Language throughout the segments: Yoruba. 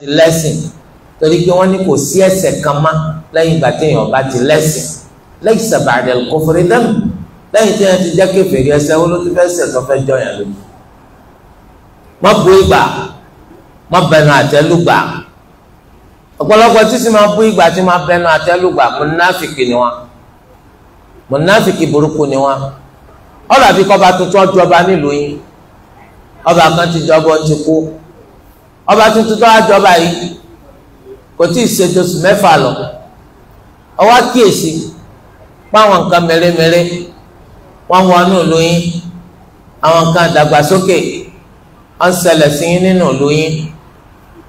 ti lẹ́sìn torí pé wọ́n ní kò sí ẹ̀ṣẹ̀ kan má lẹ́yìn ìgbà téèyàn bá ti lẹ́sìn lẹ́yìn sàbàdàn kò fèrè dẹ́nu lẹ́yìn téèyàn ti jẹ́ kéferì ẹ̀ṣẹ̀ wọn ló ti fẹ́ ṣẹ̀ tó fẹ́ jọyàn lójú. má bu ìgbà má bẹnu àtẹ́lùgbà ọ̀pọ̀lọpọ̀ títí máa bu ìgbà tí máa bẹnu àtẹ́lùgbà mùnáfìkì ni wọn mùnáfìkì burúkú ni wọn ọ̀làbí kọ́ba tuntun ọjọba nílùú yìí ọba kan ti jọba ti kú ọba tuntun tó àjọba yìí kò tí ì ṣètò oṣù mẹ́fà lọ ọwọ́ kíyèsí páwọn nǹkan mèremère wọ́n wọnú ìlú yín àwọn nǹkan ìdàgbàsókè wọ́n ṣẹlẹ̀ sí yín nínú ìlú yín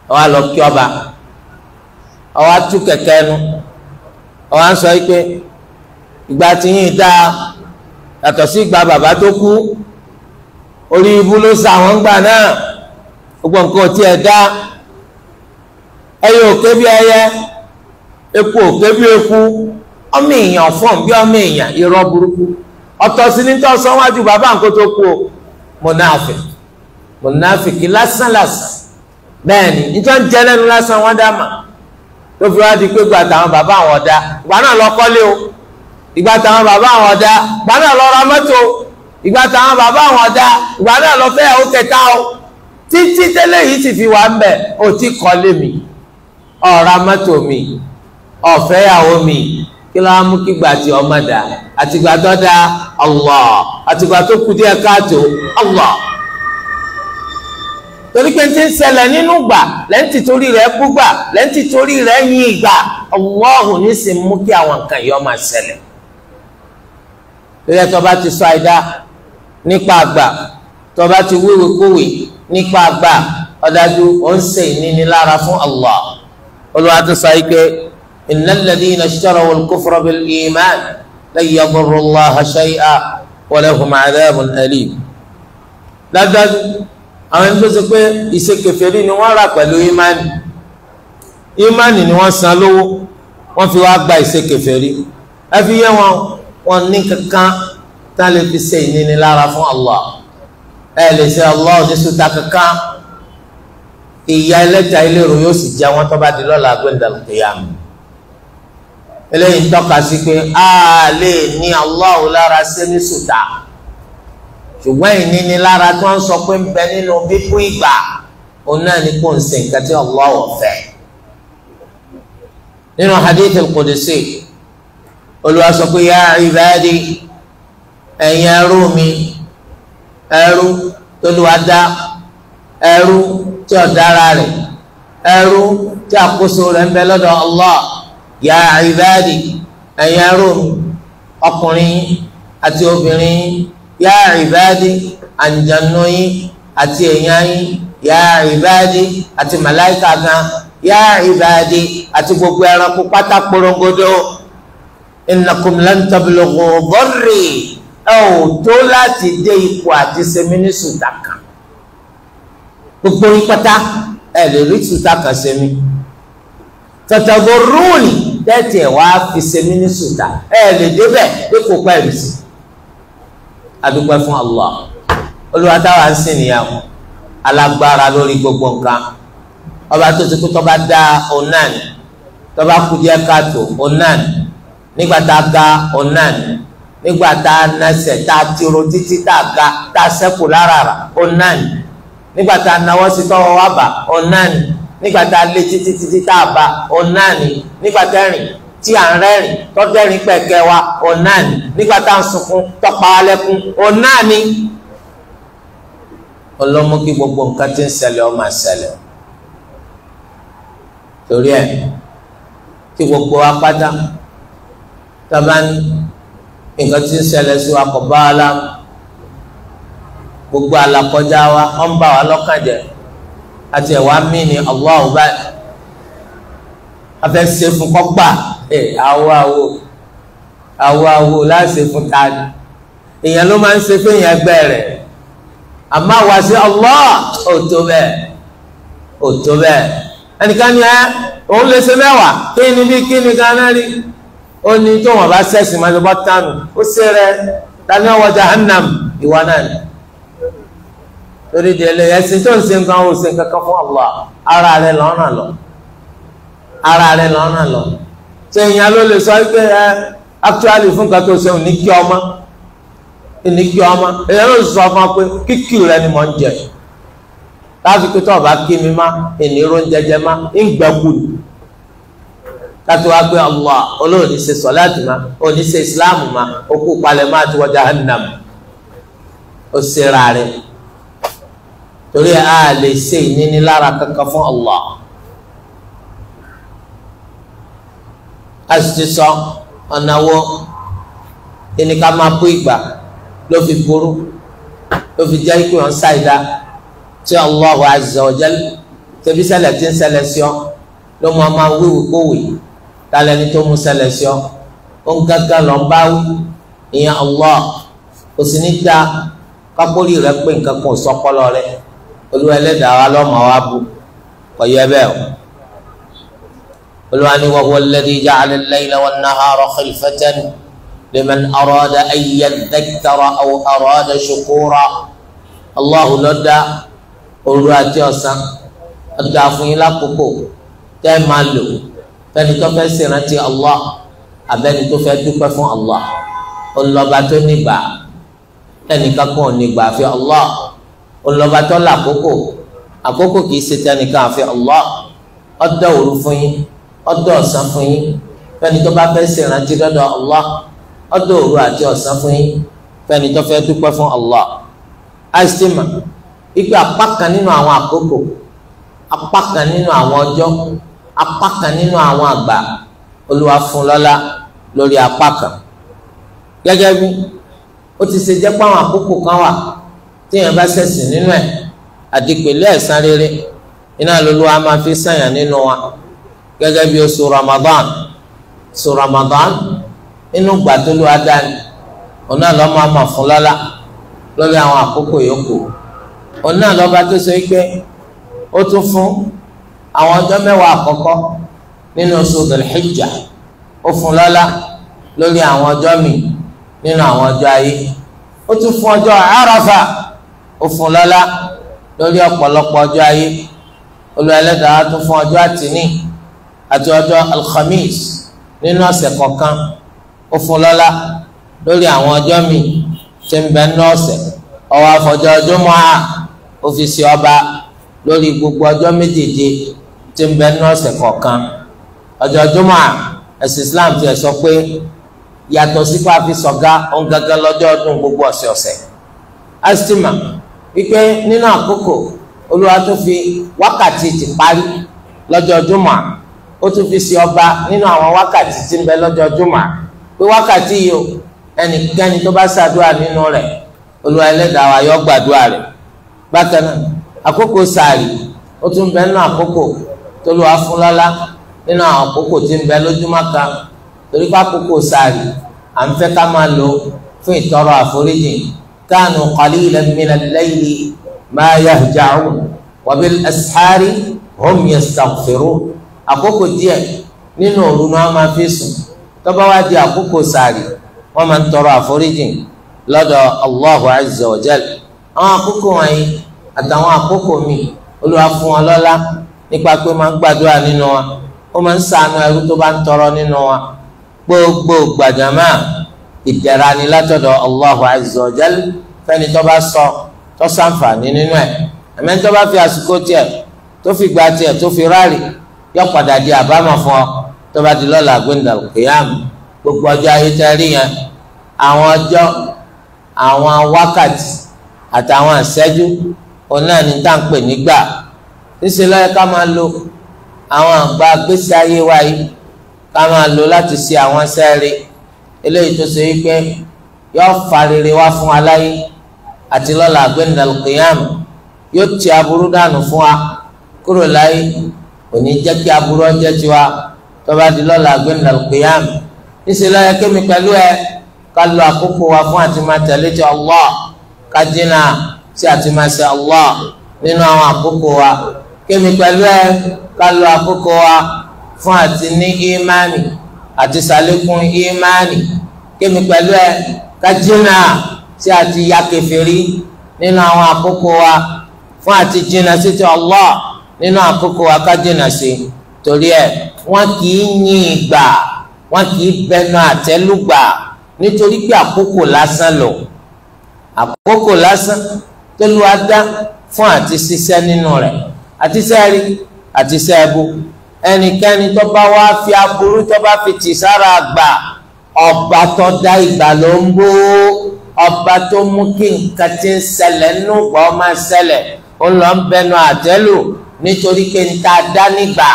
ọwọ́ àlọ́ kí ọba ọwọ́ atú kẹ̀kẹ́ nu ọwọ́ sọ pé ìgbà tí yín dá yàtọ̀ sí ìgbà bàbá tó kú orí ibú ló sa àwọn gbà náà. gbogbo nǹkan tí ẹ dá ẹyẹ òkè bí ẹyẹ eku òkè bí eku ọmọ èèyàn fún bí ọmọ èèyàn irọ́ burúkú ọsọ ní tó sọ wájú bàbá nǹkan tó kú o mọ̀nàfẹ̀ mọ̀nàfẹ̀kì lásán lásán bẹ́ẹ̀ ni ń jẹ́ lẹ́nu lásán wọ́n dá mà tó fi wá pé gba tàwọn bàbá àwọn ìgbà náà lọ kọ́lé o ìgbà tàwọn bàbá àwọn ọ̀dà ìgbà náà lọ ra mọ́tò ìgbà bàbá àwọn títí tẹ́lẹ̀ yìí sì fi wà ń bẹ̀ ó ti kọ́lé mi ó ra mọ́tò mi ó fẹ́yàwó mi kí ló mú kí gbà ọmọ dà àtìgbà tó dá Allah àtìgbà tó kù díẹ̀ káàtó Allah torí pé ti ń ṣẹlẹ̀ nínú gbà lẹ́ǹtì torí rẹ̀ kú gbà lẹ́ǹtì torí rẹ̀ yin ìgbà ọlọ́hùn ní sì mú kí àwọn nǹkan yọ máa ṣẹlẹ̀ lórí ẹ̀ bá ti sọ àìdá nípa àgbà tọba ti wéwe kówè nípa àgbà ọ̀dájú ó ń ṣe ìnínilára fún Allah olùwà tó sọ ike innal ladhina ishtaraw al-kufra bil-iman lan yadurru Allaha shay'an wa lahum 'adhabun alim. dájúdájú àwọn ẹni tó ṣe pé ìṣe ni wọ́n rà pẹ̀lú ìmánì ìmánì ni wọ́n san lówó wọ́n fi wá gba ìṣe ẹ fi yẹ wọn wọn ní kankan tá a lè fi ṣe ìnínilára fún Allah ẹ lè ṣe Allah ní sùtà kankan ìyá ẹlẹ́ta ìlérò yóò sì jẹ́ wọn tó bá di lọ́la gbẹ̀ndàlù kìyàm eléyìí ń tọ́ka sí pé a lè ní Allah lára ṣe ní sùtà ṣùgbọ́n ìníni lára tó ń sọ pé ń bẹ nínú bíbú ìgbà òun náà ni kò ń ṣe nǹkan tí Allah fẹ́ nínú hadith al-Qudsi Olúwa sọ pé yá ẹrú mi ẹrú tó lù wá dá ẹrú tí ọ̀dára rẹ̀ ẹrú tí àkóso rẹ̀ ń bẹ lọ́dọ̀ Allah ya ibadi ẹ̀yin ẹrú ọkùnrin àti obìnrin ya ibadi àǹjànú yín àti èèyàn yín ya ibadi àti màláìka gan ya ibadi àti gbogbo ẹranko pátá porongodo innakum lan tablughu darri ẹ ò tó láti dé ipò àti sẹmínì sùtà kan gbogbo ìpátá ẹ lè rí sùtà kan sẹmí tọ̀tàgbò rúùnì tẹ́tì ẹ̀ wá fi sẹmínì sùtà ẹ lè débẹ̀ dípò pẹ̀lú sí adúpẹ́ fún Allah olúwa táwa ń sìn níyàwó alágbára lórí gbogbo nǹkan ọba tó ti kú tó dá onan tó bá kú díẹ̀ káàtó onan nígbà tá a ga onan nígbà tá a nẹsẹ̀ tá a tiro títí tá a ga tá a sẹ́kù lára rà ó náà ní nígbà tá a nawọ́ sí tọ́wọ́ wá bà ó náà ní nígbà tá a lé títí títí tá a bà ó náà ní nígbà tá a rìn tí à ń rẹ́rìn tọ́tẹ́rìn pẹ̀kẹ́ wa ó náà ní nígbà tá a ń sunkún tọ́pa wa lẹ́kún ó náà ní. ọlọ́mọ kí gbogbo nǹkan ti ń ṣẹlẹ̀ ó máa ṣẹlẹ̀ torí ẹ̀ kí gbogbo apáta tọ́ba ní. nǹkan tí ń ṣẹlẹ̀ sí wa kò bá wa lá gbogbo àlàkọjá wa ọ̀n bá wa lọ́kàn jẹ́ àti ẹ̀wà mí ni Allah báyìí ṣe fún kọ́gbà ẹ̀ awo awo awo awo láṣẹ fún ta ni èèyàn ló máa ń ṣe fún èèyàn ẹgbẹ́ rẹ̀ àmọ́ wá sí Allah ò bẹ́ẹ̀ ò bẹ́ẹ̀ ẹnìkan ni ẹ òun lè ṣe mẹ́wàá kí ni bí kí ni ganan ó ní tó wọn bá sẹ́sìn máa ń bọ́ tánu ó sẹ́rẹ̀ tani ọwọ́ jahannam ìwà náà ni torí di ẹlẹ́yìn ẹ̀sìn tó ń ṣe nǹkan ó kankan fún ara lọ́nà lọ ara lọ́nà lọ lè sọ pé ẹ actually fún kan tó kí ọmọ kí ọmọ ló sọ fún pé kíkì rẹ ni mò ń jẹ láti pé tó kátó wá pé allah olóòní ṣe sọláàtì ma òní ṣe ìsìláàmù ma ó kú palẹ̀ má ti wọ jahannam ó ṣera rẹ̀ torí a lè ṣe ìnínilára kankan fún allah a sì ti sọ ọ̀nà ẹni ká máa bú ìgbà ló fi burú ló fi jẹ́ ikú yàn ṣáìdá tí allah azza wa jal tẹbí ṣẹlẹ̀ tí ń ṣẹlẹ̀ sí ọ ló máa máa wíwì kówì talẹni tó mú ṣẹlẹ̀ sí ọ òun gángan lọ ń bá wí ìyẹn Allah kò sì ní dá kápólì rẹ pé nǹkan kan sọpọlọ rẹ olúwa ẹlẹ́dàá wa lọmọ wa bu kọyọ ẹbẹ o olúwa ni wọwọ lẹdí ja'ala al-layla wan-nahara khilfatan liman arada an yadhakkara aw arada shukura Allahu ló dá òru àti ọ̀sán ọdọ àfọyín lákòókò tẹ máa lò fẹ́ni tó fẹ́ ṣèrántí Allah abẹ́ni tó fẹ́ dúpẹ́ fún Allah ọlọ́ba tó nígbà ẹnìkan kan ò nígbà àfi Allah ọlọ́ba tó là àkókò àkókò kìí ṣe tẹnìkan àfi Allah ọdọ òru fún yín ọdọ ọ̀sán fún yín fẹ́ni tó bá fẹ́ ṣèrántí dọ́dọ̀ Allah ọdọ òru àti ọ̀sán fún yín fẹ́ni tó fẹ́ dúpẹ́ fún Allah àìsíma ipe apá kan nínú àwọn àkókò apá kan nínú àwọn ọjọ́ apá kan nínú àwọn àgbà olúwa fún lọ́lá lórí apá kan gẹ́gẹ́ bí ó ti ṣe jẹ́ pé àwọn àkókò kan wà téèyàn bá ṣẹ̀sìn nínú ẹ̀ àdìpẹ̀lẹ́ ẹ̀san rere iná lolúwa máa fi sànyà nínú wa gẹ́gẹ́ bí oṣù Ramadan oṣù Ramadan inú gbàdúrà dání ọ̀nà lọ́mọ àmọ̀ fún lọ́lá lórí àwọn àkókò yòókù ọ̀nà lọ́ba tó ṣe pé ó tún fún àwọn ọjọ́ mẹ́wàá àkọ́kọ́ nínú oṣù Dhul-Hijjah ó fún lọ́lá lórí àwọn ọjọ́ mi nínú àwọn ọjọ́ ayé ó tún fún ọjọ́ Àrafà ó fún lọ́lá lórí ọ̀pọ̀lọpọ̀ ọjọ́ ayé Olúwa tún fún ọjọ́ àtìní àti ọjọ́ al nínú ọ̀sẹ̀ kọ̀ọ̀kan ó fún lọ́lá lórí àwọn ọjọ́ mi tí ń bẹ ní ọ̀sẹ̀ ọwọ́ àfọ̀jọ́ ọjọ́ mọ́ra ó fi ṣe ọba lórí gbogbo ọjọ́ méjèèje tí ń bẹ nínú ọ̀sẹ̀ kọ̀ọ̀kan ọjọ́ jùmọ̀ ẹ̀sìn Islam ti ẹ̀ sọ pé yàtọ̀ sí pé a fi sọ̀gá ohun gangan lọ́jọ́ ọdún gbogbo ọ̀sẹ̀ ọ̀sẹ̀ astima wípé nínú àkókò olúwa tó fi wákàtí ti parí lọ́jọ́ jùmọ̀ ó tún fi ṣe ọba nínú àwọn wákàtí tí ń bẹ lọ́jọ́ jùmọ̀ pé wákàtí yìí o ẹnikẹ́ni tó bá ṣàdúrà nínú rẹ̀ olúwa ẹlẹ́dàá wa yọ gbàdúrà rẹ̀ bákan náà àkókò sààrì ó tún bẹ nínú àkókò tolu afúnlọ́lá nínú àwọn àkókò tí ń bẹ lójúmọ́ kan torí pé àkókò sààrì à ń fẹ́ ká máa lò fún ìtọrọ àforíjì kanu qalilan minal layli ma yahja'un wa bil ashari hum yastaghfirun àkókò díẹ̀ nínú òru ni wọ́n máa fi sùn tó wá di àkókò sààrì wọ́n máa ń tọrọ àforíjì lọ́dọ̀ Allahu azza wa jal àwọn àkókò wọ̀nyí àtàwọn àkókò míì Olúwa fún wọn lọ́lá nípa pé máa ń gbàdúrà nínú wa ó máa ń ṣàánú ẹrú tó bá ń tọrọ nínú wa gbogbo gbàdámà ìdẹ̀ra ni látọ̀dọ̀ Allahu azza wa jal fẹ́ni tó bá sọ tó ṣàǹfààní nínú ẹ̀ ẹ̀mẹ́ni tó bá fi àsìkò tiẹ̀ tó fi gba tiẹ̀ tó fi ráàlì yọ padà di àbámọ̀ fún ọ tó bá di lọ́la gbẹ̀ndàl kìyàm gbogbo ọjọ́ ayé yẹn àwọn ọjọ́ àwọn wákàtí àtàwọn àṣẹ́jú òun náà tá à ń pè nígbà níṣẹ́ lọ́yẹ ká máa lo àwọn àgbà gbèsè ayé wa yìí ká máa lo láti ṣe àwọn sẹ́ẹ̀rì eléyìí tó ṣe wípé yóò fa rere wá fún aláyé àti lọ́la àgbẹ̀ndà lùkìyàm yóò ti aburú dànù fún wa kúrò láyé òní jẹ́ kí aburú ọjọ́ tiwa tó bá di lọ́la àgbẹ̀ndà níṣẹ́ lọ́yẹ kémi pẹ̀lú ẹ ká lo àkókò wa fún àti máa tẹ̀lé ti Allah ká dínà sí àti máa ṣe Allah nínú àwọn àkókò wa kémi pẹ̀lú ẹ ká lo àkókò wa fún àti ní ìmánì àti sàlékún ìmánì kémi pẹ̀lú ẹ ká jìnnà sí àti ya kèfèrí nínú àwọn àkókò wa fún àti jìnnà sí ti Allah nínú àkókò wa ká jìnnà sí torí ẹ wọn kì í yin ìgbà wọn kì í bẹnu àtẹ́lùgbà nítorí pé àkókò lásán lọ àkókò lásán tó lu adá fún àti ṣiṣẹ́ nínú rẹ̀ àti sẹ́ẹ̀rí àti sẹ́ẹ̀bù ẹnikẹ́ni tó bá wá fi aburú tó bá fi tì sára gbà ọba tó dá ìgbà ló ń bó ọba tó mú kí nǹkan ti ń ṣẹlẹ̀ nínú gbọ́ máa ṣẹlẹ̀ ó lọ ń bẹnu àtẹ́lù nítorí pé ń ta dá nígbà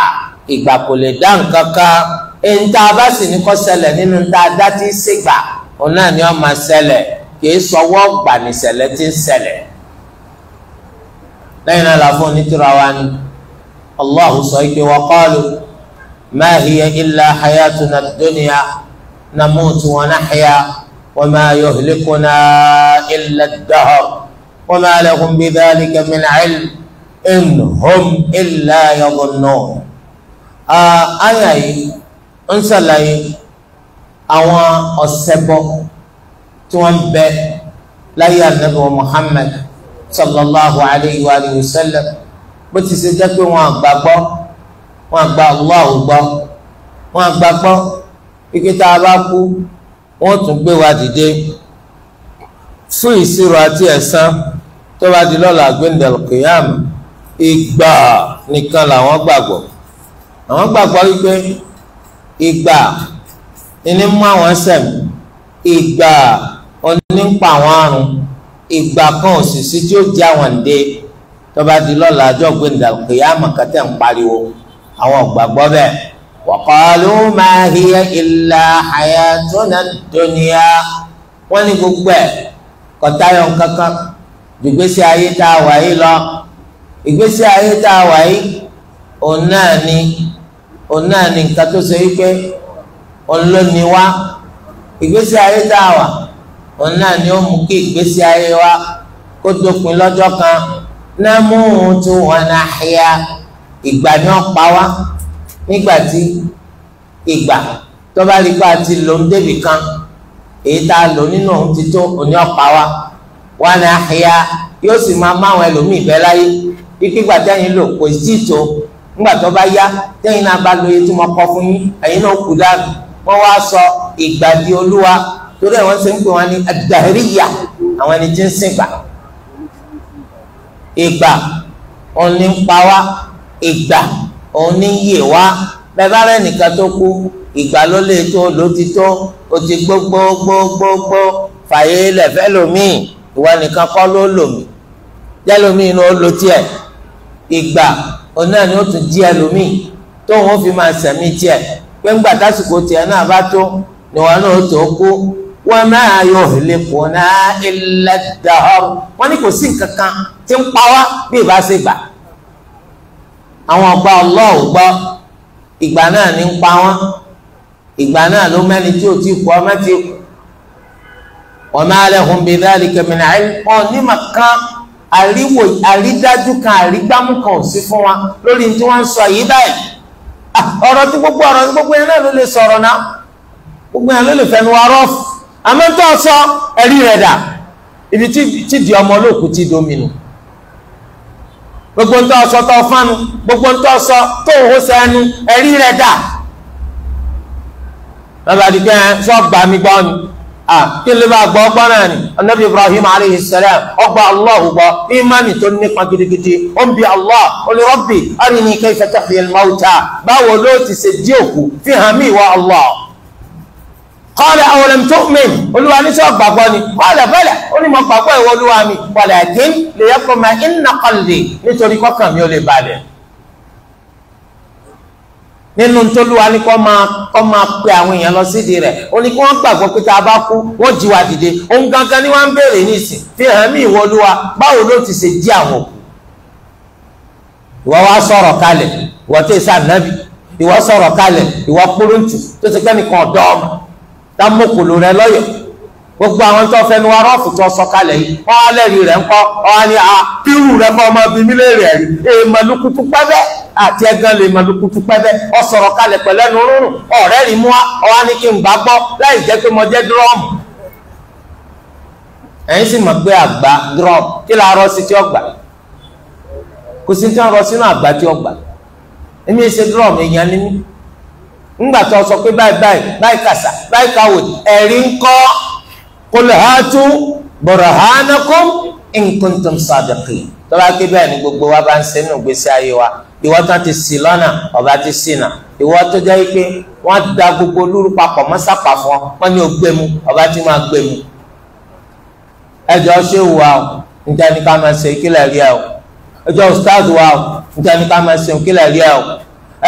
ìgbà kò lè dá nǹkan kan ń ta bá sì ní kó ṣẹlẹ̀ nínú ń ta dá ti ṣègbà òun náà ni ó máa ṣẹlẹ̀ kì í sọwọ́ gbà nìṣẹ̀lẹ̀ ti ń ṣẹlẹ̀ lẹ́yìn náà làfún onítìrọ wa ni allah sọ pé wa qalu ma hiya illa hayatuna dunya namutu wa nahya wa ma yuhlikuna illa ad-dahr wa ma lahum bidhalika min ilm in hum illa yadhunnun. àyà yìí ń sàlàyé àwọn ọ̀sẹ̀ bọ́ tí wọ́n bẹ láyé ànábì wa muhammad sallallahu alayhi wa sallam bó ti ṣe jẹ́ pé wọn àgbàgbọ́ wọn àgbà Allah gbọ́ wọn àgbàgbọ́ pípẹ́ tá a bá kú wọn tún gbé wa dìde fún ìṣirò àti ẹ̀san tó bá di lọ́la gbẹ̀ndẹ̀l ìgbà nìkan làwọn gbàgbọ́ àwọn gbàgbọ́ wípé ìgbà ni ní mú àwọn sẹ̀m ìgbà onípa àwọn àrùn ìgbà kan òṣìṣì tí ó já wọn dé tó bá di lọ́la àjọ gbẹ̀ndà kìyàmù kẹtẹ́ ń pariwo àwọn ògbàgbọ́ bẹ́ẹ̀ wa qalu ma hiya illa hayatuna dunya wọ́n ní gbogbo ẹ̀ kọ̀tayọ̀ kankan ìgbésí ayé tá a wà yìí lọ ìgbésí ayé tá a wà yìí òun náà ni òun náà ni nǹkan tó ṣe wípé òun ló ní wá ìgbésí ayé tá a wà yìí òun náà ni ó mú kí ìgbésí ayé wa kó dópin lọ́jọ́ kan namutu wa nahya ìgbà ni wọ́n pa wá nígbà tí ìgbà tó bá rí pé a ti lò ń débì kan èyí tá a lò nínú òun ti tó òní ọ̀pá wa wa nahya yóò sì máa máwọn ẹlòmíì bẹ́ẹ̀ láyé ikú gbàtẹ́yìn lò kò sí ìtò ńgbà tó bá yá tẹ́yìn náà bá lo iye tí mo kọ fún yín ẹ̀yin náà kú dáàbò wọ́n wá sọ ìgbà di olúwa torí àwọn ṣe ń pè wọn ní adahiriya àwọn ẹni tí ń sìn gbà ìgbà òun ní ń pa wá ìgbà òun ní ń yè wá bẹ́ẹ̀ bá rẹ nìkan tó kú ìgbà ló lè tó ló ti tó o ti gbó gbó gbó gbó gbó fàyè lẹfẹ lòmíì ìwà nìkan kọ́ ló lòmíì jẹ lòmíì inú lo tiẹ̀ ìgbà òun náà ni ó tún jí ẹlòmíì tóun ó fi máa sẹ̀mí tiẹ̀ pé ńgbà tásìkò tiẹ̀ náà bá tó ni wọn náà tó kú wa ma yuhlikuna illa ad-dahr wọ́n ní kò sí nǹkan kan tí ń pa wá bí ìbá ṣe gbà àwọn ọgbà ọlọ́ọ̀ gbọ́ ìgbà náà ní ń pa wọ́n ìgbà náà ló mẹ́ni tí ò ti kú ọmọ ti kú wa ma lahum bi dhalika min ilm wọn ní àríwò àrídájú kan àrígbámú kan ò sí fún wa lórí tí wọ́n ń sọ yìí báyìí ah, ọ̀rọ̀ tí gbogbo ọ̀rọ̀ tí gbogbo yẹn náà ló lè sọ̀rọ̀ náà gbogbo yẹn ló lè fẹnu wa rọ́ọ̀fù àmọ́tọ́ sọ ẹ̀rí rẹ̀ dà ibi tí di ọmọ olóòkú ti dominu gbogbo ntọ́ sọ tọ́ fánu gbogbo ntọ́ sọ tó hó sẹ́nu ẹ̀rí rẹ̀ dà lọ́ba dìgbẹ́ sọ́gbà mi gbọ́ ni kí ló bá gbọ́ gbọ́ náà ni anabi ibrahim aleyhi salam ọgbà allah gbọ́ imani tó nípa gidigidi ó ń bi allah olùrọ́bì arìnrìn kẹfẹ́ kẹfẹ́ mọ́ta báwo ló ti ṣe dí fi hàn mí wá allah kọ́lẹ̀ ọ̀lẹ́m tó mìn olúwa ní sọ gbàgbọ́ ni kọ́lẹ̀ bẹ́lẹ̀ ó ní mo gbàgbọ́ ìwọ olúwa mi wàlẹ̀ dín lè yẹ kó máa ń nà kọ́lẹ̀ nítorí kọ́kàn mi ò lè balẹ̀. nínú tólúwa ní kọ́ máa kọ́ máa pe àwọn èèyàn lọ sídìí rẹ̀ ó ní kí wọ́n gbàgbọ́ pé tá a bá kú wọ́n jí wa dìde ohun gangan ni wọ́n ń béèrè nísìn fi hàn mí ìwọ olúwa báwo ló ti ṣe jí àwọn òkú ìwọ wá sọ̀rọ̀ kalẹ̀ ìwọ tẹ̀sán nábì ìwọ sọ̀rọ̀ kalẹ̀ ìwọ kúrúntù tó ti pẹ́ nìkan ọ̀dọ́ ọmọ dámọ̀kòló rẹ lọ́yọ̀ gbogbo àwọn tó fẹnu wa rọ́ọ̀fù tó kalẹ̀ yìí wọ́n á lẹ́rìí rẹ̀ ń kọ́ ọ̀hán ní a pírù rẹ̀ fọ́ ọmọ bíi mílíọ̀nù rẹ̀ rí èèmọ̀lùkùtù pẹ́bẹ́ àti ẹ̀gán lè mọ̀lùkùtù pẹ́bẹ́ ọ sọ̀rọ̀ kalẹ̀ rúrùn ọ̀rẹ́ rí mú kí n bá gbọ́ láì jẹ́ pé mo jẹ́ dúrọ́ọ̀mù sì mọ̀ pé àgbà kí ńgbà tó sọ pé báyìí báyìí báyìí kàṣà báyìí káwòdì ẹ̀rí ń kọ́ kólé hàtú burhanakum in kuntum sadiqin tọ́lá ké bẹ́ẹ̀ ni gbogbo wa bá ń ṣe nínú ìgbésí ayé wa ìwọ tán ti ṣì lọ́nà ọba ti ṣì nà ìwọ jẹ́ pé wọ́n da gbogbo lóru papọ̀ mọ́sápà fún wọ́n ní o mu ọba ti máa gbé mu ẹjọ́ ṣé wà o ni ká máa ṣe ìkílẹ̀ rí ẹ o ẹjọ́ ustaz wà o níta ni ká máa ṣe ìkílẹ̀ rí ẹ o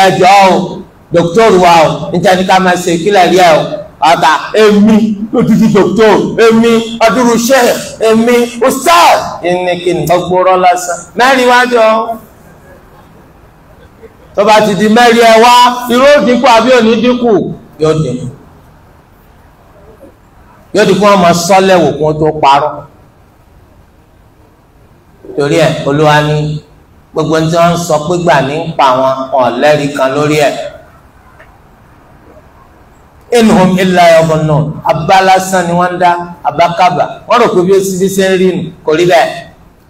ẹjọ́ o dókítọ̀rù wa o níta ní ká máa ṣe kílẹ̀ rí ẹ o àtà èmi lódìdí dókítọ̀rù èmi adúrúṣẹ́ èmi ustaz ẹni kí ni ọgbọ́rọ́ lásán mẹ́rin wájú ọ tó bá ti di mẹ́rin ẹ wá irú òdínkù àbí òní dínkù yóò dínkù yóò dínkù wọn máa sọ lẹ́wọ̀ kí wọ́n tó parọ́ torí ẹ olúwa ni gbogbo ní tí wọ́n ń sọ pé gbà ní pa wọn ọ̀lẹ́rìí kan lórí ẹ̀ inhum illa yadhunnun àbá lásán ni wọ́n ń dá àbá kábà wọ́n rò pé bí ó ti ṣe ṣe ń rí nu kò rí bẹ́ẹ̀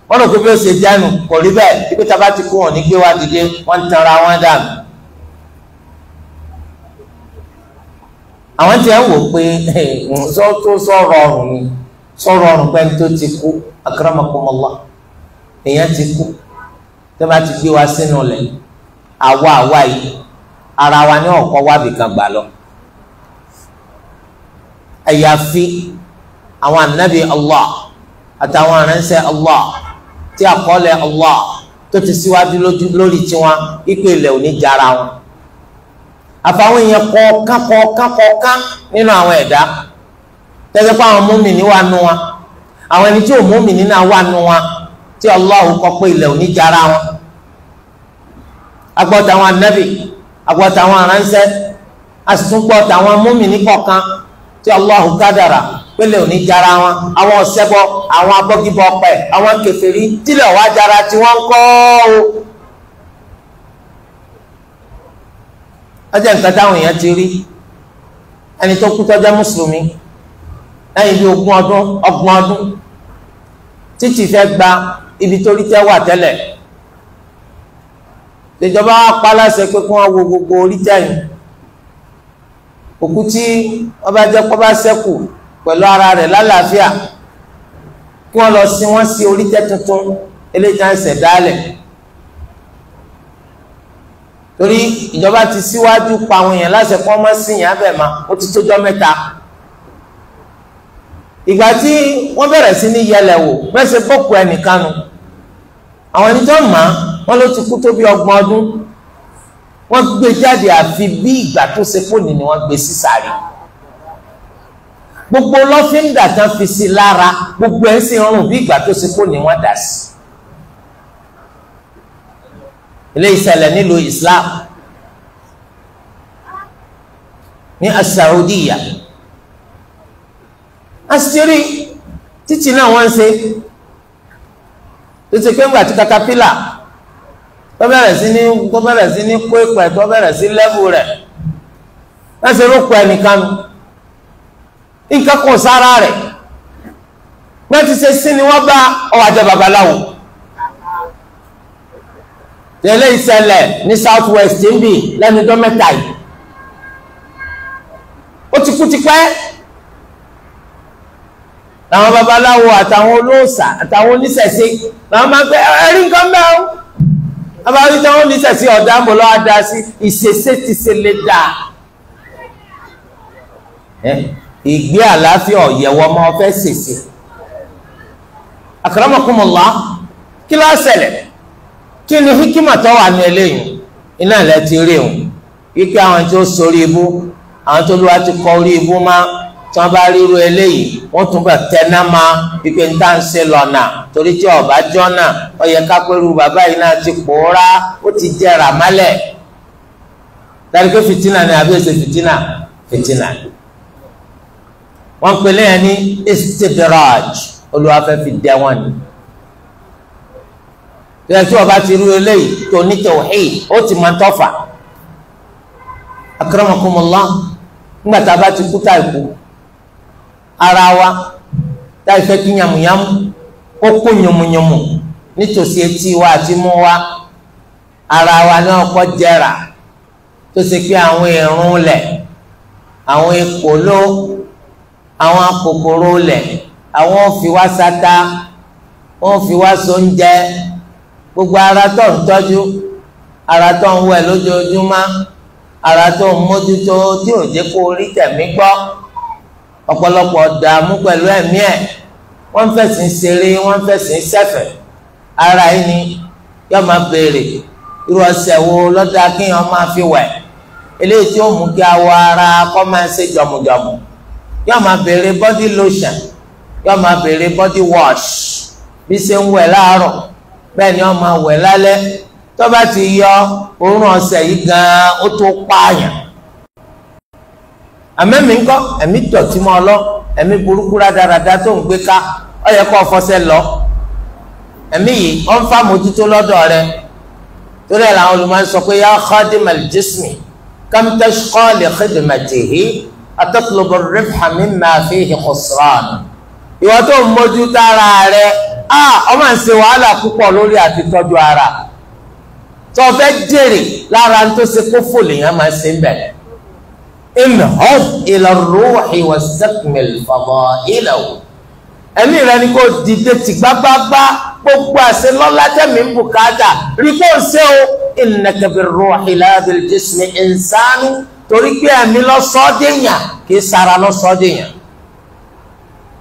wọ́n rò pé bí ó ṣe jánu kò rí bẹ́ẹ̀ ibi tá ti kú wọn ní gbé wá dìde wọ́n ń wọn dànù. àwọn tí a ń wò pé sọ tó sọ̀rọ̀ ọrùn ni sọ̀rọ̀ ọrùn pé tó ti kú akramakumullah èèyàn ti kú tó ti gbé wa sínú lẹ àwa àwa yìí ara wa ní ọkọ wábì gbà lọ. àyàfi àwọn anabi allah àtàwọn aránṣẹ́ allah tí allah tó ti síwájú lórí tiwọn ipò ilẹ̀ òní jara wọn àfàwọn èèyàn kọ̀ọ̀kan kọ̀ọ̀kan kọ̀ọ̀kan nínú àwọn ẹ̀dá tẹ́sí pé àwọn mùmínì wà nù wọn àwọn ẹni tí ò mùmínì náà wà nù wọn tí allah kọ pé ilẹ̀ òní jara wọn anabi kọ̀ọ̀kan tí Allahu kádàrà pélé òní jara wọn àwọn ọ̀sẹ́bọ àwọn abọ́gibọ ọpẹ àwọn kèfèrí tílẹ̀ wá jara tí wọ́n ń kọ́ o. ọjọ́ nǹkan táwọn èèyàn ti rí ẹni tó kú tó jẹ́ mùsùlùmí lẹ́yìn bí ogún ọdún ọgbọ̀n ọdún títí fẹ́ gba ibi tó rí tẹ́ wà tẹ́lẹ̀ ìjọba wa láṣẹ pé kí wọ́n wo gbogbo orí tẹ́yìn òkú tí ọba jẹ́ pọ́ bá sẹ́kù pẹ̀lú ara rẹ̀ lálàáfíà kí wọ́n lọ sí wọ́n sí orí tẹ́ tuntun eléjà ń sẹ̀ dálẹ̀ torí ìjọba ti síwájú pa àwọn èèyàn láṣẹ kọ́ mọ́ sí yàn abẹ́ ma ó ti tójọ́ mẹ́ta ìgbà tí wọ́n bẹ̀rẹ̀ sí ní yẹlẹ̀ wò mẹ́sẹ̀ bọ́ọ̀kù ẹnìkanu àwọn ẹni tó ń mọ̀ wọ́n ló ti kú tó bí ọdún wọ́n gbé jáde àfi bí ìgbà tó ṣe fóònù ni wọ́n gbé sísàrí gbogbo lọ́fíńdà tán fi sí lára gbogbo ẹ̀ sì ń rùn bí ìgbà tó ṣe fóònù wọ́n dà sí. ilé ìṣẹ̀lẹ̀ nílùú Islam ní asaudiya asiri títí náà wọ́n ń ṣe tó pé ńgbà tí katapila tó bẹ̀rẹ̀ sí ní tó bẹ̀rẹ̀ sí ní kó ìpẹ́ tó bẹ̀rẹ̀ sí lẹ́bù rẹ̀ ẹsẹ̀ ló pẹ́ nìkan nu nǹkan kan sára rẹ̀ wọ́n ti ṣe sí ni wọ́n bá ọwọ́ àjẹ babaláwo tẹ̀lé ìṣẹ̀lẹ̀ ní south west ń bì lẹ́nu tó mẹ́ta yìí ó ti kú tipẹ́ làwọn babaláwo àtàwọn olóòṣà àtàwọn oníṣẹ̀ṣe làwọn máa ń pẹ́ ẹ̀rí nǹkan bẹ́ẹ̀ o abáwí tí wọ́n níṣẹ̀ sí ọ̀dá ń bọ̀ lọ́wọ́ dá sí ìṣesé ti ṣe lè dà ìgbé àlàáfíà ọ̀yẹ̀wò ọmọ ọfẹ́ ṣèṣe àkàràmọ̀kùnmọ̀lá kí ló ṣẹlẹ̀ kí ni hikima tó wà ní eléyìí iná ilẹ̀ ti rí òun wípé àwọn tí ó sorí ibú àwọn tó lù ti kọ orí ibú máa. tí ruru bá ríru eléyìí wọ́n tún bá tẹná ma pípé ń ń torí tí ọba jọ́nà ó yẹ kápẹ́rù bàbá yìí náà ti pòórá ó ti jẹrà málẹ̀ na pé fìtínà ni àbí èsè fìtínà fìtínà wọ́n pè lẹ́yìn ní istidraj olúwa fi wọn ni tẹ́lẹ̀ tí ọba ti ríru eléyìí tó ní tauhid ó ti máa tọ́fà akramakumullah ńgbà bá ti kú ara wa táì fẹ́ kí yàmùyàmù ó kó yànmùyànmù nítòsí etí wa àti mú wa ara wa náà kọ́ jẹrà tó ṣe pé àwọn ìrùn lẹ̀ àwọn ekòló àwọn kòkòrò lẹ̀ àwọn fi wá sata wọ́n fi gbogbo ara tó ń tọ́jú ara tó ń wẹ̀ lójoojúmọ́ ara tó ń mójútó tí ò jẹ́ kó rí tẹ̀mí gbọ́ ọ̀pọ̀lọpọ̀ dààmú pẹ̀lú ẹ̀mí ẹ̀ wọ́n fẹ̀sìn ṣeré wọ́n fẹ̀sìn ṣẹ̀fẹ̀ ara yìí ni yóò máa béèrè irú ọṣẹ wo lọ́dà kíyàn máa fi wẹ̀ eléyìí tí ó mú kí awọ ara kọ́ máa ṣe jọ̀mùjọ̀mù yóò máa béèrè body lotion yóò máa béèrè body wash bí ṣe ń wẹ̀ láàárọ̀ bẹ́ẹ̀ ni wọ́n máa wẹ̀ lálẹ́ tó bá ti yọ òórùn ọṣẹ yìí gan-an ó tó pààyàn àmẹ́mi ńkọ́ ẹ̀mí dọ̀tí mọ́ ọ lọ ẹ̀mí burúkú rádaràda tó ń gbé ká ọ yẹ kó fọṣẹ lọ ẹ̀mí yìí ọ ń fa mójútó lọ́dọ̀ rẹ torí ẹ̀ làwọn olùmọ̀ sọ pé yá khadimal jismi kam tashqa li khidmatihi atatlubu ribha mimma fihi khusran ìwọ tó ń mójú tára rẹ ọ máa ń ṣe wàhálà púpọ̀ lórí àti tọ́jú ara tó fẹ́ jèrè lára tó ṣe kó fò lèèyàn máa ṣe ń bẹ̀rẹ̀ inhab ila ruhi wastakmil fadailahu ẹ̀mí rẹ ni kò dìde tìgbàgbàgbà gbogbo àṣẹ lọ́lá tẹ̀mí ń bùkátà rí kó o ṣe o innaka birruhi la bil jismi insanu torí pé ẹ̀mí lọ́sọ́ọ́dẹ̀yàn kì í sara lọ́sọ́ọ́dẹ̀yàn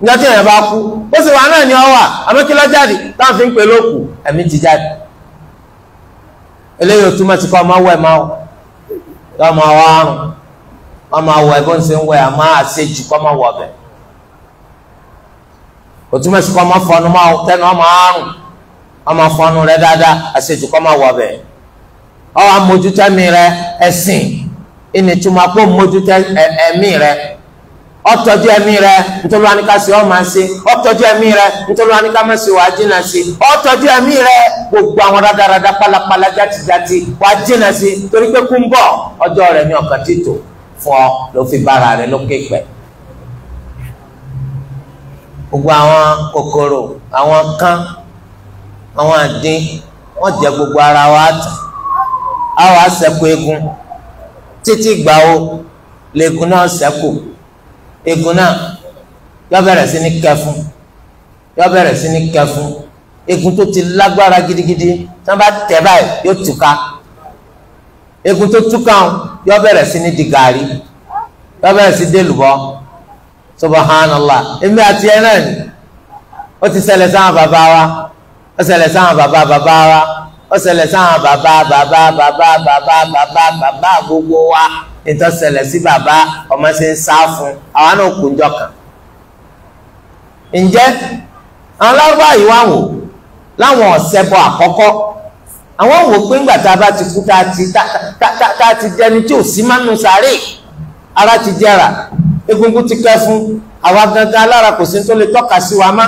nígbà tí èèyàn bá kú ó sì wà náà ni ọ wà jáde táwọn fi ń pè lókù ẹ̀mí ti jáde eléyìí ò túmọ̀ sí kọ́ ọmọ wẹ̀ máa ọmọ wa rùn. wọn máa wọ ẹbọn ṣe ń ma àmọ́ àṣejù kọ máa wọ ọbẹ òtún mẹsì kọ máa fọnu máa tẹnu ọmọ àrùn ọmọ fọnu rẹ dáadáa àṣejù kọ máa wọ ọbẹ ọwọ amójútẹmí rẹ ẹsìn ìnìtumọ̀ àpò mójútẹ ẹmí rẹ ọtọjú ẹmí rẹ nítorí wọn ká ṣe ọmọ ọtọjú ẹmí rẹ nítorí wọn ká jìnnà sí ọtọjú ẹmí rẹ gbogbo àwọn rádaràda pálapàla jìnnà sí torí pé kú ń rẹ ní fún ọ ló fi bára rẹ lókè pẹ́ gbogbo àwọn kòkòrò àwọn kán àwọn àdín wọ́n jẹ gbogbo ara wa tán a wàá ṣẹ́kù eegun títí gbà wo lẹ́gùn náà ṣẹ́kù eegun náà yọ bẹ̀rẹ̀ sí ní kẹfún yọ bẹ̀rẹ̀ sí ní kẹfún eegun tó ti lágbára gidigidi tí wọ́n bá tẹ̀ báyìí yóò túká egun tó túká yọ bẹ̀rẹ̀ sí ní di gàrí yọ bẹ̀rẹ̀ sí dé lùbọ́ subhanallah èmi àti ẹ náà ni ó ti ṣẹlẹ̀ sáwọn bàbá wa ó ṣẹlẹ̀ sáwọn bàbá bàbá wa ó ṣẹlẹ̀ sáwọn bàbá bàbá bàbá bàbá bàbá bàbá gbogbo wa ètò ṣẹlẹ̀ sí bàbá ọmọ ṣe ń sá fún àwa náà kù jọ kàn ǹjẹ́ àwọn lárúbáyìí wà wò láwọn ọ̀sẹ̀ bọ̀ àkọ́kọ́ àwọn wò pé ńgbà tá a bá ti kú tá a ti tá a ti dẹni tí ò sí mánu sáré ara ti jẹrà egungun ti kẹ fún àwa gangan alára kò sí tó lè tọ́ka sí wa má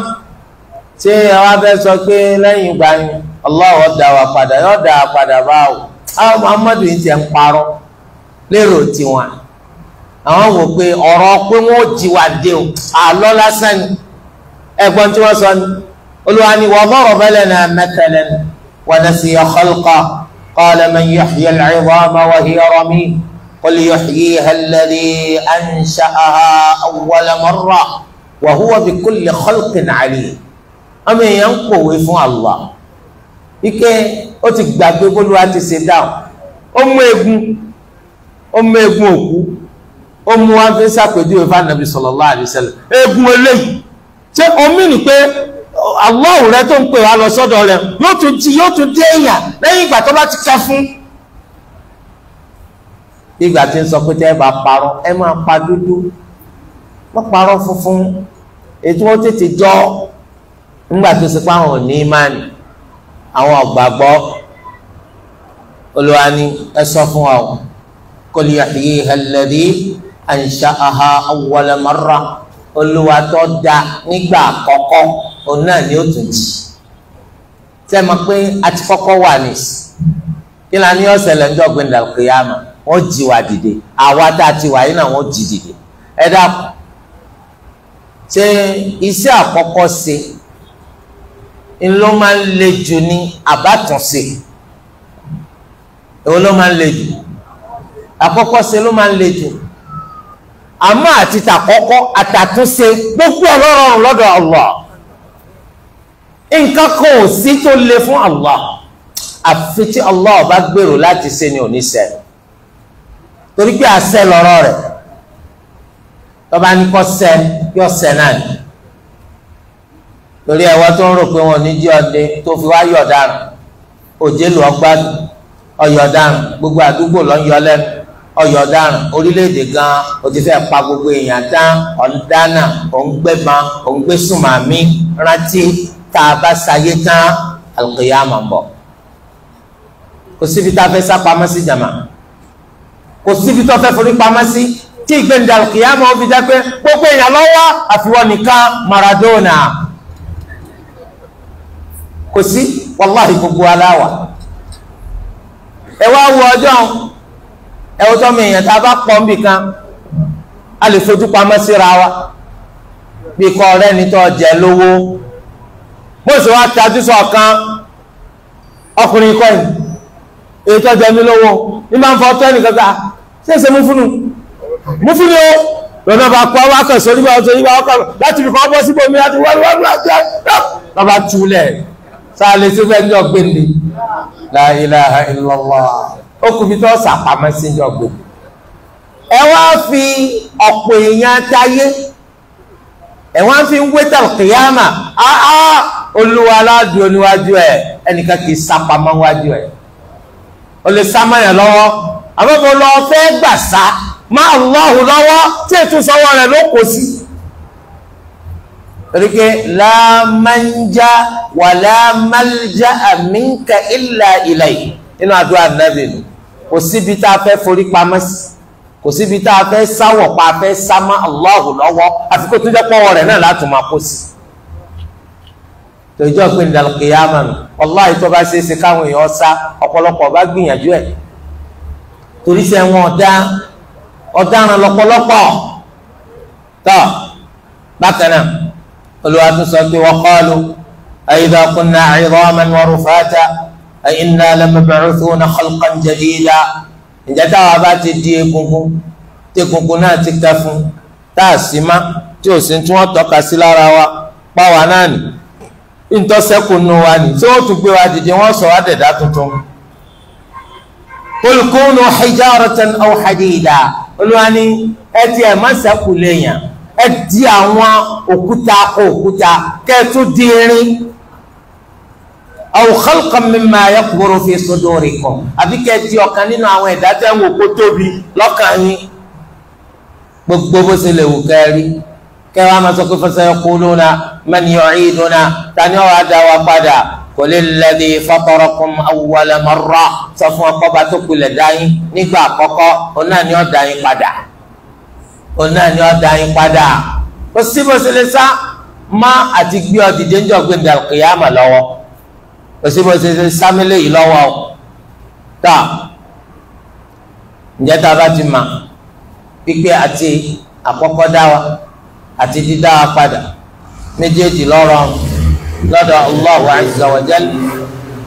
ṣé àwa fẹ́ sọ pé lẹ́yìn ìgbà yẹn Allah ó dá wa padà yóò dá wa padà báwo àwọn Muhammadu yìí ti ń parọ́ lérò tiwọn àwọn wò pé ọ̀rọ̀ pé wọ́n ò jí wa dé o àlọ́ lásán ni ẹ̀gbọ́n tí wọ́n sọ ni olùwà ni wọ́n bọ̀rọ̀ bẹ́lẹ̀ náà mẹ́tẹ́lẹ́ ni. ونسي خلقه قال من يحيي العظام وهي رميم قل يحييها الذي أنشأها أول مرة وهو بكل خلق عليم أما ينقو إفن الله ike ó ti gbàgbé bólú àti ṣe dáhùn ó mú egun ó mú egun òkú ó mú wá fi ṣàpèjúwe fún anabi sallallahu alaihi egun eléyìí ṣé omi ni pé Allahu rẹ tó ń pè wá lọ sọ́dọ̀ rẹ yóò tún di yóò tún dé èèyàn lẹ́yìn ìgbà tó bá ti kẹ́ fún. ìgbà tí ń sọ pé tẹ́ ẹ bá parọ́ ẹ máa pa dúdú wọ́n parọ́ funfun ètò wọn tètè jọ nígbà tó ṣe pé àwọn ò ní àwọn ọ̀gbàgbọ́ olùwà ni ẹ sọ fún wa o qul yahyiha alladhi ansha'aha awwala marra olùwà tó da nígbà àkọ́kọ́ òun náà ni ó tún jì tẹ́ ẹ mọ̀ pé a ti kọ́kọ́ wà ní kí la ní ọ̀sẹ̀ lẹ́ńdọ́ gbẹ̀ndà kìyàmà wọ́n jí wa dìde àwa tá a ti wà yìí náà wọ́n jí dìde ẹ dákun ṣe iṣẹ́ àkọ́kọ́ ṣe ló máa ń le jù ní àbátúnṣe èwo ló máa ń le jù àkọ́kọ́ ṣe ló máa ń le jù àmọ́ àti tàkọ́kọ́ àtàtúnṣe gbogbo ọlọ́run lọ́dọ̀ Allah nǹkan kan ò sí tó le fún Allah àfi tí Allah bá gbèrò láti ṣe ni ò ní ṣe torí pé àṣẹ lọ́rọ̀ rẹ̀ tọ́ba ní kọ́ ṣe yọ ṣe náà ni torí ẹ̀wọ́ tó ń rò pé wọn ò ní jí ọdẹ tó fi wá yọ̀ dára òjé lu ọgbà ọyọ̀ dára gbogbo àdúgbò lọ́ yọ lẹ́nu ọyọ̀ ọ̀daràn orílẹ̀ gan o pa gbogbo èèyàn tán ọ̀ndánà òǹgbẹ́bọn òǹgbẹ́sùnmàmí rántí tá a bá ṣayé tán alùkìyàmà ń bọ̀ kò síbi tá a fẹ́ sá pamọ́ sí jàmá kò síbi tó fẹ́ forí pamọ́ sí tí ìgbẹ́ndà alùkìyàmà ó fi jẹ́ pé gbogbo èèyàn lọ́wọ́ àfiwọ́ nìkan Maradona kò sí wàláhì gbogbo aláwà ẹ wá wo ọjọ́ ẹ wọ́n tọ́mọ èèyàn tá a bá pọ̀ ń bì kan a lè fojú pamọ́ síra wa bí kọ́ ọ̀rẹ́ ni tó jẹ lówó bó ṣe wá tajú sọ̀kan ọkùnrin kọ́ yìí èyí tó jẹ mí lówó ní máa ń fọ ọtọ́ ẹnìkan ká ṣé ṣe mú fúnnu mú fúnnu o lọ́nà bá kọ́ wá kàn sórí bá sórí bá kọ́ láti fi kọ́ bọ́ síbò mi láti wọ́n wọ́n wọ́n lọ́ba túlẹ̀ sáàlẹ̀ sí fẹ́ ní ọ̀gbẹ́ni la ilaha illallah ó kù fi tọ́ sàpamọ́ sí ní ọ̀gbẹ́ni ẹ wá fi ọ̀pọ̀ èèyàn táyé ẹ̀wọ́n fi ń wétà kìyàmà áá olúwa aládùn níwájú ẹ̀ ẹnìkan kì í sapamọ́ wájú ẹ̀ o lè sá mọ́yàn lọ́wọ́ àbẹ́fọ́ lọ fẹ́ gbà sá máa lọ́hù lọ́wọ́ tí ètò sọ́wọ́ rẹ̀ ló kò sí ríkẹ́ láàmánjá wà láàmánjá àmínkà ìlà ìlà yìí nínú àdúrà nàbìnú kò síbi tá a fẹ́ forí pamọ́ sí kò síbi tá a fẹ́ sáwọ̀ pa a fẹ́ sá mọ́ Allahu lọ́wọ́ àfi kó tó jẹ́ pọ́wọ́ rẹ̀ náà láti máa kó sí. tòjọ́ pé ìdàlùkìyàmà nù wàláhì tó bá ṣe é ṣe káwọn èèyàn sá ọ̀pọ̀lọpọ̀ bá gbìyànjú ẹ̀ torí sẹ́ wọn ọ̀dá ọ̀daràn lọ́pọ̀lọpọ̀ tọ́ bákan náà Olúwa tún sọ pé wọ́n qalu أإذا كنا عظاما ورفاتا أإنا لمبعوثون خلقا جديدا ǹjẹ́ táwa bá ti di egungun tí egungun náà ti kẹ́ fún tá a sì má tí ò sí tí wọ́n tọ́ka sí lára wa páwa náà nì ntọ́sẹ́kù nù wa nì tí wọ́n tún gbé wa dìde wọ́n sọ wá dẹ̀dá tuntun. Qul kunu hijaratan aw hadida olúwa ni ẹ ti ẹ̀ má sẹ́kù léèyàn ẹ di àwọn òkúta òkúta kẹ́ẹ̀ di irin aw khalqan mimma yakburu fi sudurikum àbí kẹ́ di ọ̀kan nínú àwọn ẹ̀dá tẹ́ ń wò kó tóbi lọ́kàn yín gbogbo bó ṣe lè wù kẹ́rí kẹwàá máa sọ pé fasayaquluna man yu'iduna tani ọ̀ adá wa padà qul alladhi fatarakum awwala marra sọ fún ọkọba tó kulẹ̀ dáyín nígbà àkọ́kọ́ òun náà ni ó dáyín padà òun náà ni ó dáyín padà kò síbòsílẹ̀ sá má àti gbé ọ òsì bó ṣe ṣe sámílẹ̀ yìí lọ́wọ́ o tá ǹjẹ́ tá a bá ti mà pípé àti àkọ́kọ́ dá wa àti dídá wa padà méjèèjì lọ́rọ̀ lọ́dọ̀ Allahu azza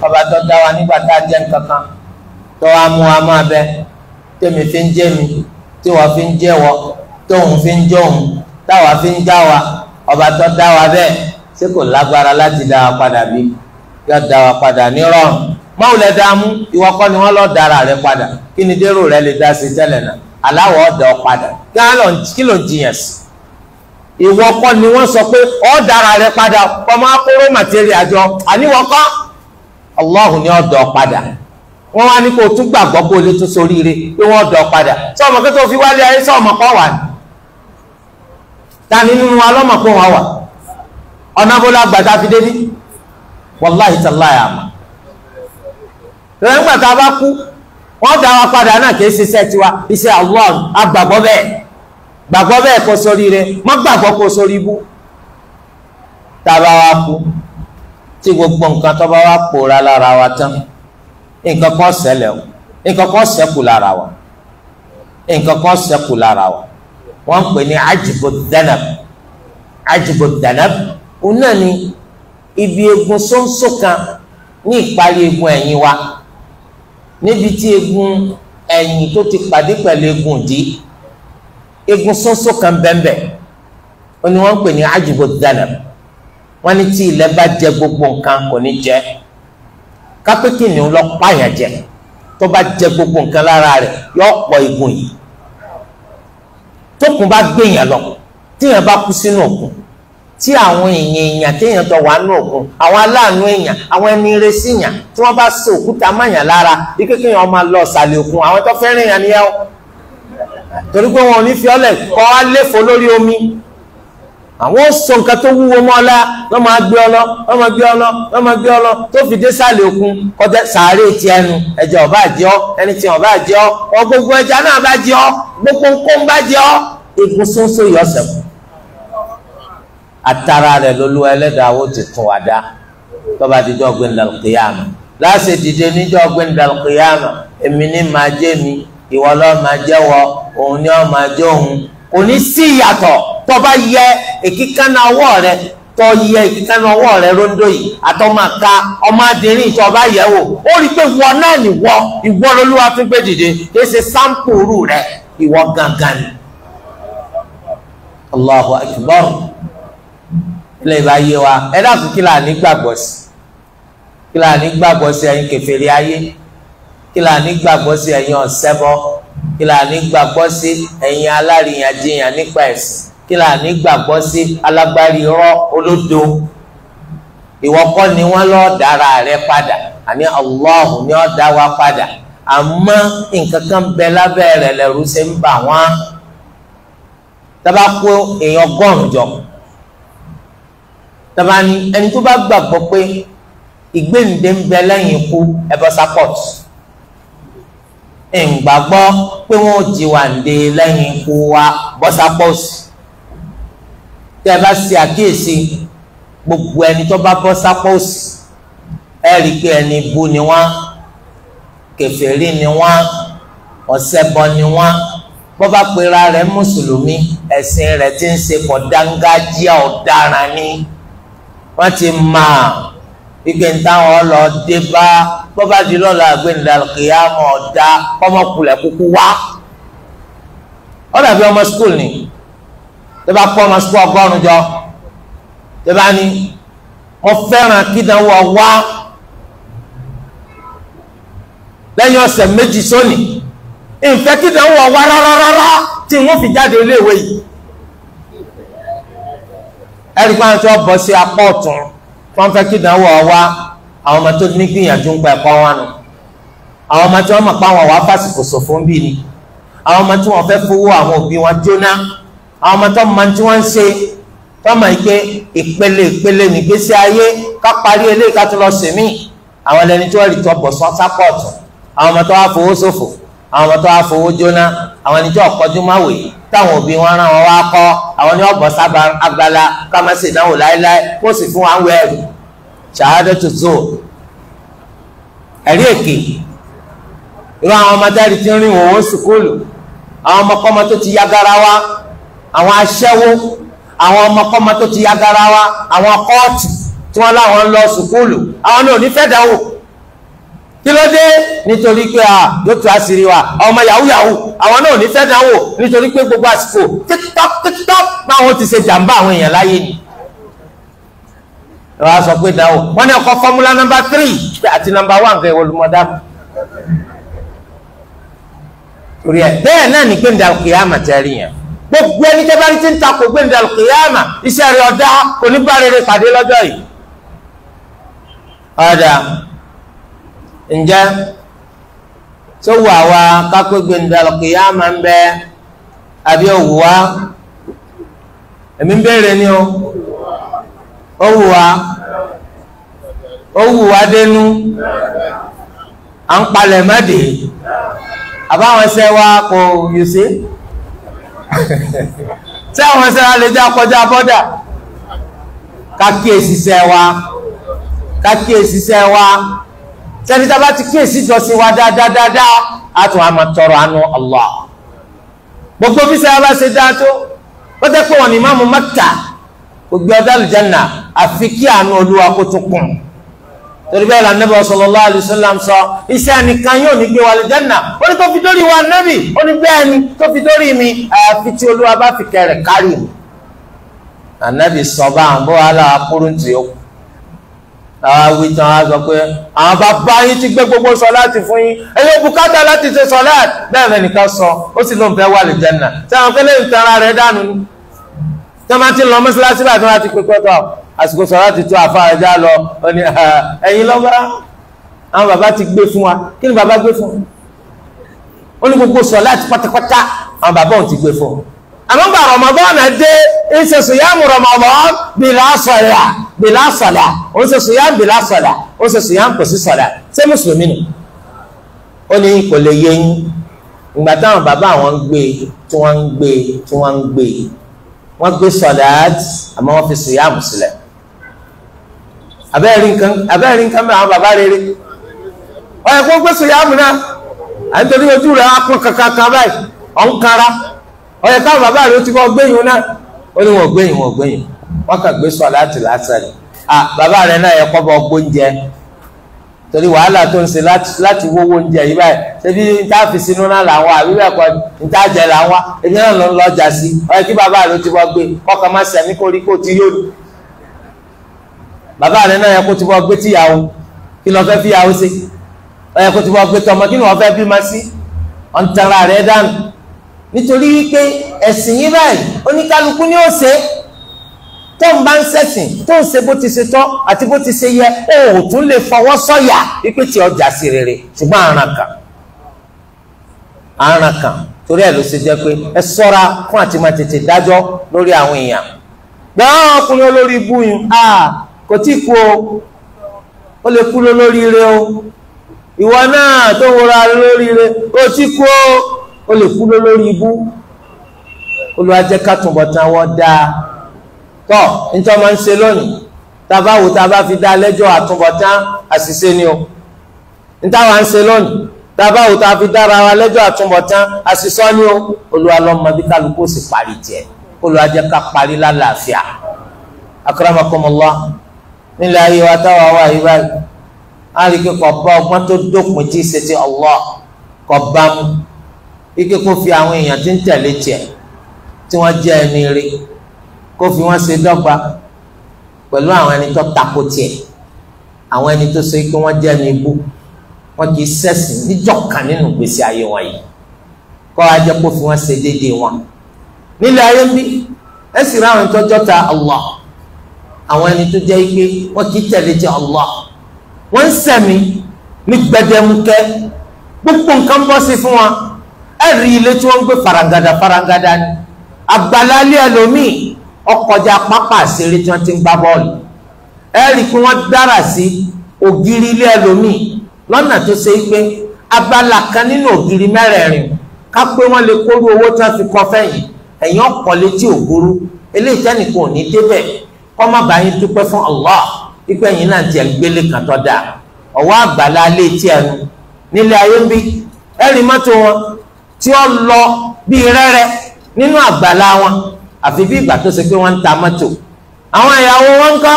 ọba tó dá wa nígbà tá a jẹ́ nǹkan kan tó wá mú wa máa bẹ tèmi fi ń jẹ́ mi tí wọ́n fi ń jẹ́ wọ́ tóun fi ń jẹ́ òun táwa fi ń já wa ọba tó dá wa bẹ́ẹ̀ ṣé kò lágbára láti dá wa padà bí yóò dá wa padà ní rọrùn mọ́wù lẹ dààmú ìwọ kọ́ ni wọ́n lọ́ọ́ dára rẹ padà kí ni dérò rẹ lè dá sí tẹ́lẹ̀ náà aláwọ̀ ọ̀dọ̀ padà kí ló ń jiyàn sí ìwọ kọ́ ni wọ́n sọ pé ọ́ dára rẹ padà kọ́mọ́ akóró màtẹ́rì àjọ àníwọ̀ kọ́ ọlọ́hùn ni ọ̀dọ̀ padà wọ́n wá ní kó o tún gbàgbọ́ bó o lè tún soríire pé wọ́n dọ̀ padà sọ́ọ̀mọ̀ kí tó fi wálé ayé sọ́ọ̀mọ̀ kọ́ wà ní ta ni nínú wa lọ́mọ̀ pé wọ́n wà ọ̀nà bó lágbàtà fi débi wàláhì tàláhì àmà lẹ́yìn gbàtà bá kú wọ́n dá wa padà náà kì í ṣiṣẹ́ tiwa iṣẹ́ Allah agbàgbọ́ bẹ́ẹ̀ gbàgbọ́ bẹ́ẹ̀ kó sórí rẹ má gbàgbọ́ kó sórí bú tá a bá wa kú tí gbogbo nǹkan tó bá wa pòórá lára wa tán nǹkan kan ṣẹlẹ̀ o nǹkan kan ṣẹ́kù lára wa nǹkan kan ṣẹ́kù lára wa wọ́n ń pè ní ajibo danab ajibo danab òun náà ni ibi egun sọ́nsọ́ kan ní ìparí egun ẹ̀yìn wa níbi tí egun ẹ̀yìn tó ti pàdé pẹ̀lú egun dì egun sọ́nsọ́ kan bẹ́ẹ̀nbẹ́ ó ní wọ́n ń pè ní ajibo wọ́n ní tí ilẹ̀ bá jẹ gbogbo nǹkan kò ní jẹ kápẹ́kì ni lọ pààyàn jẹ tó bá jẹ gbogbo nǹkan lára rẹ̀ yọ pọ̀ egun yìí tókun bá gbéyàn lọ tíyàn bá kú sínú òkun tí àwọn èèyàn èèyàn téèyàn jọ wà nù òkun àwọn aláàánú èèyàn àwọn ẹni resí èèyàn tí wọ́n bá so òkúta mọ̀yàn lára bí kékeré wọn máa lọ ọ̀sàlẹ̀ òkun àwọn tó fẹ́ràn èèyàn ni yẹn torí pé wọn ò ní fi ọlẹ̀ kọ́ á léfo lórí omi àwọn ó sọ nǹkan tó wúwo mọ́ ọlá wọ́n máa gbé ọlọ́ wọ́n máa gbé ọlọ́ wọ́n máa gbé ọlọ́ tó fi dé sàlẹ̀ òkun kọjá sàárè ti ẹnu ẹ̀jẹ̀ ọ̀bá àjẹ́ ọ́ ẹni tí ọ̀bá àjẹ́ ọ́ ọgbogbo ẹja náà bá jẹ́ ọ́ gbogbo nǹkan bá jẹ́ ọ́ egun sóńsó yọ̀ sẹ́kù atara rẹ̀ lólúwa ẹlẹ́dàá ó ti tún wa dá tọ́ba díjọ́ gbẹ̀ndàl kìyàmà láṣẹ dìde níjọ́ gbẹ̀ndàl kìyàmà èmi ní máa jẹ́ mi ìwọ lọ́ọ́ máa jẹ́wọ́ òun ni ọ́ máa jẹ́ òun kò ní sí ìyàtọ̀ tọ́ba yẹ èkíkánná ọwọ́ rẹ tọ́ yẹ ìkíkánná ọwọ́ rẹ róńdó yìí àtọ́màka ọmọ adìrín ìtọ́ba yẹ wò ó rí i pé wọ náà nìwọ ìwọ lolúwa tún gbé dìde kì í ṣe sáǹpù rẹ ìwọ gangan ni. Allahu akbar lè bá yé wa ẹ dákun kí láà ní gbàgbọ́ sí kí láà ní gbàgbọ́ sí ẹ̀yin kèfèrí ayé kí láà ní gbàgbọ́ sí ẹ̀yin ọ̀sẹ́bọ kí láà ní gbàgbọ́ sí ẹ̀yin alárìyànjiyàn nípa ẹ̀sìn kí láà ní gbàgbọ́ sí alágbárí rọ olódo ìwọ ni wọ́n lọ dára rẹ padà àní Allah ni ó dá wa padà àmọ́ nǹkan kan bẹ lábẹ́ rẹ̀ lẹ́rú ṣe ń bà wọ́n tá èèyàn ọgọ́rùn jọ tàbá ni ẹni tó bá gbàgbọ́ pé ìgbéǹde ń bẹ lẹ́yìn ikú ẹ̀bọ support ìgbàgbọ́ pé wọ́n jí wà ń lẹ́yìn ikú wa bọ́ support tẹ́ ẹ bá ṣe àkíyèsí gbogbo ẹni tó bá bọ́ support ẹ rí i pé ẹni bu ni wọ́n kèfèrí ni wọ́n ọ̀sẹ̀bọ ni wọ́n bọ́ bá pera rẹ̀ mùsùlùmí ẹ̀sìn rẹ̀ ti ń ṣe kọ̀ dáńgájíà ọ̀daràn ni wọ́n ti mọ̀ ike ń táwọn lọ dé bá bọ́bá di lọ́la àgbẹ̀ndà kìyàmọ̀ ọ̀dà ọmọkùlẹ̀ kúkú wá ó dàbí ọmọ skul ni tó bá kó ọmọ skul ọgọ́rùn-ún jọ tó bá ní mo fẹ́ràn kídánwò wá lẹ́yìn ọ̀sẹ̀ méjì sóni ìfẹ́ kídánwò wá rárá rárá tí wọ́n fi jáde iléèwé yìí ẹ̀rí fáwọn tí wọ́n bọ̀ sí apá ọ̀tún wọ́n fẹ́ kí ìdánwò ọwá àwọn ọmọ tó ní gbìyànjú ń gba ẹ̀kọ́ wọn nù àwọn ọmọ tí wọ́n mọ̀ pé àwọn wàá fàsìkò ṣòfò ń bì ni àwọn ọmọ tí wọ́n fẹ́ fowó àwọn òbí wọn jóná àwọn ọmọ tó mọ tí wọ́n ń ṣe tó mọ̀ pé ìpele ìpele nìgbésí ayé ká parí eléyìí ká tún lọ sèmí àwọn ẹni tí wọ́n rí tó bọ̀ sọ́sápọ̀tù àwọn ọmọ tó wá fowó ṣòfò àwọn ọmọ tó wá fowó jóná àwọn ẹni tí ọkọjú máa wè táwọn òbí wọn rán wọn wá kọ àwọn ní ọgbọ̀n sábà agbala ká má ṣe ìdánwò láéláé kó sì fún wa ń wẹ ẹrù ṣahadatu zur ẹ̀rí èké irú àwọn ọmọ dárí ti ń rìn òwò sùkúlù àwọn ọmọkọ́mọ tó ti yagara wa àwọn aṣẹ́wó àwọn ọmọkọ́mọ tó ti yagara wa àwọn kọ́ọ̀tù tí wọ́n láwọn ń lọ sùkúlù àwọn náà ò ní fẹ́ dáwò kí ló dé nítorí pé a yóò tú àṣírí wa ọmọ yahoo yahoo àwọn náà ní fẹ́ẹ́ dánwò nítorí pé gbogbo àsìkò tiktok tiktok báwọn ti ṣe jàǹbá àwọn èèyàn láyé ni wọ́n á sọ pé dánwò wọ́n ní ọkọ̀ fọ́múlà nọmba tírì àti nọmba wán nǹkan ìwọlùmọ̀dá torí ẹ bẹ́ẹ̀ náà ní gbẹ̀ndà kìyàmà tẹ́rì yẹn gbogbo ẹni tẹ́ bá rí ti ń takò gbẹ̀ndà kìyàmà iṣẹ́ rẹ̀ ọ̀dá oníbàárẹ̀ rẹ̀ ǹjẹ́ tó wù àwa kápẹ́ gbẹ̀ndàlọ́kì yá máa ń bẹ àbí òwú wa ni o ó wù wá ó wù wá à ń palẹ̀ àbáwọn wa kò tí àwọn wa lè já kọjá bọ́dà wa wa. tẹ́bí tá a bá ti kíyèsí ìjọsìn wa dáadáa á tún á máa tọrọ àánú Allah gbogbo bí sáyà bá ṣe dáa tó wọ́n tẹ́ pé wọ́n ní ìmáàmù Mẹ́kà gbogbo ọ̀dọ́ àlùjáná àfi kí àánú olúwa kó tó kùn torí bẹ́ẹ̀ la Ànábì sallallahu alaihi wasallam sọ iṣẹ́ ànìkan yóò ní gbé wa àlùjáná ó ní tó fi dórí wa Ànábì ó ní bẹ́ẹ̀ ni tó fi dórí mi àfi tí olúwa bá fi kẹrẹ̀ kárì mi Ànábì sọ bá àwọn bó àwọn wí tán á sọ pé àwọn bàbá yín ti gbé gbogbo sọláàtì fún yín ẹyẹ bùkátà láti ṣe sọláàtì bẹ́ẹ̀ fẹ́ nìkan sọ ó sì ló ń fẹ́ wà lè jẹ́nà tí àwọn fẹ́lẹ́ ń tara rẹ̀ dànù ni tí wọ́n bá ti lọ mọ́ṣáláṣí bá tí wọ́n ti pèpè tó àsìkò sọláàtì tó àfàrẹ́já lọ ẹni ẹ̀yin lọ́ba àwọn bàbá ti gbé fún wa kí ni bàbá gbé fún wa ó ní gbogbo sọláàtì pátápátá àwọn bàbá òun ti gbé fún wa àmọ́gbà Ramadan dé ń ṣe sùyàmù Ramadan bìlásọ̀là bìlásọ̀là ó ń ṣe sùyàmù bìlásọ̀là ó ń ṣe sùyàmù kò sí sọ̀là ṣé mùsùlùmí ni ó ní kò lè yé yín ìgbà táwọn bàbá àwọn ń gbé tí wọ́n ń gbé tí wọ́n ń gbé wọ́n gbé sọ̀là àmọ́ wọ́n fi sùyàmù sílẹ̀ abẹ́rẹ́ nǹkan bẹ́ẹ̀ àwọn bàbá rere ọ̀yẹ̀kọ́ gbé sùyàmù náà à ń ojú rẹ̀ á pọ̀ kankan báyìí ọ̀ ń kara ọ̀yẹ̀ káwọn bàbá rẹ̀ ó ti kọ́ gbẹ̀yìn náà ó ní wọn gbẹ̀yìn wọn gbẹ̀yìn wọn kà gbé sọ láti lásán ni à bàbá rẹ̀ náà yẹ kọ́ bọ́ gbóúnjẹ torí wàhálà tó ń ṣe láti wówó oúnjẹ yìí báyìí ṣebí níta fi sínú náà làwọn àbíbẹ̀ kọ́ níta jẹ làwọn ebi náà ló lọ́jà sí ọ̀yẹ̀ kí bàbá rẹ̀ ó ti bọ́ gbé kọ́kọ́ má sẹ́mi koríko ti yóò bàbá rẹ̀ náà yẹ kó ti bọ́ gbé tíyàwó kí ló fẹ́ fíyàwó sí ọ̀yẹ̀ kó ti bọ́ gbé tọmọ kí ni wọ́n fẹ́ bímọ sí ọ̀ ń tẹ̀ra rẹ̀ dànù nítorí wípé ẹ̀sìn yín báyìí oníkálukú ni ó ṣe tó ń bá ń ṣẹ̀sìn tó ń ṣe bó ti ṣe tọ́ àti bó ti ṣe yẹ ó ò tún lè fọwọ́ sọ̀yà wípé tí ọjà sí rere ṣùgbọ́n àràn kan àràn kan torí ẹ̀ ló ṣe jẹ́ pé ẹ ṣọ́ra fún àti máa tètè dájọ́ lórí àwọn èèyàn gbọ́n ọkùnrin olórí ibú yìí kò tí kú o ó lè kú lórí ire o ìwọ náà tó wọra lórí ire ó ti kú o ó lè kú lórí ibú olùwàjẹ́ ká túnbọ̀ tán wọ́n dáa tọ́ nítorí máa ń ṣe lónìí tàbá wò tàbá fi dá lẹ́jọ́ àtúnbọ̀tán àṣìṣe ni o nítawa ń ṣe lónìí tàbá wò tàbá fi dára wa lẹ́jọ́ àtúnbọ̀tán àṣìṣọ ni o Olúwa ló bí kálukú sì parí tiẹ̀ olùwàjẹ́ parí lálàáfíà akramakumullah nílẹ̀ ayé wa táwa wà yí báyìí á rí i kí kò bá ọgbọ́n tó dópin tí ì ṣe ti Allah kò bá mu ike kó fi àwọn èèyàn tí ń tẹ̀lé tiẹ̀ tí wọ́n jẹ́ ẹni rí kó fi wọ́n ṣe dọ́gba pẹ̀lú àwọn ẹni tó tako tiẹ̀ àwọn ẹni tó ṣe pé wọ́n jẹ́ ẹni bú wọ́n kì í ṣẹ̀sìn níjọ̀kan nínú gbèsè ayé wọn yìí kọ́ ajẹ́ kó fi wọ́n ṣe déédéé wọn. nílẹ̀ ayé ń bí ẹ sì rí àwọn ẹni tó jọ́ta Allah àwọn ẹni tó jẹ́ pé wọ́n kì í tẹ̀lé ti Allah wọ́n ń sẹ̀mí ní gbẹdẹmukẹ́ gbogbo nǹkan bọ́ sí fún wọn ẹ̀rí ilé tí wọ́n ń gbé farangada farangada ni àgbàlálẹ̀ ẹlòmíì ọkọjà pápá àṣírí tí wọ́n ti ń gbá bọ́ọ̀lù ẹ̀rí kí wọ́n dára sí ògiri ilé ẹlòmíì lọ́nà tó ṣe pé abala kan nínú ògiri mẹ́rẹ̀ẹ̀rin ká pé wọ́n lè kóró owó tí wọ́n fi kọ́ fẹ̀yìn ẹ̀yìn ọ̀pọ̀ létí ògoro eléyìí tẹ́nìkan ò ní débẹ̀ kọ́ má bàa yín dúpẹ́ fún Allah ipe ẹ̀yìn náà tiẹ̀ gbélé kan tó dáa ọ̀wọ́ àgbàlá alé tí ẹnu nílé ayé ń bí ẹ̀rí mọ́tò wọn tí ó lọ bíi rẹ́rẹ́ nínú àgbàlá wọn àfi bí ìgbà tó ṣe pé wọ́n ń ta mọ́tò àwọn ìyàwó wọn ń kọ́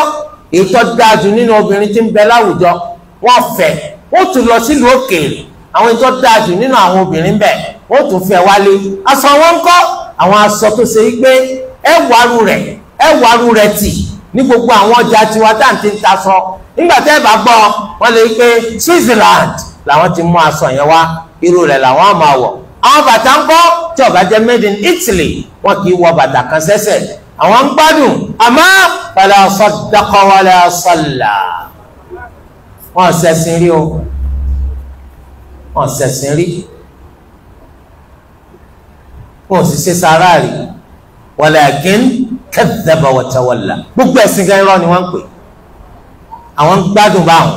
ètò dájú nínú obìnrin tí ń bẹ láwùjọ wọ́n fẹ́ ó tún lọ sílùú òkèèrè àwọn ètò dájú nínú àwọn obìnrin bẹ́ẹ̀ ó tún fẹ́ wálé aṣọ wọn ń kọ́ àwọn aṣọ tó ṣe pé ẹ wàrú rẹ̀ ẹ wàrú rẹ̀ tì ní gbogbo àwọn ọjà tiwa tá à ń ti ta sọ nígbà tẹ́ ẹ bá gbọ́ wọn lè pé Switzerland làwọn ti mú aṣọ yẹn wá irú rẹ̀ làwọn á máa àwọn bàtà ń kọ́ tí ó jẹ́ made in Italy wọn kì í wọ bàtà kan sẹ́sẹ̀ àwọn ń gbádùn àmọ́ fala saddaqa wala salla wọn sẹ̀sìn rí o wọn sẹ̀sìn rí wọn sì ṣe sàárà rí walakin kadhaba wa tawalla gbogbo ẹ̀sìn gan irọ́ ni wọ́n ń pè àwọn ń gbádùn báwọn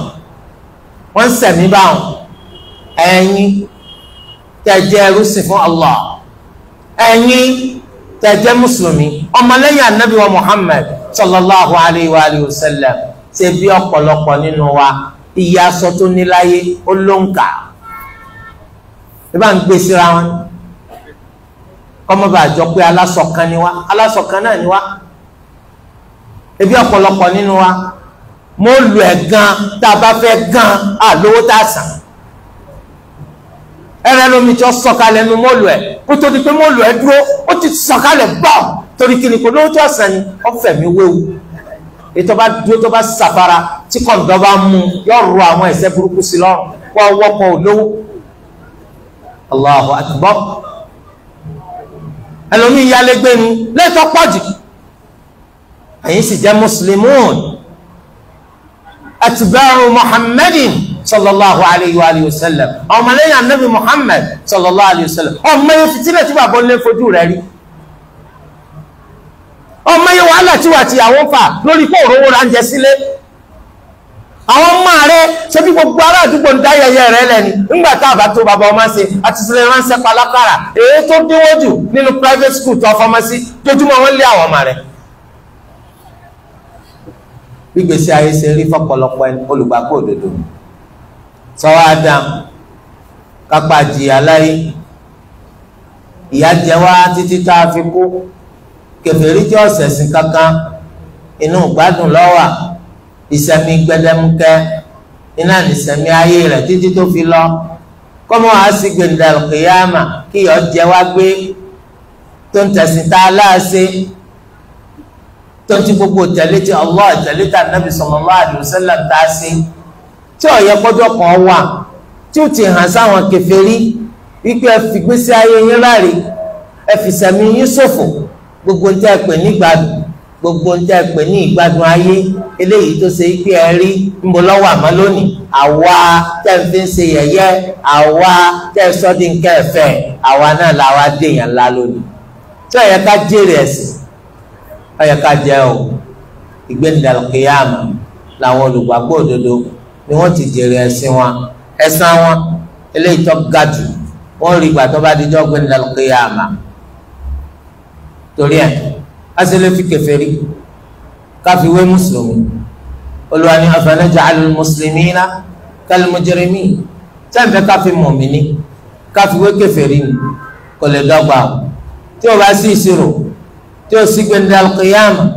wọ́n ń sẹ̀mí báwọn ẹ̀yin tẹ̀jẹ́ ẹrúsìn fún Allah ẹ̀yin tẹ̀jẹ́ mùsùlùmí ọmọlẹ́yìn anabi wa Muhammad sallallahu alayhi wa alayhi wa sallam ṣe bí ọ̀pọ̀lọpọ̀ nínú wa iye aṣọ tó ní láyé ó ló ń kà ìbá ń gbé síra wọn kọ́mọ́bà àjọ pé alásọ̀kan ni wá alásọ̀kan náà ni wá ebi ọ̀pọ̀lọpọ̀ nínú wa mo lù ẹ̀ gan tá a bá fẹ́ gan àlówó tá a sàn ẹrẹ lómi tí ó sọ̀kalẹ̀ nu mọ́lù ẹ̀ kó tó di pé mọ́lù ẹ̀ dúró ó ti sọ̀kalẹ̀ gbọ́ torí kiri kò lóhùn tí ọ̀sẹ̀ ni ọ̀fẹ́ mi wéwu ètò bá dúró tó bá sàfara tí kọ̀ǹdọ́ bá mú yọ rọ àwọn ẹ̀ṣẹ̀ burúkú sí lọ́rùn kó ọwọ́ kọ olówó Allahu akbar ẹlòmí ìyálégbé ni lẹ́tọ́ pọ̀ jù ẹ̀yin sì jẹ́ mùsùlùmí àtìbẹ́rù Muhammadin sallallahu alayhi wa alayhi wa sallam ọmọlẹ́yìn anabi muhammad sallallahu alayhi wa sallam ọmọ yẹn fitilẹ̀ tí bàbá olè fojú rẹ̀ rí ọmọ yẹn wàhálà tí wà tìyàwó fà lórí kó òróró ra ń jẹ sílé àwọn ọmọ rẹ ṣe bí gbogbo ará àdúgbò ń dáyẹyẹ rẹ lẹni nígbà tá a tó bàbá ọmọ ṣe àti sílẹ̀ ránṣẹ́ palákàrà èyí tó dínwó jù nínú private school tó ọfọmọ sí tójúmọ́ wọn lé àwọn ọmọ rẹ gbígbèsè ayé ṣe rí fọ́pọ̀lọpọ̀ olùgbàgbọ́ òdodo sọ́wọ́ adam kápá jìyà láyé ìyà jẹ wá títí tá a fi kú kẹfẹ́rí jẹ́ ọ̀sẹ̀sìn kankan inú gbádùn lọ́wà ìsẹ̀mí gbẹdẹmukẹ́ iná nìsẹ̀mí ayé rẹ̀ títí tó fi lọ kọ́mọ́ àásì gbẹ̀ndàlùkìyàmà kí ìyà jẹ gbé tó ń tẹ̀sìn tá a láàṣẹ tó ń ti gbogbo tẹ̀lé ti Allah tẹ̀lé tà nàbì sallallahu alaihi wasallam tá a ṣe tí ọ̀yẹ́ kọjọ́ kan wà tí ó ti hàn sáwọn kèfèrí wípé ẹ fi gbésí ayé yín ráre ẹ fi sẹ̀mí yín ṣòfò gbogbo ń tẹ́ ẹ pè ní gbádùn gbogbo ń tẹ́ ẹ pè ní ìgbádùn ayé eléyìí tó ṣe pé ẹ rí ń bọ̀ lọ́wọ́ àmọ́ lónìí àwa tẹ́ ń fi ń ṣe yẹ̀yẹ́ àwa tẹ́ ń sọ́dí ń kẹ́ẹ̀fẹ́ àwa náà làwa dèèyàn ńlá lónìí tí ọ̀yẹ́ ká jèrè ẹ̀sìn ọ̀yẹ́ ká jẹ́ o ìgbéǹdàlùkìyàmù làwọn olùgbàgbọ́ òdodo ni wọ́n ti jèrè ẹ̀sìn wọn ẹ̀san wọn eléyìí tó ga jù wọ́n rí ìgbà tó bá di jọ́gbé ní al-qiyāmah torí ẹ̀ asèlè fi kèfèrí káfíwé mùsùlùmí Olúwa ni afanaj'alu al-muslimīna kal-mujrimīn sẹ́ǹfẹ̀ káfí mùmíní káfíwé kèfèrí ni kò lè dọ́gba o tí o bá sí ìṣirò tí o sì gbé ní al-qiyāmah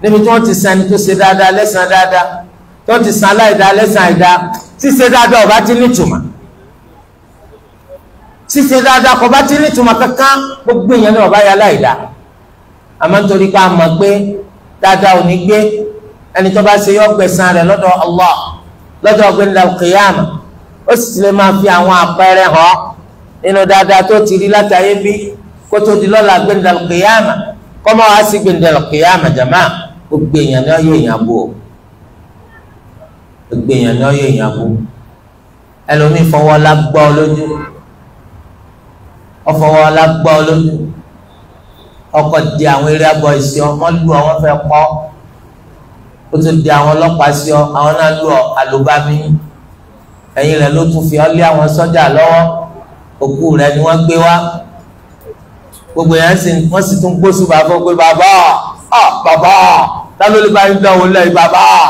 níbi tí wọ́n ti sani tó ṣe dáadáa lẹ́sàn dáadáa tó ti san aláìda lẹ́sàn àìda ṣíṣe dáadáa ọba ti nítumọ̀ ṣíṣe dáadáa kò bá ti nítumọ̀ kankan gbogbo èèyàn náà ọba yà aláìda àmọ́ nítorí pé a mọ̀ pé dáadáa ò ní gbé ẹni tó bá ṣe yọ gbẹ̀san rẹ̀ lọ́dọ̀ Allah lọ́dọ̀ ọ̀gbẹ́ni kìyàmà ó sì lè máa fi àwọn àpẹẹrẹ hàn nínú dáadáa tó ti rí látàyé bí kó tó di lọ́la ọ̀gbẹ́ni kìyàmà kọ́mọ́ wá sí ọ̀gbẹ́ni kìyàmà jàmá gbogbo èèyàn náà yóò yàn bò ó gbogbo èèyàn ni ọyọ èèyàn kú ẹlòmíì fọwọ́ lágbá ọ lójú ọfọwọ́ lágbá ọ lójú ọkọ̀ di àwọn eré abọ́ ìsì ọ wọ́n lu àwọn fẹ́ pọ́ ó tún di àwọn ọlọ́pàá sí ọ àwọn náà lu àlùbami ẹ̀yìn rẹ̀ ló tún fi ọ lé àwọn sọ́jà lọ́wọ́ òkú rẹ̀ ni wọ́n gbé wá gbogbo yẹn sì wọ́n sì tún gbósùn bàbá pé bàbá ọ ah, bàbá ta ló lè bá yín dánwò lẹ́yìn bàbá ọ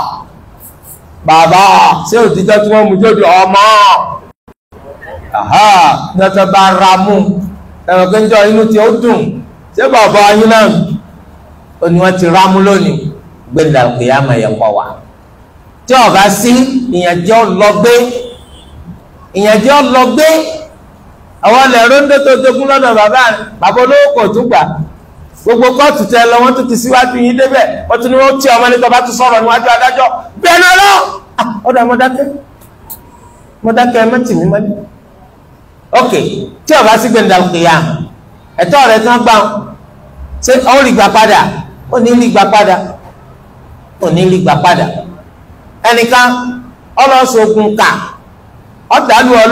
bàbá ṣé òtítọ́ tí wọ́n mú jóde ọmọ dọ́tọ́ bá ra mú ẹ̀rọ pé ń jọ inú tí ó dùn ṣé bàbá yín náà ó ní wọ́n ti ra mú lónìí gbẹ̀dà òkè àmọ̀ yẹn pọ̀ wá tí ọba sí ìyànjẹ́ ọlọ́gbé ìyànjẹ́ ọlọ́gbé àwọn ẹ̀rọ ń dọ́tọ́ jogún lọ́dọ̀ bàbá bàbá olówó kò tún gbà gbogbo kóòtù tẹ lọ wọ́n tún ti síwájú yín débẹ̀ wọ́n tún ní wọ́n tí ọmọ nítorí bá tún sọ̀rọ̀ níwájú adájọ́ bẹ́ẹ̀ náà lọ ah, ọ̀dà mọ́dákẹ́ mọ́dákẹ́ mẹ́tì mi mọ́lẹ́ ok tí ọba sí gbẹ̀ndà òkèèyà ẹ̀tọ́ rẹ̀ tán gbà ṣé ó rí gbà padà ó ní rí gbà padà ó ní rí gbà padà ẹnìkan ọlọ́sọ̀gùn kà ọ̀dàlú ọ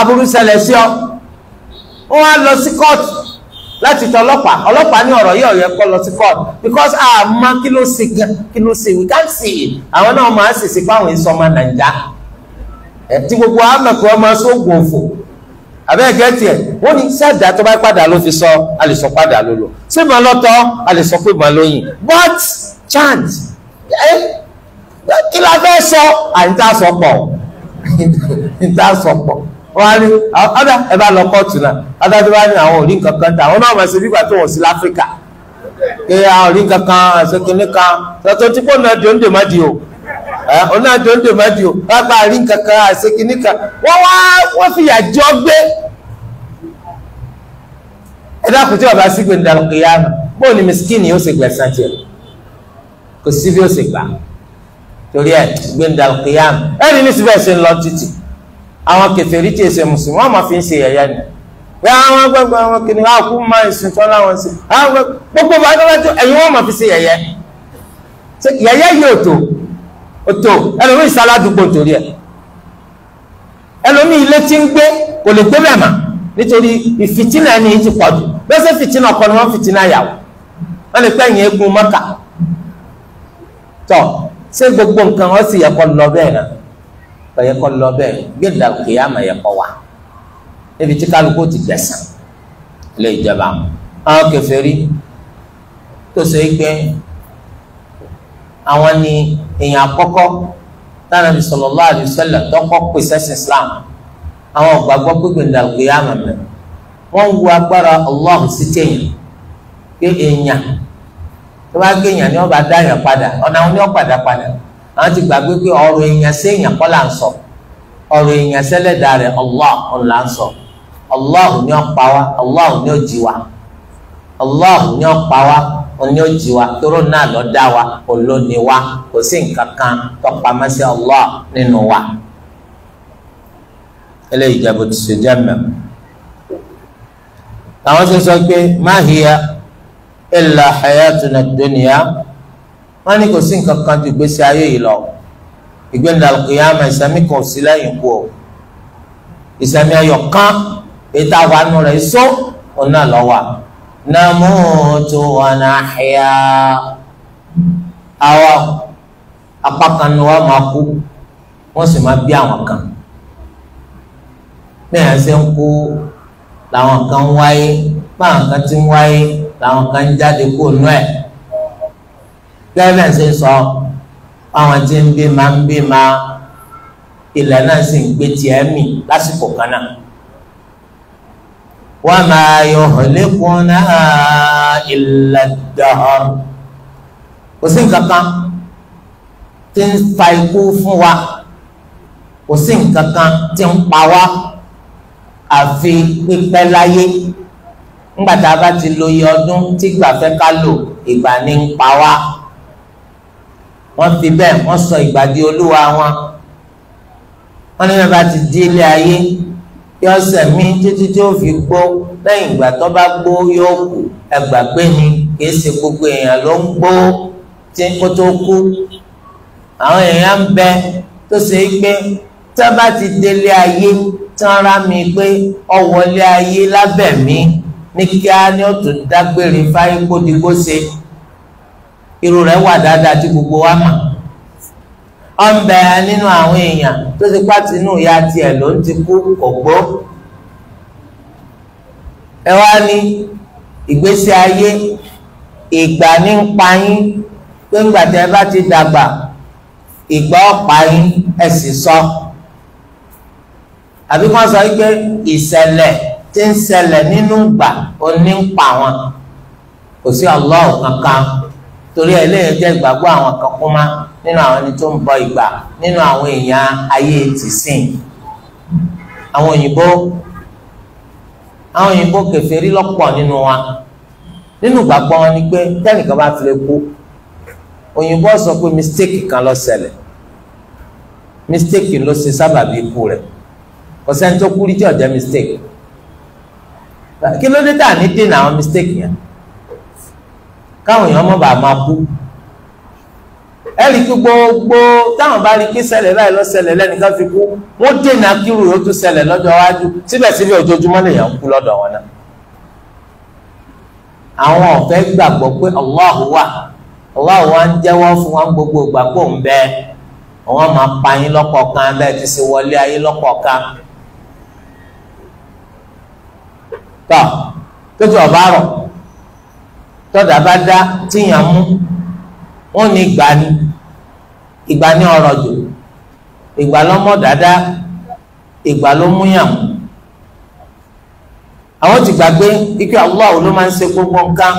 aburú ṣẹlẹ̀ sí ọ wọ́n á lọ sí kóòtù láti tọ ọlọ́pàá ọlọ́pàá ní ọ̀rọ̀ yìí ọ̀yẹ́ kọ́ lọ sí court because a mọ kí ló ṣe kí ló ṣe we can't see it àwọn náà máa ń ṣèṣe fáwọn èso ọmọ nàìjà tí gbogbo amẹ̀kọ́ ọmọ sóògùn òfò àbẹ́ẹ̀gẹ́ tiẹ̀ wọ́n ní sẹ́ẹ̀dá tó bá padà ló fi sọ a lè sọ padà ló lò ṣé màá lọ́tọ́ a lè sọ pé màá lóyìn but chance kí la fẹ́ sọ àyíntà sọ pọ̀ àyíntà sọ pọ̀ wọ́n á ní ọ̀dà ẹ bá lọ kóòtù náà adájọ́ bá ní àwọn òrí nǹkan kan tà àwọn náà máa ṣe bí ìgbà tó wọ̀ sí láfíríkà pé àwọn òrí nǹkan kan ṣèkínní kan tọ́tọ́ tí kò náà dòńdè má di o ọ̀nà dòńdè má di o bàbá àrí nǹkan kan ṣèkínní kan wọ́n wá wọ́n fi yàjọ́ gbé ẹ dákun tí bàbá sí gbèǹdà kìyàmù bóun ni miskin yóò ṣe gbẹ̀sán tiẹ̀ kò sí bí yóò ṣe gbà torí ẹ gbẹ̀ǹdà kìyàmù ẹ ní ní síbẹ̀ ṣe ń lọ títì. àwọn kẹfẹẹrí tí èsè mùsùlùmí wọn máa fi ń ṣe ya ni àwọn gbẹgbẹ àwọn kìnìún àkú máa ń sùn láwọn sí gbogbo bá tó tó ẹ̀yin wọn máa fi ṣe yẹ̀yẹ́ yẹ̀yẹ́ yìí ò tó ò tó ẹlòmíì sáládùúgbò ẹ ẹlòmíì ilé tí ń gbé kò lè gbé bẹ́ẹ̀ mà nítorí ìfìtínà ti pọ̀ jù fìtínà ọkọ ni wọ́n fìtínà wọ́n lè pẹ́ yẹn ṣé gbogbo nǹkan wọ́n sì yẹ kọ́ lọ kọyẹ kọ lọ bẹẹ gbẹdà òkè àmọ yẹ kọ wà níbi tí kálukú ti gbẹ̀san lé ìjọba àwọn kèfèrí tó so pé àwọn ni èèyàn àkọ́kọ́ tánàbí sallallahu alaihi wasallam tọkọ pèsè islam àwọn gbàgbọ́ pípé ńlá òkè àmọ mẹ wọn wu agbára Allah sí téèyàn pé èèyàn tó bá gbé èèyàn ni wọn bá dá èèyàn padà ọ̀nà àwọn ni wọn padà padà àwọn ti gbàgbé pé ọ̀rọ̀ èèyàn sí èèyàn kọ́ là ń sọ ọ̀rọ̀ èèyàn sẹ́lẹ̀dà rẹ̀ Allah ọ̀rọ̀ là ń sọ Allah ni ó pa wá Allah ni ó jí wa Allah ni ó pa wá ni ó jí wa tóró náà lọ dá wa olóni wa kò sí nǹkan kan tó pamọ́ sí Allah nínú wa. eléyìí ìjẹ́bù ti ṣe jẹ́ mẹ́m. làwọn ṣe sọ pé ma hiya illa hayatuna dunya wọ́n ní kò sí nǹkan kan ju ìgbésí ayé yìí lọ ìgbéǹda al-qiyāmah ìsẹ̀mí kan ò sí lẹ́yìn kú o ìsẹ̀mí ayọ̀ kan ètò àwọn àánú rẹ̀ só náà lọ wà namūtu wa naḥyā àwa apá kan ni wọ́n máa kú wọ́n sì máa bí àwọn kan bí àwọn ṣe ń kú làwọn kan ń wáyé báwọn kan ti ń wáyé làwọn kan ń jáde kó nú ẹ̀ gẹ́gẹ́ ṣe sọ àwọn tí ń bí ma ń bí ma ilẹ̀ náà sì ń gbé tiẹ̀ mì lásìkò kan náà wa ma yuhlikuna illa ad-dahr kò sí nǹkan kan tí ń fa ikú fún wa kò sí nǹkan kan tí ń pa wá àfi pípẹ́ láyé ńgbà bá ti lo iye ọdún tí gbàfẹ́ ká lò ìgbà ní ń pa wá wọ́n fi bẹ́ẹ̀ wọ́n sọ ìgbà di olúwa wọn wọ́n ní bàbá ti di ilé ayé kí ọ̀sẹ̀ mi títí tí ó fi gbó lẹ́yìn ìgbà tó bá gbó yóò kú ẹgbà pé ni kì í ṣe gbogbo èèyàn ló ń gbó tí kó tó kú àwọn èèyàn ń bẹ tó ṣe é pé tí wọ́n bá ti délé ayé tí wọ́n rá mi pé ọ̀wọ́lé ayé lábẹ́ mi ní kíá ni ó tún dágbére fáyé kó di kó ṣe irú rẹ̀ wà dáadáa tí gbogbo wa mọ̀ ọ̀nbẹ nínú àwọn èèyàn tó ti pàtì inú ìyá tiẹ̀ ló ń ti kú kò gbó ẹ wá ní ìgbésí ayé ìgbà ní ń pa yín pé ńgbà tí bá ti dàgbà ìgbà ọ̀pá yín ẹ sì sọ àbí kán sọ wípé ìṣẹ̀lẹ̀ tí ń ṣẹlẹ̀ nínú ìgbà onípa wọn kò sí Allah kankan torí ẹlẹ́yìn jẹ́ ìgbàgbọ́ àwọn kan kún má nínú àwọn ẹni tó ń bọ ìgbà nínú àwọn èèyàn ayé tìsín àwọn òyìnbó àwọn òyìnbó kèfèrí lọ́pọ̀ nínú wa nínú ìgbàgbọ́ wọn ni pé tẹ́nìkan bá fi lè kú òyìnbó sọ pé mistake kan ló ṣẹlẹ̀ mistake ló ṣe sábàbí ikú rẹ̀ kò sẹ́ni tó kú rí tí ó mistake kí ló dé tà ní dènà àwọn mistake yẹn. káwọn èèyàn mọ̀ bá máa bú ẹ̀rí kí gbogbo táwọn bá rí kí ṣẹlẹ̀ láì lọ ṣẹlẹ̀ lẹ́nìkan fi kú wọ́n dènà kírù yóò tún lọ́jọ́ iwájú síbẹ̀síbẹ̀ ojoojúmọ́ kú lọ́dọ̀ wọn náà àwọn ọ̀fẹ́ gbàgbọ́ pé wà wà ń jẹ́wọ́ fún gbogbo ìgbà ń máa pa yín lọ́kọ̀ọ̀kan bẹ́ẹ̀ ti tọ́dà bá dá tíyàn mú wọ́n ní ìgbà ni ìgbà ni ọ̀rọ̀ jù ìgbà ló mọ̀ dáadáa ìgbà ló mú yàn mú. àwọn ti gbàgbé ike Allah ló máa ń ṣe gbogbo nǹkan.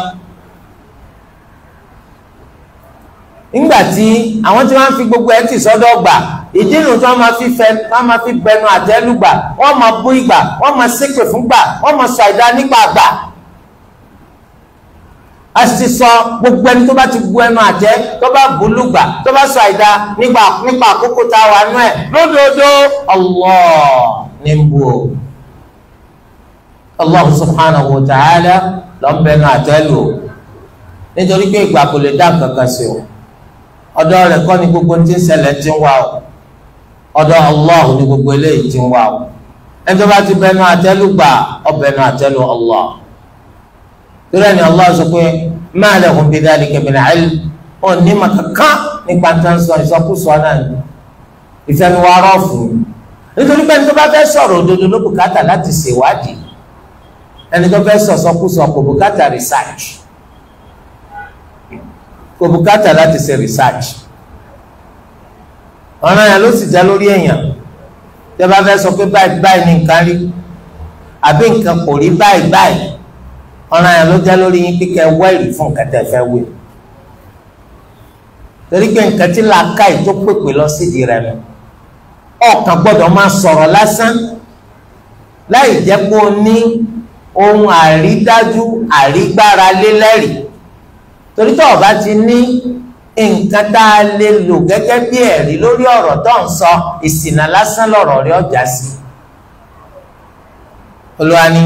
nígbà tí àwọn tí wọ́n fi gbogbo ẹ̀ tì sọ́dọ̀ gbà ìdí tí wọ́n máa fi fẹ́ wọ́n máa fi bẹnu àtẹ́lù gbà wọ́n máa bú ìgbà wọ́n máa ṣépè fún gbà wọ́n máa sọ àìdá gbà a sì sọ gbogbo ẹni tó bá ti bu ẹnu àjẹ́ tó bá bu lùgbà tó bá sọ àìda nípa nípa àkókò tá a wà nú ẹ lódodo Allah ní n bu o Allah subhanahu wa ta'ala lọ ń bẹnu àjẹ́ lò ó nítorí pé ìgbà kò lè dá kankan sí o ọ̀dọ̀ rẹ̀ kọ́ ni gbogbo tí ń ṣẹlẹ̀ ti ń wá o ọ̀dọ̀ Allah ni gbogbo eléyìí ti ń wá o ẹni tó bá ti bẹnu àjẹ́ lùgbà ó bẹnu àjẹ́ lù Allah torí ẹni Allah sọ pé ma lahum bi dhalika min ilm wọn ní ma kankan nípa tánṣọ ìsọkúsọ náà ni ìfẹnuwa rọ́ọ̀fù nítorí pé ẹni tó bá fẹ́ sọ̀rọ̀ òdodo ló bùkátà láti ṣèwádìí ẹni tó fẹ́ sọ̀sọkúsọ kò bùkátà research kò bùkátà láti ṣe research ọ̀ràn yẹn ló sì já lórí èèyàn tẹ́ bá fẹ́ sọ pé báyìí báyìí ní nǹkan rí àbí nǹkan kò rí báyìí báyìí ọ̀ràn yẹn ló já lórí yín kíkẹ́ wẹ́ẹ̀lì fún nǹkan tẹ́ fẹ́ wí torí pé nǹkan tí làákàyè tó pèpè lọ sídìí rẹ̀ nù ọ̀kan gbọ́dọ̀ máa sọ̀rọ̀ lásán láì jẹ́ pé o ní ohun àrídájú àrígbára lélẹ́rìí torí tó o bá ti ní nǹkan tá a lè lò gẹ́gẹ́ bí ẹ̀rí lórí ọ̀rọ̀ tó ń sọ ìsìnà lásán lọ̀rọ̀ rẹ̀ ọjà sí olùwàní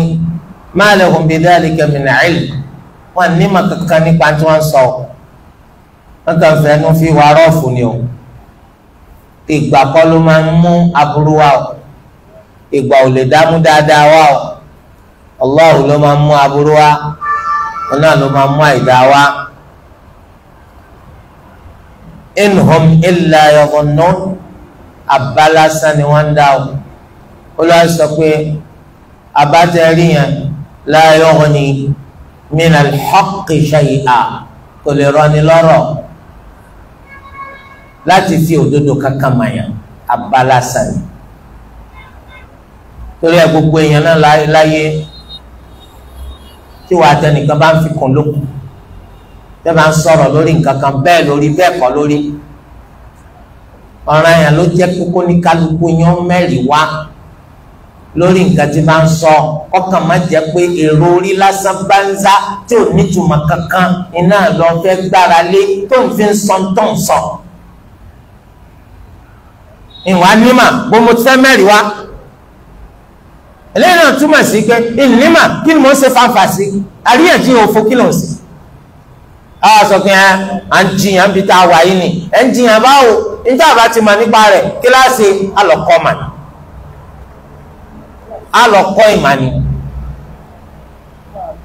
ma lahum bidhalika min ilm wọn ní ma kankan nípa tí wọn sọ wọn kàn fẹ́ nu fi wà rọ́ọ̀fù ni o ìgbà kọ́ ló máa ń mú aburú wa o ìgbà ò lè dámú dáadáa wa o Allahu ló máa ń mú aburú wa wọn náà ló máa ń mú àìdá wa in hum illa yadhunnun abala sani wọn dá o olùwàsó pé abatẹ rí yẹn la yughni min al-haqqi shay'a kò lè rọni lọ́rọ̀ láti fi òdodo kankan mọ̀nyà abalásán torí ẹ gbogbo èèyàn náà láyé tí wàá tẹnìkan bá ń fi kùn lókun tẹ́ bá ń sọ̀rọ̀ lórí nǹkan kan bẹ́ẹ̀ lórí bẹ́ẹ̀ kọ́ lórí ọ̀ràn yẹn ló jẹ́ kókó ní kálukú yẹn mẹ́rin wá lórí nǹkan tí bá ń sọ ọkàn má jẹ́ pé èrò orí lásán bá ń zá tí ò nítumọ̀ kankan iná lọ fẹ́ gbára lé tó ń fi ń sọ tó ń sọ. ìwà nímà bó mo fẹ́ mẹ́rin wá eléyìí náà túmọ̀ sí pé ìnímà kí ni mo ṣe fanfà sí àríyànjiyàn òfo kí ló ń sè àwọn sọkìn ẹ à ń jiyàn bí tá a wà yìí ni ẹ ń jiyàn báwo níta àbá ti mọ̀ nípa rẹ̀ kíláàsì alọkọ màá. alọ lọ kọ́ ìmà ni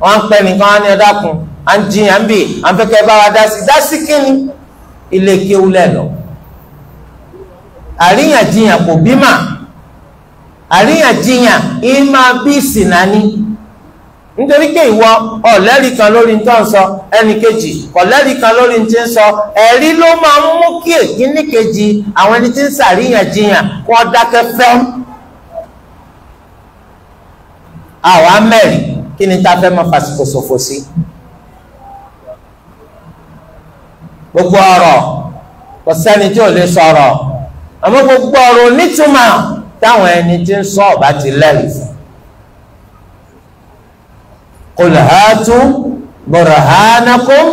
wọ́n ń pẹ́ nìkan á ní ọ̀dà kun à ń jiyàn ń bì à ń fẹ́kẹ́ bá wa dá sí dá sí kí ni ilé kéwú lẹ̀ àríyànjiyàn kò bímà àríyànjiyàn ìmà bí sìnàní nítorí pé ìwọ ọ̀lẹ́rì kan lórí tó ń sọ ẹnì kejì kan lórí tí ń sọ ẹ̀rí ló máa ń mú kí kejì àwọn ẹni tí ń kó dákẹ́ fẹ́ẹ́. àwa mẹ́rin kí ni tá a fẹ́ máa fàsìkò ṣòfò sí. gbogbo ọ̀rọ̀ kò sẹ́ni tí ò lè sọ̀rọ̀ àmọ́ gbogbo ọ̀rọ̀ onítùmọ̀ táwọn ẹni tí ń sọ ọ̀bá ti lẹ́rìí fún. qul hatu burhanakum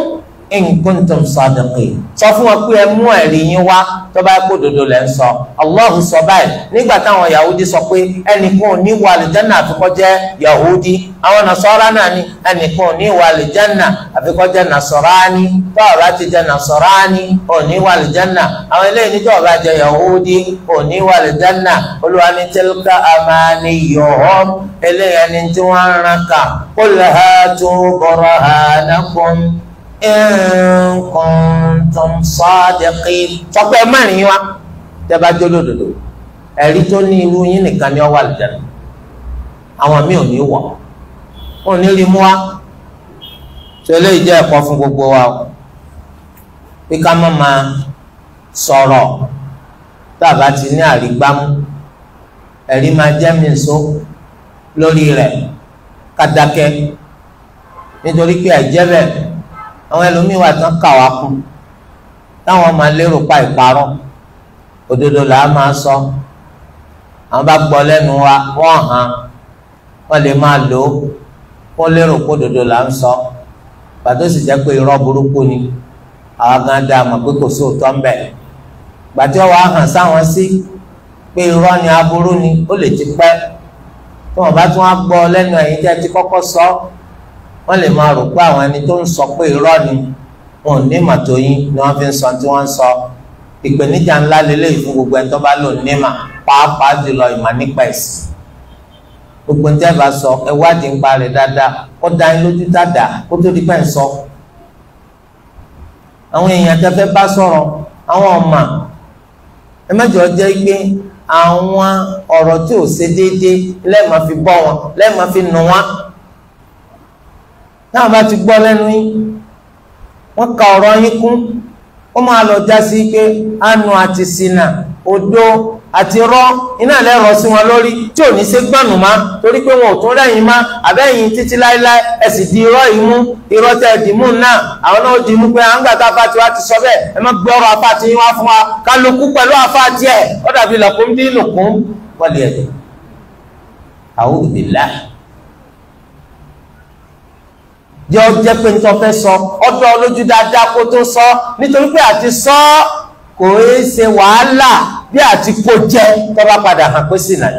in kuntum sadiqin sọ fún wọn pé ẹ mú ẹ̀rí yín wá tó bá kó dodo lẹ́ ń sọ Allahu sọ báyìí nígbà táwọn Yahudi sọ pé ẹnìkan ò ní wọ àlìjánà àfikọ́ jẹ́ Yahudi àwọn Nasara náà ni ẹnìkan ò ní wọ àlìjánà àfikọ́ jẹ́ Nasarani tó ọ̀rá ti jẹ́ Nasarani ò ní wọ àlìjánà àwọn eléyìí ní tó ọ̀rá jẹ́ Yahudi ò ní wọ àlìjánà olúwa ní tilka amaniyuhum eléyìí ẹni tí wọ́n ń ranka qul hatu burhanakum in kuntum sadiqin sọpẹ́ mẹ́rin wa tẹ́bá jólódodo ẹ̀rí tó ní irú yín nìkan ni ó wà lẹ́nu àwọn míì ò ní wọ̀ ò ní rí mú wa tó eléyìí jẹ́ ẹ̀kọ́ fún gbogbo wa o pé ká má máa sọ̀rọ̀ tá ti ní àrígbámú ẹ̀rí máa jẹ́ mi nsó lórí rẹ̀ ká nítorí pé àìjẹ́ bẹ́ẹ̀ àwọn ẹlòmíín wà tán kà wá kún táwọn máa lérò pa ìparọ́ òdodo là á máa sọ àwọn bá gbọ́ lẹ́nu wa wọ́n hàn wọ́n lè máa lò ó kó lérò kó òdodo là ń sọ pàtó sì jẹ́ pé irọ́ burúkú ni àwọn gan dá a mọ̀ pé kò sóòótọ́ ń bẹ gbàtí ọwọ́ àhàn sáwọn sí pé irọ́ ni aburú ni ó lè ti pẹ́ tí wọ́n bá tún wá gbọ́ lẹ́nu ẹ̀yìn jẹ́ ti kọ́kọ́ sọ ọ́ wọ́n lè máa rò pé àwọn ẹni tó ń sọ pé irọ́ ni wọn ò ní mà tó yín ni wọ́n fi ń sọ tí wọ́n ń sọ ìpèníjà ńlá lélẹ́yìí fún gbogbo ẹni tó bá lò ní mà pàápàá jùlọ ìmọ̀ nípa ẹ̀sìn gbogbo ní tẹ́ bá sọ ẹ wádìí ń parẹ́ dáadáa kó dá yín lójú dáadáa kó tó di pẹ́ ń sọ àwọn èèyàn tẹ́ fẹ́ bá sọ̀rọ̀ àwọn ọmọ ẹ mẹ́jọ jẹ́ pé àwọn ọ̀rọ̀ tí ò ṣe déédéé lẹ́ẹ̀ máa fi bọ́ wọn lẹ́ẹ̀ máa fi nù wọn náà bá ti gbọ́ lẹ́nu yín wọ́n ka ọ̀rọ̀ yín kún ó máa lọ já sí pé anu àti ṣìnà odó àti rọ́ iná lẹ́rọ sí wọn lórí tí ò ní ṣe gbọ́nù má torí pé wọn ò tún rẹ̀yìn má àbẹ́yìn títí láéláé ẹ sì di irọ́ ìmú irọ́ tẹ dìmú náà àwọn náà ó dìmú pé à ń gbàtà afáàtì wa ti sọ bẹ́ẹ̀ ẹ má gbọ́rọ̀ afáàtì yín wá fún wa kálukú pẹ̀lú afáàtì ẹ̀ ó dàbí lọ́kùn dín lòkùn wọlé ẹ̀ àwùjọ bìlá jẹ́ ọ jẹ́ pé nítorí fẹ́ sọ ọdọ́ olójú dáadáa kó tó sọ nítorí pé àti sọ kò é ṣe wàhálà bí àti kó jẹ tó bá padà hàn pé sì náà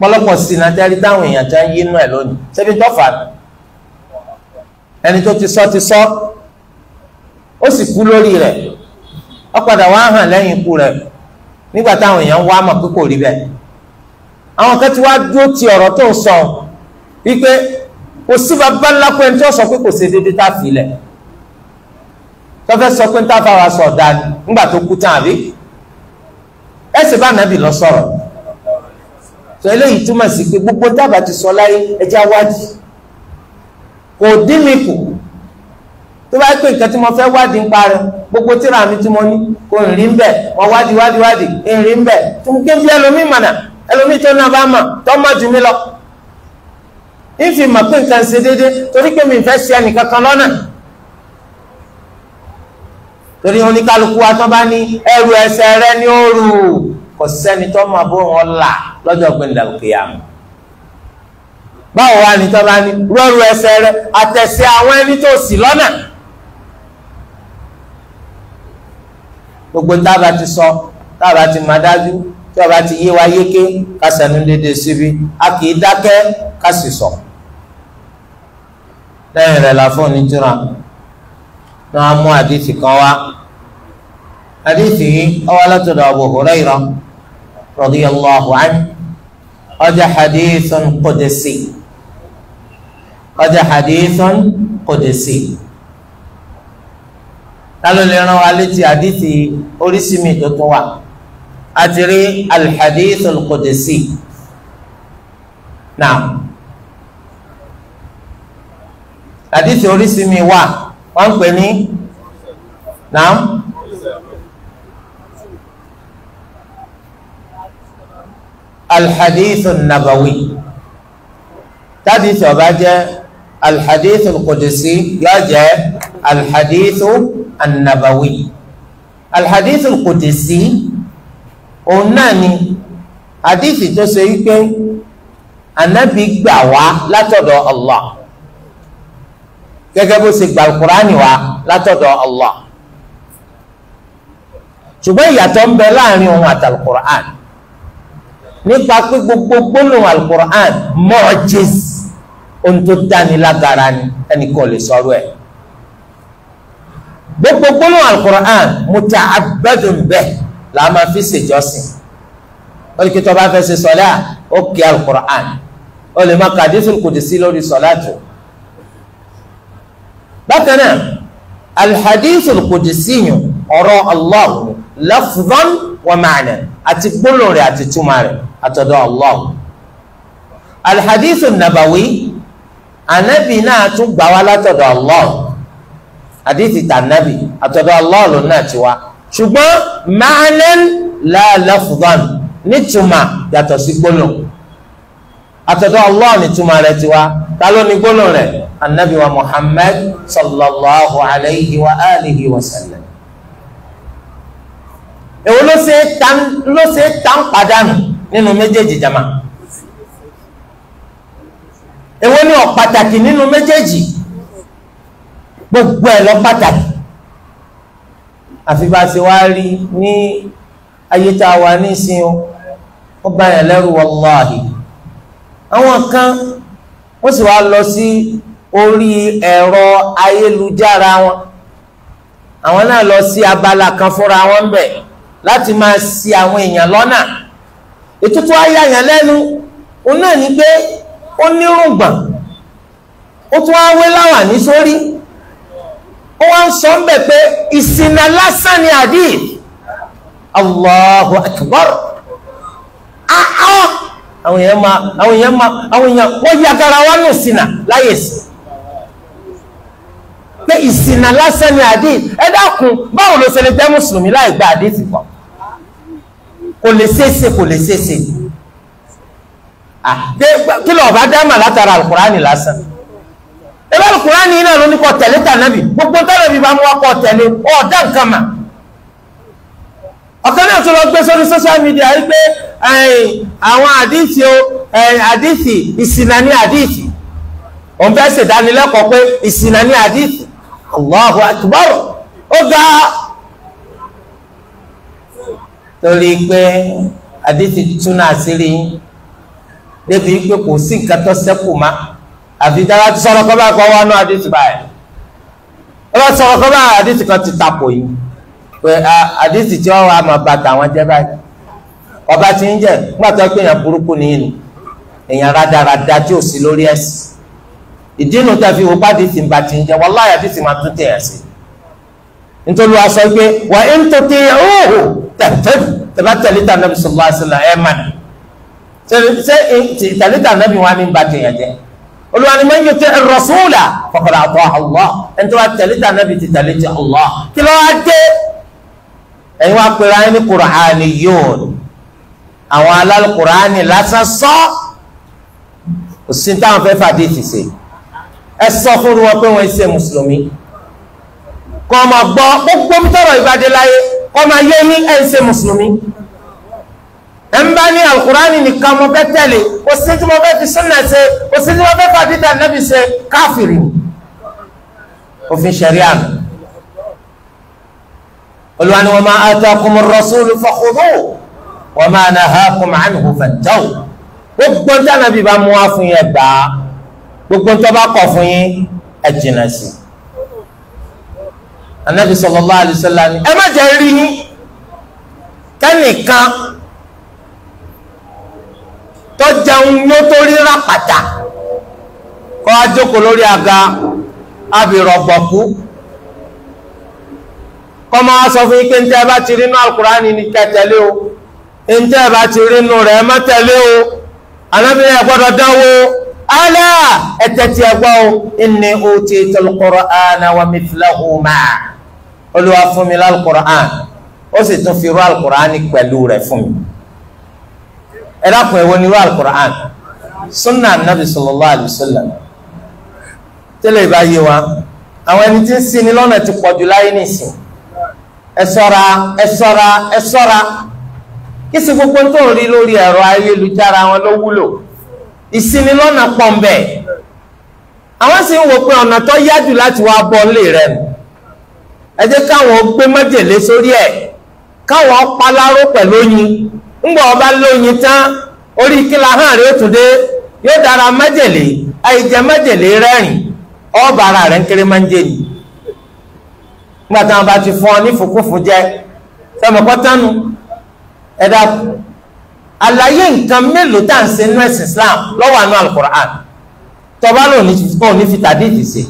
pọ̀lọpọ̀ sì náà tẹ́rí táwọn èèyàn tẹ́ ń yí inú ẹ̀ lónìí ṣebí tó fà á ẹni tó ti sọ ti sọ ó sì kú lórí rẹ̀ ó padà wá hàn lẹ́yìn ikú rẹ̀ nígbà táwọn èèyàn wá mọ̀ pé kò rí bẹ́ẹ̀ àwọn kan ti wá dúró ti ọ̀rọ̀ tó ń sọ wípé kò sí bàbá ńlá pé ẹni tí wọ́n sọ pé kò ṣe déédéé tá a fi lẹ̀ sọ pé ń tá sọ ọ̀dà nígbà tó kú tán àbí gbogbo Taba ti sọ láyé ẹjẹ́ awádìí kò dín mi kù tó bá pé nǹkan tí mo fẹ́ wádìí ń gbogbo tíra mi tí mo ní kò ń rí wádìí wádìí wádìí ń rí ìfì mọ̀ nǹkan ṣe déédé torí pé mi fẹ́ ṣe ẹnìkan kan lọ́nà torí oníkálukú wa tó bá ní ẹrù ẹsẹ rẹ ní òru kò sẹ́ni tó máa bó wọn là lọ́jọ́ gbẹ̀ndàlùkìyàmù báwo wá ní tó bá ní rọrù ẹsẹ rẹ àtẹ̀sẹ̀ àwọn ẹni tó ṣì lọ́nà gbogbo tábà ti sọ ti má dájú tí ọba ti yé wa yéké kásánú dédé síbi a kì í dákẹ́ ká sọ. lẹ́yìn rẹ̀ la fún oníjúra náà á mú àdìsí kan wá àdìsí yìí ọwọ́ látọ̀dọ̀ Abu Hurayra radiyallahu anhu ọjà hadithun qudsi ọjà hadithun qudsi tálọ́ lè rán wa létí àdìsí oríṣi mi tó tún àti rí alhadithul qudsi náà àdìsí oríṣi mi wà wọ́n ń pè ní nàám. alhadithu nabawi tádìsí ọba jẹ́ alhadithu kùdùsí yóò jẹ́ alhadithu annabawi alhadithu kùdùsí òun náà ni àdìsí tó ṣe wípé anabi gbà wá látọ̀dọ̀ Allah gẹ́gẹ́ bó ṣe gba alukurani wa látọ̀dọ̀ Allah ṣùgbọ́n ìyàtọ̀ ń bẹ láàrin òun àti alukuran nípa pé gbogbo gbólóhùn alukuran mọ́ọ̀jìs ohun tó dáni lágara ni ẹnì kan lè sọ̀rọ̀ ẹ̀ gbogbo gbólóhùn alukuran muta abẹ́dùnbẹ́ la máa fi ṣèjọ́sìn olùkítọ́ bá fẹ́ ṣe sọ́lá ó kí alukuran olùmọ̀kadìsùn kò dì sí lórí sọ́lá tó bákan náà alhadithu kudisiyu ọ̀rọ̀ allah lafdan wa ma'na àti gbólóhùn rẹ̀ àti túmọ̀ rẹ̀ àtọ̀dọ̀ allah alhadithu nabawi anabi náà tún gbà wá látọ̀dọ̀ allah hadithi tànàbì àtọ̀dọ̀ allah ló náà ti wá ṣùgbọ́n ma'nan la lafdan nítumọ̀ yàtọ̀ sí gbólóhùn àtọ̀dọ̀ Allah ni túmọ̀ rẹ̀ ti wá ta ló ní gbólóhùn rẹ̀ anabi wa Muhammad sallallahu alayhi wa alihi wa sallam. èwo ló ṣe tán ló ṣe tán pàdánù nínú méjèèjì jama èwo ni ó pàtàkì nínú méjèèjì gbogbo ẹ̀ lọ pàtàkì àfi bá a ṣe wá rí ní ayé tá a wà ní ìsìn o ó bá yẹn lẹ́rù wàláhì àwọn kan wọ́n sì wá lọ sí orí ẹ̀rọ ayélujára wọn àwọn náà lọ sí abala kan fúnra wọn bẹ̀ láti máa ṣì àwọn èèyàn lọ́nà ètò tó ayé àyàn lẹ́nu òun náà ní pé ó nírùngbọ̀n ó tún wá wé láwà ní sórí ó wá ń sọ ń bẹ̀ pé ìṣìnà lásán ni àdìr Allahu akbar. Ah, àwọn èèyàn máa àwọn èèyàn máa àwọn èèyàn wọ́n yà kára wá nù sínà láyè sí pé ìsìnà lásán ni àdí ẹ dákun báwo ló ṣe lè jẹ́ mùsùlùmí láì gba àdí ti pọ̀ kò lè ṣeéṣe kò lè ṣeéṣe kí ló bá dámà látara alukurani lásán ebe alukurani náà ló ní kọ tẹ̀lé tànàbì gbogbo tànàbì bá mú wa kọ tẹ̀lé ọ̀dà nǹkan mà ọ̀kan náà tó lọ gbé sórí social media yìí pé àwọn àdìsí o àdìsí ìsìnà ní àdìsí òun fẹ́ ṣèdánilẹ́kọ̀ọ́ pé ìsìnà ní àdìsí Allahu akbar ó ga torí pé àdìsí túnà sírí débi pé kò sí nǹkan tó sẹ́kù má àfi dára tó sọ̀rọ̀ kọ́ bá kọ́ wọnú àdìsí báyìí ó bá sọ̀rọ̀ kọ́ bá àdìsí kan ti tapò yìí pé àdìsí tí wọ́n wà máa ba tàwọn jẹ́ báyìí ọba tí ń jẹ́ gbàtọ́ pé èèyàn burúkú ni yìí èèyàn rádaràda tí ò sí lórí ẹ̀sìn ìdínú tàbí wọ́n bá dìsí ba ti ń jẹ́ wọ́n láyà dìsí máa tún tẹ̀yàn sí nítorí wàá sọ pé wà á ń tó ti ọ̀hún tẹ̀tẹ̀bù tẹ̀bá tẹ̀lítà nàbì sọ̀lá ṣẹlẹ̀ ẹ̀ mà ní ṣe tẹ̀lítà nàbì wọn ni ba tẹ̀yàn jẹ́ olùwàní máa ń yọ tẹ rọ̀ṣúlà kọ̀kọ̀rọ̀ àtọ̀ àlọ́ ẹ̀ ń tó wá tẹ̀lítà nàbì ti tẹ̀lítà àlọ́ kí ẹ̀yin wá pera ẹ ní kùránì yóò àwọn alálùkùránì lásán sọ kò sí táwọn fẹ́ fàdé ti ṣe ẹ sọ fún wọn pé wọn ṣe mùsùlùmí kọ́ ọ máa gbọ́ gbogbo tọrọ ìbàdí láyé kọ́ máa yé ní ẹ̀ ń ṣe mùsùlùmí ẹ̀ ń bá ní alukùránì nìkan mo fẹ́ tẹ̀lé kò sí tí mo fẹ́ fi súnà ṣe kò sí tí mo fẹ́ fàdí tà nàbì ṣe káfìrì òfin ṣẹ̀ríà nù olùwà ni wa ma atakum ar-rasulu fakhudhuhu wa ma nahakum anhu fantahu gbogbo ń tànà bíbá mú wá fún yẹn gbà á gbogbo ń tọ́ bá kọ̀ fún yín ẹ jìnnà sí i anabi sallallahu alaihi ni ẹ má jẹ́ rí yín kẹ́nìkan tó jẹun yóò tó rí rápàtà kó a lórí àga àbí kọ́mọ sọ fún yín pé ntẹ́ bá ti rí inú alukurani ni kẹ́ tẹ̀lé o ntẹ́ bá ti rí inú rẹ̀ má tẹ̀lé o Ànábì ẹ gbọ́dọ̀ dán wò ala ẹ̀tẹ̀ tí ẹ gbọ́ o inni utitul Qur'ana wa mithlahu ma'a olúwa fún mi lálùkùrán ó sì tún fi rú alukurani pẹ̀lú rẹ̀ fún mi ẹ dákun ẹ wo ni rú alukurani sunna anabi sallallahu alayhi wa ìbá yé wa àwọn ẹni tí ń sin ni lọ́nà ti pọ̀jù láyé nìsín. ẹ ṣọ́ra ẹ ṣọ́ra ẹ ṣọ́ra kí sì gbogbo tó ń rí lórí ẹ̀rọ ayélujára wọn ló wúlò ìsinmi lọ́nà pọ̀nbẹ̀ àwọn sì ń wò pé ọ̀nà tó yájú láti wá bọ́ lè rẹ̀ ẹ jẹ́ káwọn gbé májèlé sórí ẹ̀ káwọn paláró pẹ̀lú oyin taa ọba lóyin tán orí kíla hàn rí òtúndé yóò dára májèlé àìjẹ májèlé rẹ́rìn ọ̀bàrà rẹ̀ ń kéré máa nígbà táwọn bá ti fún ọ ní fòkúfò jẹ sọmọkọ tánu ẹ dákun nǹkan mélòó tá ń ṣe nínú ẹ̀sìn Islam lọ́wọ́ àánú alukur'an tọba ló ní kò ní fi tàdí ìdìsí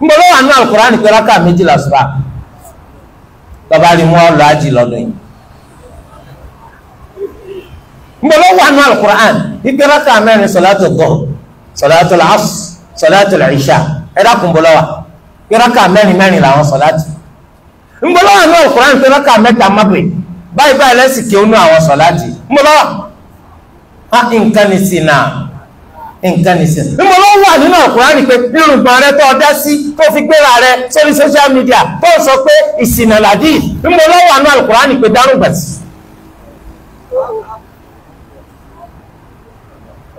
nbọ lọ́wọ́ àánú alukur'an pé rákà méjìlá sùrà tọba rí mú ọ lọ ájì lọ́dún yìí nbọ lọ́wọ́ àánú alukur'an pé rákà mẹ́rin sọ̀látù dọ̀ sọ̀látù làásù sọ̀látù làìṣà ẹ̀dá kùnbọ̀ lọ́wọ́ pé rákà mẹ́rin mẹ́rin làwọn sọ̀láàtì ńgbọ́láwà ní Al-Qur'an pé rákà mẹ́ta magrib báyìí báyìí lẹ́sì kí ó nú àwọn sọ̀láàtì ńgbọ́láwà á nǹkan ní sí náà nǹkan ní sí náà ńgbọ́láwà nínú Al-Qur'an pé irùngbọ̀n rẹ tó ọdá sí tó fi gbéra rẹ sórí social media tó sọ pé ìsìnà làdí ńgbọ́láwà nínú Al-Qur'an pé dárúgbà sí.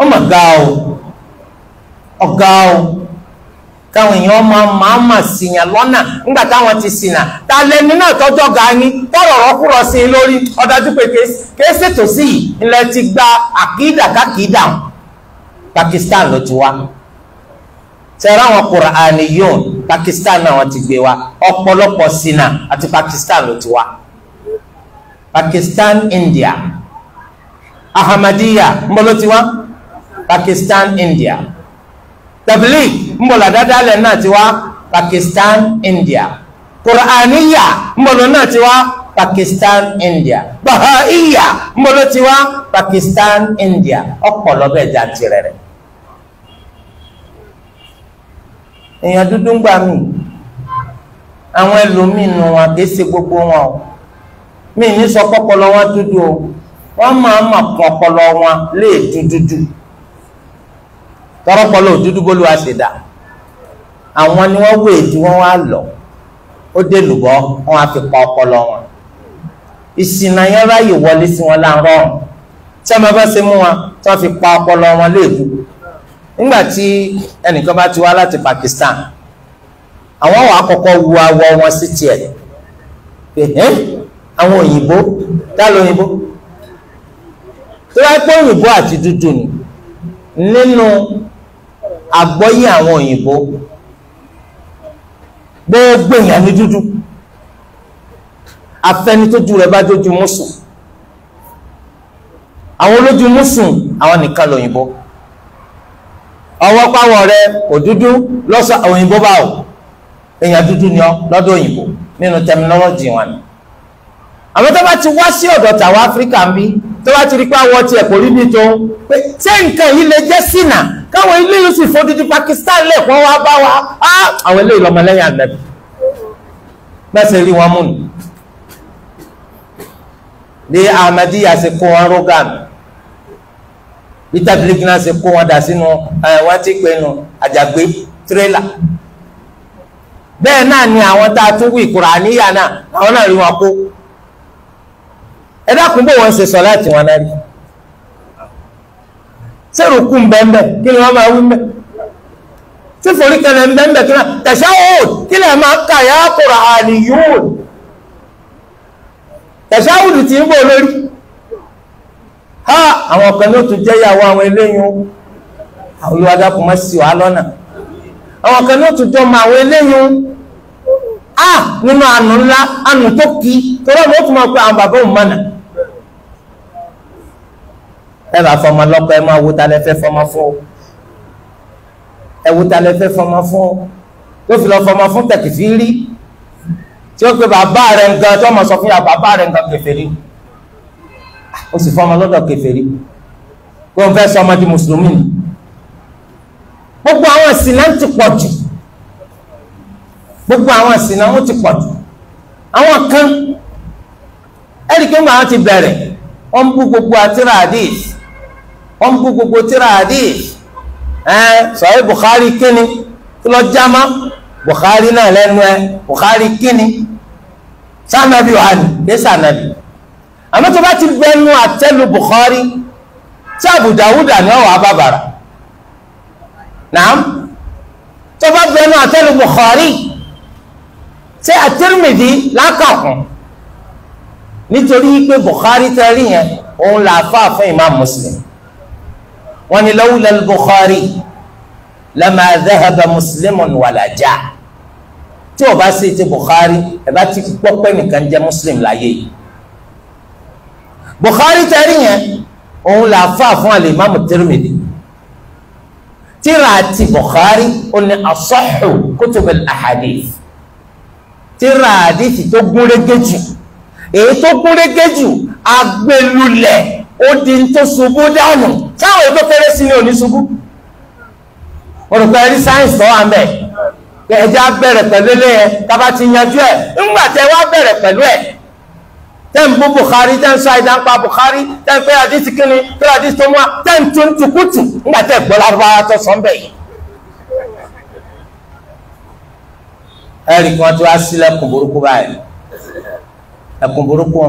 ọmọ ga ọ ọ̀gá ọ ka èèyàn máa máa mà lọ́nà nígbà táwọn ti ṣìnà ta lẹni náà tọ́jọ́ ga ni tọ́rọ̀ rọ́kúrọ̀ sí i lórí ọ̀dájú pé kìí ṣètò sí yìí ilẹ̀ ti gba àkídà kákìídà Pakistan ló ti wá tẹ̀rọ àwọn yóò Pakistan náà wọ́n ti gbé wa ọ̀pọ̀lọpọ̀ àti Pakistan ló ti Pakistan India ti wá Pakistan India. tabili nbọlọ dada lẹ náà ti wá Pakistan India kur'aniya nbọlọ náà ti wá Pakistan India bahaiya nbọlọ ti wá Pakistan India ọpọlọ bẹẹ já tirẹ̀ rẹ̀ èèyàn dúdú ń gbà mí àwọn ẹlòmíì nù wọn kì í ṣe gbogbo wọn o mí ní sọ pọpọlọ wọn dúdú o wọn máa ń pọpọlọ wọn léè dúdúdú. Du, tọrọpọlọ dúdú bólú wa ṣe dà àwọn ni wọ́n wé tí wọ́n wá lọ ó dé lùbọ́ wọ́n á fi pa ọpọlọ wọn ìsìnà yẹn ráyè wọlé sí wọn láàárọ̀ tí wọ́n bá ṣe mú wọn tí wọ́n fi pa ọpọlọ wọn léèdú nígbà tí ẹnìkan bá ti wá láti Pakistan àwọn wà á kọ́kọ́ wu awọ wọn sí tiẹ̀ ẹ̀hẹ́ àwọn òyìnbó dá lóyìnbó tó wáá pé òyìnbó àti dúdú ni nínú àgbọ́yé àwọn òyìnbó gbogbo èèyàn ní dúdú afẹnitójú rẹ bá dójú mùsùn àwọn olójú mùsùn àwọn nìkan lòyìnbó ọwọ́ pàwọ̀ rẹ kò dúdú lọ́sọ̀ òyìnbó báwò èèyàn dúdú ni ọ lọ́dọ̀ òyìnbó nínú tẹminọ́lọ́jì wọn ni àwọn tó bá ti wá sí ọ̀dọ̀ tàwọn áfíríkà ń bí tó bá ti rí pé àwọn ọtí ẹ̀ rí bí tó pé ṣé nǹkan yìí lè jẹ́ sínà káwọn ilé yìí sì fodidi Pakistan lẹ́ẹ̀kan wá bá wa àwọn ilé ìlọmọlẹ́yìn ànábì bẹ́sẹ̀ rí wọn mú ni ní Ahmadiyya ṣe kó wọn rogan peter blake náà ṣe kó wọn dà sínú wọn ti pè nu àjàgbé tírélà bẹ́ẹ̀ náà ni àwọn tá a tún wí Kùránìyà náà àwọn náà rí wọn kó ẹ dákun bó wọn ṣe sọ láti wọn náà rí sẹ́rùkú bẹ́ẹ̀bẹ́ kí ni wọ́n máa wí mẹ́ tí forí kẹlẹ̀ bẹ́ẹ̀bẹ́ kí ni tẹ̀sẹ̀ òòd kí ni ẹ̀ máa kà yá kúrò àní yóò tẹ̀sẹ̀ òòd tí ń bọ̀ lórí ha àwọn kan yóò tún jẹ́ ìyàwó àwọn eléyìn àwọn olùwàdà kò má sí wàá lọ́nà àwọn kan yóò tún jọ mọ àwọn eléyìn a nínú àánú ńlá àánú tó kí torí ó tún máa pe àwọn bàbá òun mọ̀nà ẹ bá fọmọ lọ́kọ ẹ máa wo ta lẹ fẹ́ fọmọ fún o ẹ wo ta lẹ fẹ́ fọmọ fún o tó fi lọ fọmọ fún tẹkifírí tí ó pe bàbá rẹ̀ nǹkan tí wọ́n mọ̀ sọ fún yà bàbá rẹ̀ nǹkan kèfèrí ó sì fọmọ lọ́dọ̀ kèfèrí kó n fẹ́ sọmọ di mùsùlùmí ni gbogbo àwọn ìsìnà ti pọ̀ jù gbogbo àwọn ìsìnà wọn ti pọ̀ jù àwọn kan ẹ̀rí kí wọ́n ti bẹ̀rẹ̀ wọ́n bú gbogbo àtìrà àdéhìí wọ́n bú gbogbo tíra hadith ẹ̀ sọ̀rọ̀ Bukhari kíni kí lọ jámá Bukhari náà lẹ́nu ẹ̀ Bukhari kíni sànàbí wà ní dé sànàbí àmọ́ tó bá ti bẹnu àtẹ́lu Bukhari tí Abu Dawuda ni ọ̀wọ́ abábàrà naam tó bá bẹnu àtẹ́lu Bukhari tí at lákàkùn nítorí pé Bukhari tẹ́rí yẹn òun làáfàá fún Imam Muslim wọ́n ní lawla al-Bukhari lama dhahaba muslimun wala ja tí o bá ṣe ti Bukhari ẹ bá ti gbọ́ pé nìkan jẹ́ muslim láyé yìí Bukhari tẹ́rí yẹn òun là fà fún al-Imam Tirmidhi tíra ti Bukhari òun ni asahhu kutub al-ahadith tíra tó gúnrégé èyí tó gúnrégé jù ó di tó ṣubú dànù sáwọn tó kéré sí ni ò ní ṣubú olùkọ́ ẹ̀rí sáyẹ́ǹsì tó wà mẹ́ ẹ̀jẹ̀ á bẹ̀rẹ̀ pẹ̀lú ilé ẹ̀ tábà ti yanjú ẹ̀ ńgbà tẹ wá bẹ̀rẹ̀ pẹ̀lú ẹ̀ tẹ́ ń bú Bukhari tẹ́ ń sọ àìdá ń pa Bukhari tẹ́ ń pẹ́ àdísì kínní pẹ́ àdísì tó mọ́ tẹ́ ń tún tukùtù ńgbà tẹ́ gbọ́ lárúbáwá tó sọ ń bẹ̀ yìí. ẹ̀rí kan tó wá sílẹ̀ kùn burúkú báyìí ẹ̀kùn burúkú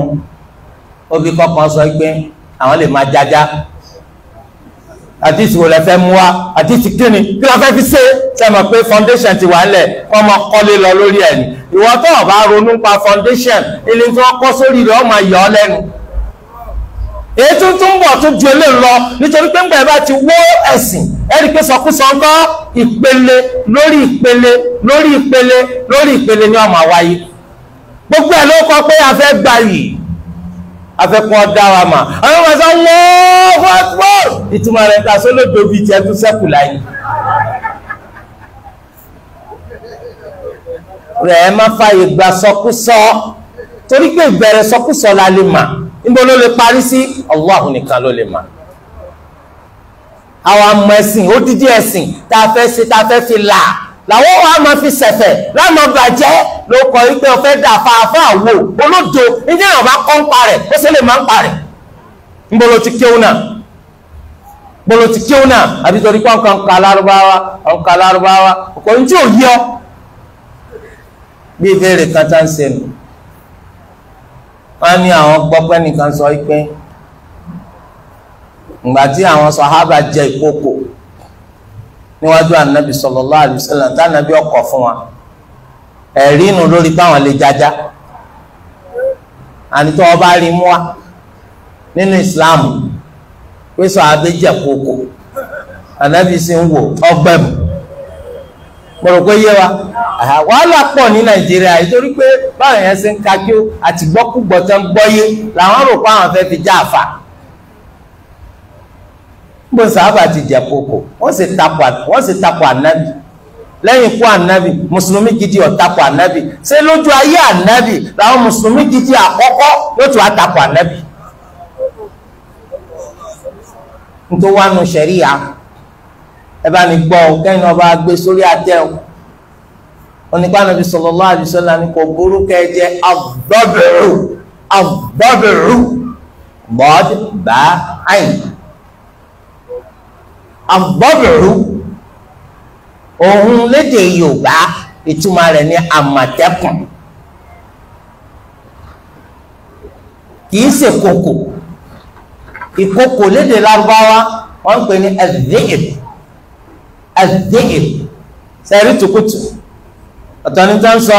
obì kọ̀ọ̀kan sọ pé àwọn lè máa jájá àti ìsìnkú lẹ fẹ́ mú wa àti ìsìnkíni kí lọ fẹ́ fi ṣe ṣe mọ̀ pé foundation ti wà ńlẹ̀ wọ́n mọ kọ́lé lọ lórí ẹ̀ ni ìwọ tó o bá ronú pa foundation ilé tí wọ́n kọ́ sórí rẹ̀ ọmọ yọ ọ lẹ́nu èyí tó tún bọ̀ tó ju eléyìí lọ nítorí pé ńgbà bá ti wó ẹ̀sìn ẹ̀rí pé sọkúsọ ń kọ́ ìpele lórí ìpele lórí ìpele lórí ìpele ni ọmọ àwáyé gbogbo ẹ̀ ló kọ pé a fẹ́ gbà yìí afẹ́kún ọ̀dá wa mà àwọn ọmọ sọ Allahu Akbar ìtumọ̀ rẹ̀ ta sólódò bíi tiẹ̀ tún sẹ́kù láyé. rẹ̀ ẹ má fààyè gba sọkúsọ torí pé ìbẹ̀rẹ̀ sọkúsọ la lè mà níbo ló lè parí sí Allahu nìkan ló lè mà. àwọn amọ̀ ẹ̀sìn ó dídí ẹ̀sìn tá a fẹ́ ṣe tá a fẹ́ fi là làwọn wa máa fi ṣẹ̀fẹ̀ láàmú bàjẹ́ ló kọ wípé ọ̀fẹ́ dà fàáfà wò olódo níjẹ́ àwọn bá kọ́ ń pa rẹ̀ ó sì lè máa ń pa rẹ̀ ńbolo ti kéwù náà ńbolo ti kéwù náà àbí torí pé ọkàn ka lárúbáwá ọkàn lárúbáwá ọkọ ní tí ò yọ bí ìbéèrè kan tá ń ṣe nù wọn ní àwọn gbọpẹ nìkan sọ wípé ìgbà tí àwọn sàhábà jẹ ìkókò níwájú anabi sallallahu alaihi wasallam tànàbí ọkọ fún wa ẹ̀rí inú lórí báwọn lè jájá ànitọ́ ọba rí mú wa nínú ìsìláàmù pé sọ abẹ́jẹ̀ kókó anabi sì ń wò ọgbẹ́ mu mo rò pé yé wa wàhálà pọ̀ ní nàìjíríà nítorí pé báwọn yẹn ṣe ń ka kí ó àtìgbọ́kúgbọ̀ tán gbọ́yé làwọn rò pé àwọn fẹ́ fi já àfà. gbogbo sàábà ti wọ́n sì takò ànábì lẹ́yìn ikú ànábì mùsùlùmí gidi ó ànábì ṣé lójú ayé ànábì làwọn mùsùlùmí gidi àkọ́kọ́ yóò tún àtakò ànábì. nítorí wàá nu sẹ̀ríyà ẹ bá gbọ́ kẹ́yìn ọba gbé sórí àtẹ̀wò bí sallallahu alaihi wasallam kò burú bá agbọ́bìrú òun lédè Yorùbá ìtumọ̀ rẹ̀ ní àmọ̀tẹ́kùn kìí ṣe kòkò ìkòkò lédè Lárúbáwá wọ́n ń pè ní ẹ̀dẹ́gìd ẹ̀dẹ́gìd sẹ́rí tukutu ọ̀tọ̀ ní tó ń sọ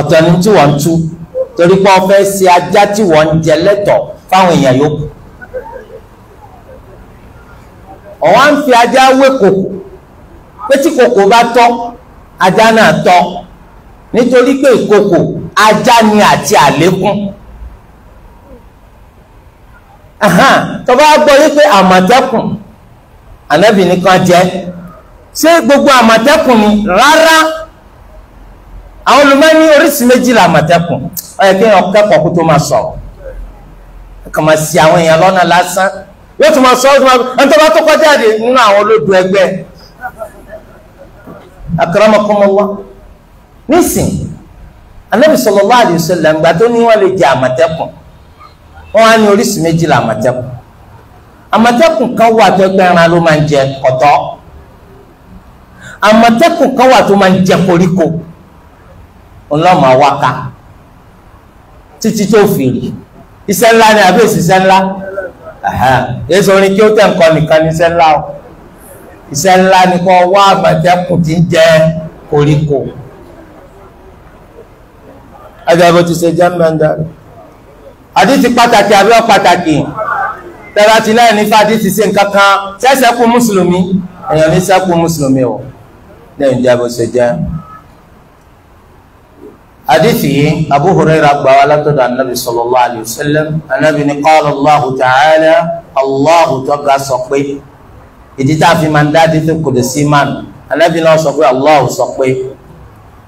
ọ̀tọ̀ ní tí wọ́n ń tú torí pé wọ́n fẹ́ ṣe ajá tí wọ́n ń jẹ lẹ́tọ̀ọ́ fáwọn èèyàn yòókù. ọ̀wá ń fi ajá wé kòkò pé tí kòkò bá tọ́ ajá náà tọ́ nítorí pé ìkòkò ajá ni àti àlékún tó bá gbọ́ wípé àmọ̀tẹ́kùn ànábì nìkan jẹ́ ṣé gbogbo àmọ̀tẹ́kùn ni rárá àwọn olùmọ́ni oríṣi méjì la àmọ̀tẹ́kùn kó tó máa sọ̀rọ̀ àwọn yóò tún máa sọ ọdún máa ń tó bá tó kọjá dé nínú àwọn olódùn ẹgbẹ́ akramakumullah nísìn anabi sallallahu alaihi tó ní wọn lè jẹ àmọ̀tẹ́kùn wọn á ní oríṣi méjì la àmọ̀tẹ́kùn àmọ̀tẹ́kùn kan wà tó ẹgbẹ́ ẹran ló máa ń jẹ kọ̀tọ́ àmọ̀tẹ́kùn kan wà tó máa ń jẹ koríko ńlọmọ awaka títí tó fìrì iṣẹ́ ńlá ni àbí èsì ńlá èso orin kí ó tẹ̀ nǹkan nìkan ní iṣẹ́ ńlá o iṣẹ́ ńlá ni kó wá àmọ̀tẹ́kùn tí ń jẹ koríko ẹgbẹ́ bó ti ṣe jẹ́ mẹ́ndẹ́rì àdìtì pàtàkì àbí ọ̀pàtàkì tẹ́lá ti náà nífa àdìtì sí nǹkan kan sẹ́sẹ́kù mùsùlùmí èèyàn ní sẹ́kù mùsùlùmí o lẹ́yìn jẹ́ bó ṣe jẹ́ حديثي أبو هريرة قال النبي صلى الله عليه وسلم النبي قال الله تعالى الله تقى سقي ìdí tá a fi máa ń dá dídí kùdì sí mánu anábì náà sọ pé allah sọ pé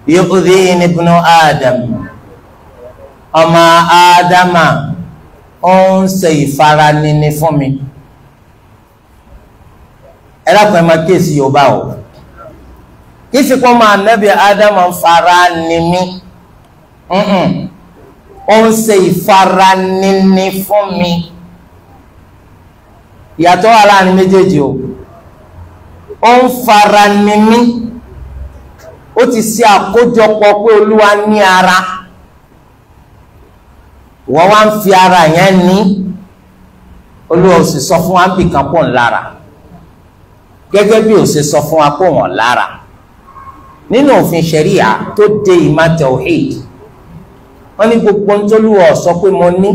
yóòdì nípinnu adam ọmọ adama ó ń ṣe ìfaranini fún mi ẹ lápẹ́ máa kíyèsí yorùbá o kí sì kó máa nábì adama ń fara ni mí ó ń ṣe ìfaranini fún mi ìyàtọ̀ wà méjèèjì o ó ń faranini ó ti ṣe àkójọpọ̀ pé olúwa ní ara wọ́n wá ń fi ara yẹn ní olúwa ò sì sọ fún wa bí kan pọ̀ ń lára gẹ́gẹ́ bí ò sì sọ fún wa pọ̀ wọ́n lára nínú òfin ṣẹ̀ríyà tó de ìmọ̀ tẹ̀wéèdì wọ́n ní gbogbo ntọ́lùwọ̀ sọ pé mo ní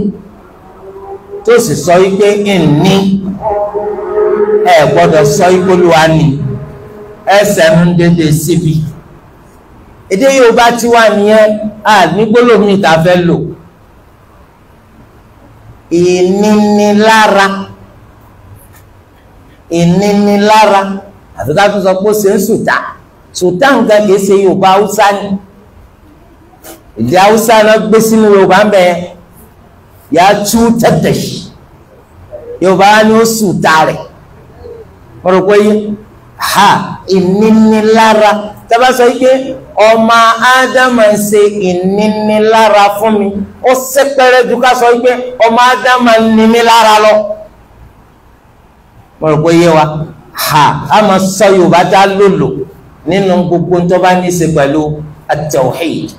tó sì sọ wípé ìní ẹ gbọ́dọ̀ sọ wípé olúwa ní ẹsẹ̀ ń dédé síbi èdè Yorùbá ti wà nìyẹn a ní gbólóhùn ìta fẹ́ lò ìnínilára ìnínilára àti ká tún sọ pé ó ṣe ń sùtà sùtà nǹkan kìí ṣe Yorùbá Haúsá ni. èdè haúsá gbé sínú yorùbá ń bẹ yà á tú yorùbá ni ó sùn ha ìnínilára tábà sọ pé ọmọ ádámà ń se ìnínilára fún mi ó sẹ́pẹ́rẹ́ ju sọ pé ọmọ ádámà ń níní lára lọ wọ́n rò wa ha a máa sọ yorùbá dá gbogbo tó bá ní í tawhid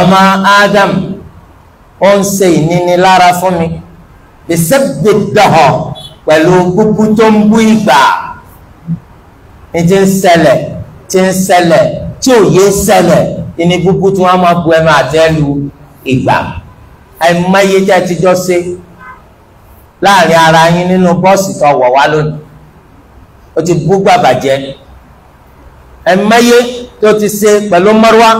ọmọ Adam ó ń ṣe ìnínilára fún mi bisabbi dọ̀họ̀ pẹ̀lú gbogbo tó ń bú ìgbà ní ti ń ṣẹlẹ̀ ti ń ṣẹlẹ̀ tí ò yé ṣẹlẹ̀ ìní gbogbo tí wọ́n máa bu ẹnu àtẹ́lu ìgbà àìmọye tí a ti láàrin ara yín nínú bọ́ọ̀sì tó wọ̀ wá lónìí ó ti bú gbàbàjẹ́ àìmọye tó ti ṣe pẹ̀lú mọ́rúwá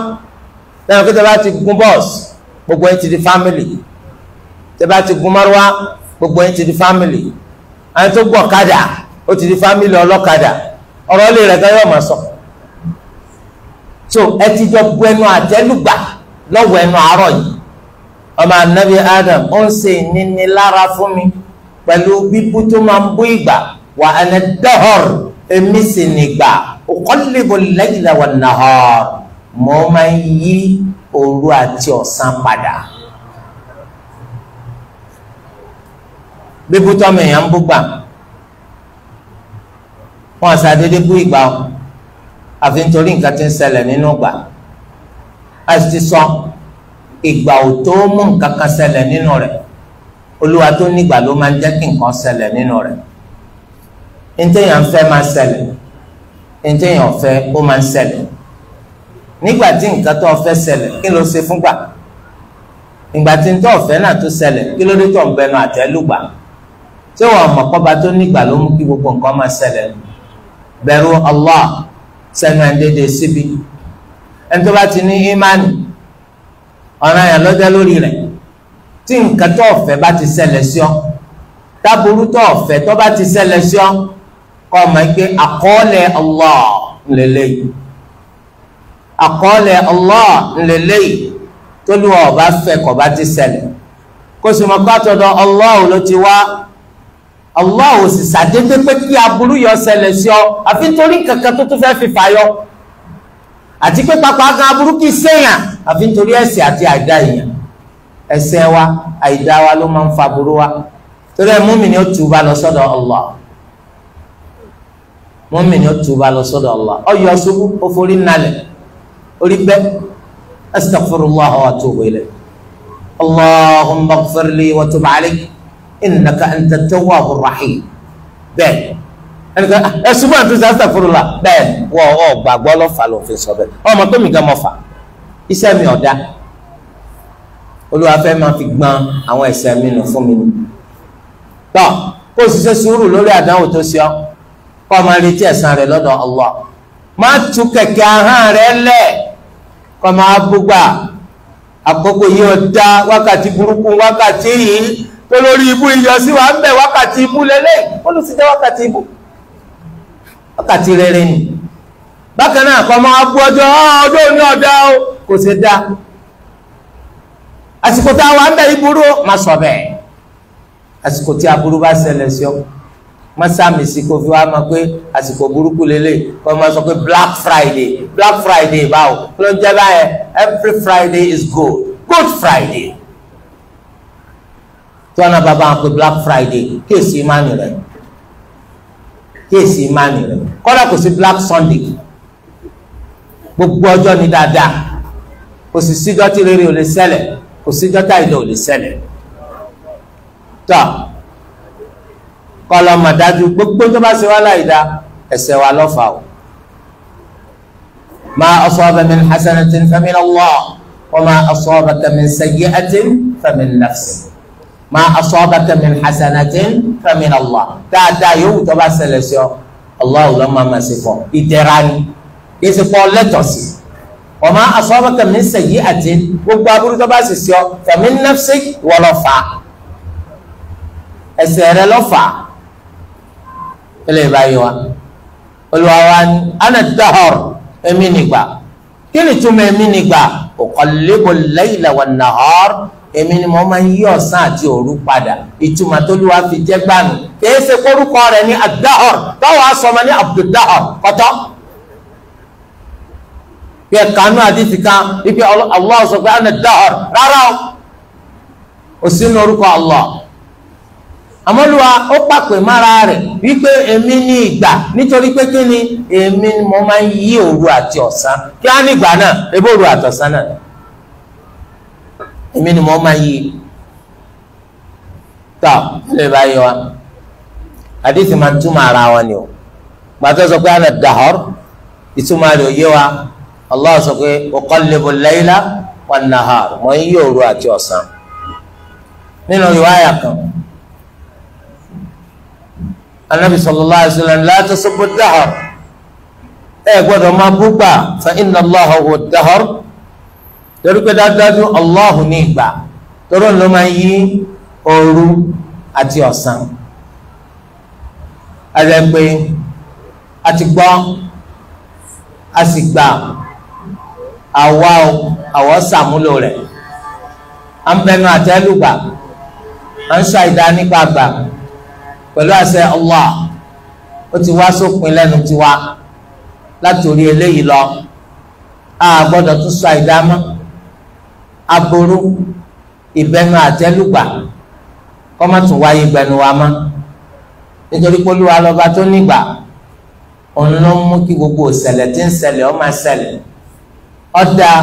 lẹ́yìn pé tẹ́ bá ti gun bọ́ọ̀sì gbogbo yín ti di fámìlì tẹ́ bá ti gun márùwá gbogbo yín ti di fámìlì àwọn tó gbọ́ kadà ó ti di fámìlì ọlọ́kadà ọ̀rọ̀ lè rẹ̀ gáyọ̀ mà sọ. so ẹ ti jọ bu ẹnu àtẹlùgbà lọ́wọ́ ẹnu àárọ̀ yìí ọmọ anabi adam ó ń ṣe ìnínilára fún mi pẹ̀lú bíbú tó máa ń bú ìgbà wà á ní dọ́họ̀r sì nígbà òkọ́lẹ́bù lẹ́yìn lẹ́wọ̀n náà họ́ọ̀rù mo máa ń yí òru àti ọ̀sán padà. bíbú tọ́mọ èèyàn ń búgbà wọn àṣàdédé bú ìgbà o àfi nítorí nǹkan tí ń ṣẹlẹ̀ nínú ìgbà a sì ti sọ ìgbà ò tó mú nǹkan kan ṣẹlẹ̀ nínú rẹ̀ olúwa tó nígbà ló máa ń jẹ́ kí nǹkan ṣẹlẹ̀ nínú rẹ̀ ntẹ̀yàn fẹ́ máa ṣẹlẹ̀ ntẹ̀yàn fẹ́ ó máa ń ṣẹlẹ̀ nígbà tí nǹkan tó fẹ́ ṣẹlẹ̀ kí ló ṣe fúngbà ìgbà tí nǹkan tó fẹ́ náà tó ṣẹlẹ̀ kí ló dé tó ń bẹnu àtẹ́lùgbà tí wọn mọ̀ kọ́ba tó nígbà ló mú kí gbogbo nǹkan máa bẹ̀rù Allah síbi ẹni tó bá ti ní ìmánì ọ̀ràn yẹn lọ́jọ́ lórí rẹ̀ tí nǹkan tó ọ̀fẹ́ bá ti ṣẹlẹ̀ sí ọ tó ọ̀fẹ́ tó bá ti sí ọ kọ́ ọ mọ̀ pé àkọọ́lẹ̀ Allah lélẹ́yìí àkọọ́lẹ̀ Allah ńlẹ̀lẹ́yìí tó lù ọ̀bá fẹ́ kọ̀ bá ti ṣẹlẹ̀ kó sì mọ̀ pátọ́dọ̀ Allah ló ti wá Allah ò sì ṣàdédé pé kí aburú yọ ṣẹlẹ̀ sí ọ àfi nítorí kankan tó tún fẹ́ fi fàyọ àti pé pápá gan aburú kì í ṣèyàn àfi nítorí ẹ̀ṣẹ̀ àti àìdá èèyàn wa àìdá wa ló máa ń fa aburú wa torí ẹ múmìnì ó túba lọ sọ́dọ̀ Allah múmìnì ó túba lọ sọ́dọ̀ Allah ó yọ ó forí nalẹ̀ orí bẹ́ astaghfirullah wa atubu ilayh allahumma ighfir li wa tub alayhi innaka anta tawwabur rahim bẹ́ẹ̀ ẹnìkan ẹ̀sùn bá tún astaghfirullah bẹ́ẹ̀ wọ́n ọ̀ gbàgbọ́ lọ́fà ló fi sọ bẹ́ẹ̀ ọmọ tó mi gan mọ́ fà iṣẹ́ mi ọ̀dá olúwa fẹ́ máa fi gbọ́n àwọn ẹ̀ṣẹ̀ mi nù fún mi nù tọ́ kó o sùúrù lórí àdánwò tó ṣe ọ́ kó o máa retí ẹ̀san rẹ̀ lọ́dọ̀ Allah má tu kẹ̀kẹ́ ahọ́n rẹ̀ lẹ́ẹ̀ kọmọ agbógbà àkókò yìí ọ̀dá wákàtí burúkú wákàtí yìí tó lórí ibú iyọ̀ sí wa ń bẹ̀ wákàtí ibú lélẹ̀ olú ti jẹ́ wákàtí ibú wákàtí rere ni bákan náà kọmọ agbó ọjọ́ ah, ọjọ́ òní ọ̀dá o kò ṣe dá àsìkò tá a wà ń bẹ̀ ìburú má sọ bẹ́ẹ̀ àsìkò tí aburú bá ṣẹlẹ̀ sí ọ má sàmì sí kó fi wá máa pé àsìkò burúkú lélẹ̀ kọ́ sọ pé Black Friday black friday báwo kí ló jẹ́ báyẹn every friday is good good friday tí wọn náà bá bá wọn pé black friday kí èsì ìmánì rẹ kí èsì ìmánì rẹ kọ́dà kò sí black sunday gbogbo ọjọ́ ni dáadáa kò sì síjọ́ tí rere ò lè ṣẹlẹ̀ kò síjọ́ tá ìdá ò lè ṣẹlẹ̀ tọ́ kọ́ lọ́mọ gbogbo tó bá ṣe wá láì dá ẹ̀ṣẹ̀ wa lọ́fà o ما أصاب من حسنة فمن الله وما أصابك من سيئة فمن نفسك ما أصابك من حسنة فمن الله dáadáa yòówù tó bá ṣẹlẹ̀ sí ọ Allah ló máa ma ṣe fún ọ ìdẹ̀ra ni èsì fún ọ lẹ́tọ̀sí wa ma asabaka min sayyi'atin gbogbo aburú tó bá sì sí ọ fa min nafsik wọ́n lọ fà á ẹsẹ̀ rẹ lọ fà á ẹ lè bá yẹ wa olùwàwà ni ana dahar ẹ̀mí nìgbà kí ni túmọ̀ ẹ̀mí nìgbà uqallibu al-layla wan-nahar èmi ni mo máa ń yí ọ̀sán àti òru padà ìtumọ̀ tó lù wá fi jẹ́ gbàmì kìí ṣe kórúkọ rẹ̀ ní ad-dahr báwo á ní abduldahr kọ́tọ́ bí ẹ̀ka nú àdìsí kan ibi Allah sọ pé ana rárá o sínú orúkọ Allah àmọ́lùwà ó pàpè mára rẹ̀ wípé èmi ní ìgbà nítorí pé kí ni èmi mo máa ń yí òru àti ọ̀sán kí á nígbà náà ebó òru àti ọ̀sán náà èmi ni mo máa ń yí tọ́ ilé bá yọ wa àdìsí máa ń túmọ̀ ara wọn ni o gbàtọ́ sọ pé àná dàhọ́r ìtumọ̀ rẹ̀ yé wa Allah sọ pé uqallibu al-layla wan mo ń yí òru àti ọ̀sán nínú ìwáyà kan anabi sallallahu alayhi wa sallam la tasubbu ad-dahr ẹ gbọ́dọ̀ máa bú gbà fa inna Allaha huwa ad-dahr torí pé dájúdájú Allahu ní ìgbà torí ló máa ń yí òru àti ọ̀sán àti pé a ti gbọ́ a sì gbà àwa àwọ̀ bẹnu àtẹ́lùgbà à ń ṣàìdá nípa gbà pẹ̀lú àṣẹ Allah ó ti wá sópin lẹ́nu tiwa láti orí eléyìí lọ a gbọ́dọ̀ tún sọ àìdámọ́ aburú ìbẹnu àtẹlùgbà kọ́má tún wáyé ìbẹnu wa mọ́ nítorí pé olúwa lọ́ba tó nígbà òun ló ń mú kí gbogbo ìṣẹ̀lẹ̀ tí ń ṣẹlẹ̀ ó máa ṣẹlẹ̀ ó dáa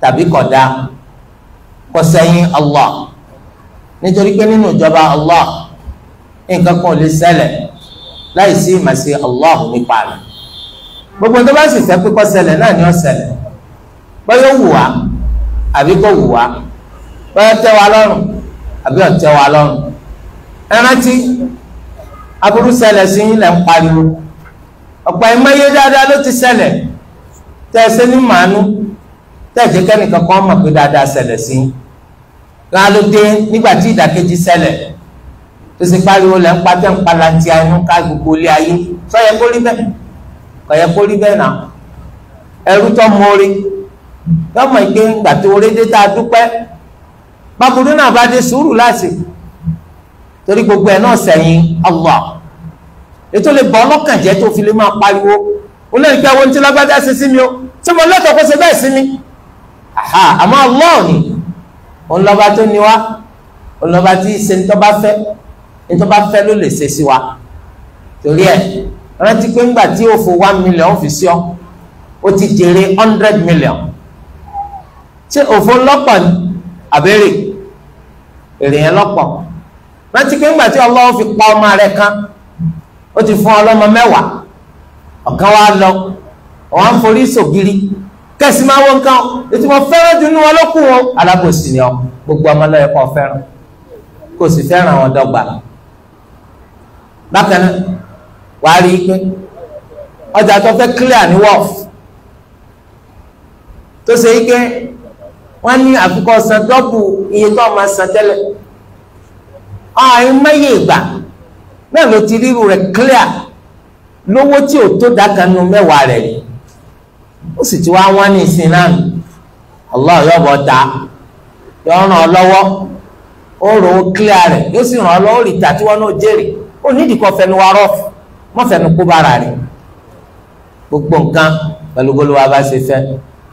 tàbí kò dáa kò sẹ́yìn Allah nítorí pé nínú ìjọba Allah. nǹkan kan ò lè ṣẹlẹ̀ láì sí ìmọ̀sí Allah nípa rẹ̀ gbogbo tó bá sì fẹ́ pípọ́ náà ni ó ṣẹlẹ̀ bóyá wù wá àbí kò wù wá bóyá tẹ́ wa lọ́rùn àbí ó tẹ́ wa lọ́rùn aburú sí ilẹ̀ ń pariwo ọ̀pọ̀ dáadáa ló ti tẹ́ ẹ màánú tẹ́ ẹ jẹ́ kẹ́nìkan kan mọ̀ pé dáadáa tó sì pariwo lẹ́ ń pa tẹ́ ń pala ti ayún ká gbogbo ilé ayé sọ yẹ kó rí bẹ́ẹ̀ kò yẹ kó rí bẹ́ẹ̀ náà ẹrú tó mórí lọ́mọ ìgbé ńgbà tó rédé tá torí gbogbo ẹ̀ náà sẹ́yìn Allah ètò le bọ́ ọlọ́kàn jẹ́ tó fi lè máa pariwo olóyìn pé àwọn tí lágbájá ṣe sí mi o tí mo lọ́tọ̀ kó ṣe bẹ́ẹ̀ sí mi àmọ́ Allah ni òun lọ́ba tó ní wá òun lọ́ba tí ṣe ń nítorí bá fẹ́ ló lè ṣe sí wa torí ẹ rántí pé ńgbà tí o fo one million fi sí ọ o ti jèrè hundred million ṣé òfo lọ́pọ̀ ni àbẹ̀rẹ̀ èrè yẹn lọ́pọ̀ rántí pé ńgbà tí ọlọ́wọ́ fi pa ọmọ rẹ kan ó ti fún ọlọ́mọ mẹ́wàá ọ̀kan wa lọ ọ̀wá ń forí sògiri kẹsì máa wọ nǹkan ètò wọn fẹ́ràn dunu wọn lọ́kùn wọn alábòsí ni ọ gbogbo ọmọ lọ́yẹ̀kọ́ fẹ́ràn kò sì fẹ́ràn wọn dọ́gba. bákan náà wàá rí i pé ọjà tó fẹ́ clear ní wolf tó ṣe ike, wọ́n ní àfikọ́ san dọ́bù iye tó san tẹ́lẹ̀ ọ̀hún mẹ́yẹ ìgbà náà ló ti ríru rẹ̀ clear lówó tí ò tó dákanu mẹ́wàá rẹ̀ ni ó sì ti wá wọ́n ní ìsìn náà Allah ta clear rẹ̀ yóò sì ràn ọ́ lọ́wọ́ rìtà tí wọ́n náà ó nídìí kọ́ fẹnu wa rọ́ọ̀fù mọ́ fẹnu kó bára rẹ̀ gbogbo nǹkan pẹ̀lú gbólóhùn bá ṣe fẹ́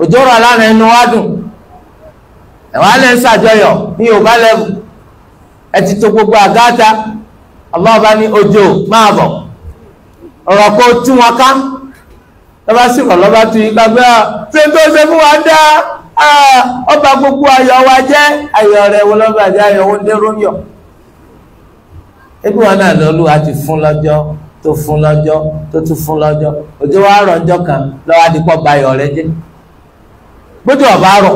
òjò rọ̀ lánàá ẹnu wá dùn ẹ̀wọ̀n alẹ́ ń ṣàjọyọ̀ ní yorùbá lẹ́bù ẹ ti tò gbogbo àgáta ọlọ́ọ̀bá ní òjò máa bọ̀ ọ̀rọ̀ kó tún wọn ká lọ́ba sì rọ̀ lọ́ba tún yín gbàgbé ọ ṣé tó ṣe fún wa dá ọba gbogbo ayọ̀ wa jẹ́ ayọ̀ rẹ̀ wọ́n lọ́ba jẹ́ ayọ̀ wọn dé rómíọ̀ ebi wọn náà ti fún lọ́jọ́ tó fún lọ́jọ́ tó tún fún lọ́jọ́ òjò wa rọ̀ ọjọ́ kan lọ́wọ́ adìpọ̀ bayọ̀ rẹ jẹ́ bójú ọba rọ̀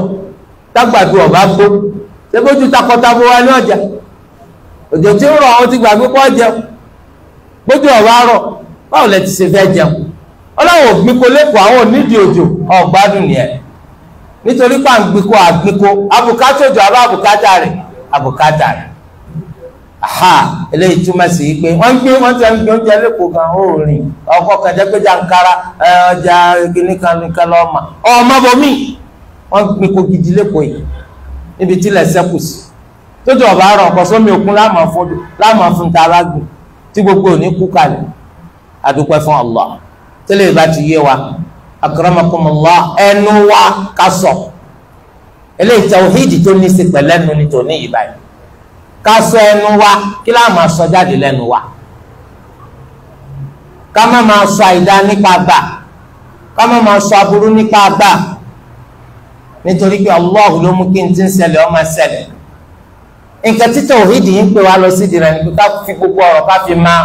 tágbàdo ọba gbó ṣé takọtabo wa ṣe fẹ́ jẹun ọlọ́wọ́ òjò ọ̀gbádùn nítorí ha eléyìí túmọ̀ sí pé wọ́n ń gbé wọ́n ti ń gbé oúnjẹ lẹ́kọ̀ọ́ kan ó rìn ọkọ̀ kan jẹ́ pé jàǹkara ọjà nìkan nìkan lọ́ọ́ mà ọmọ bomi wọ́n ń gbé kogidi lẹ́kọ̀ọ́ yìí níbi tí ilẹ̀ sẹ́kù sí tójú ọ̀bá rọ̀ ọ̀pọ̀ sómi òkun láàmà fún ta alágùn tí gbogbo òní kú kalẹ̀ adúpẹ́ fún Allah tẹ́lẹ̀ ìbá ti yé wa akramakumullah ẹnu wa ká sọ eléyìí tawhidi tó ní í ṣe pẹ̀lẹ́nu ni tòní yìí báyìí ká sọ ẹnu wa kí láà máa sọ jáde lẹ́nu wa ká má máa sọ àìdá nípa gbà ká má máa sọ aburú nípa gbà nítorí pé Allahu ló mú kí n ti ń ṣẹlẹ̀ ó máa ṣẹlẹ̀ nǹkan tí tawhid ń pè wá lọ sí ìdìrẹ̀ nípa ká fi gbogbo ọ̀rọ̀ ká fi má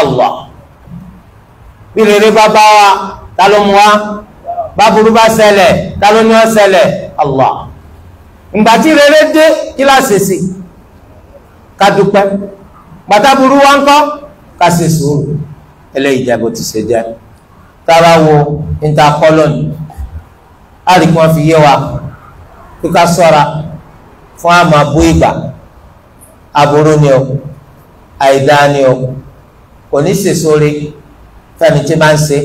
Allah bí rere bá bá wa ta ló mú wa bá burú bá ṣẹlẹ̀ ta ló ní ó ṣẹlẹ̀ Allah ìgbà rere dé kí láà ṣèṣì ká dúpẹ́ pàtàkùrú wa ń kọ́ ká ṣe sùúrù eléyìí jẹ́ bó ti ṣe jẹ́ tára wo níta kọ́ lónìí àríkí wọn fi yé wa kí ká sọ́ra fún àmọ́ abú ìgbà aburú ni o àìdáa ni o kò ní sèsoore fẹ́ni tí máa ń ṣe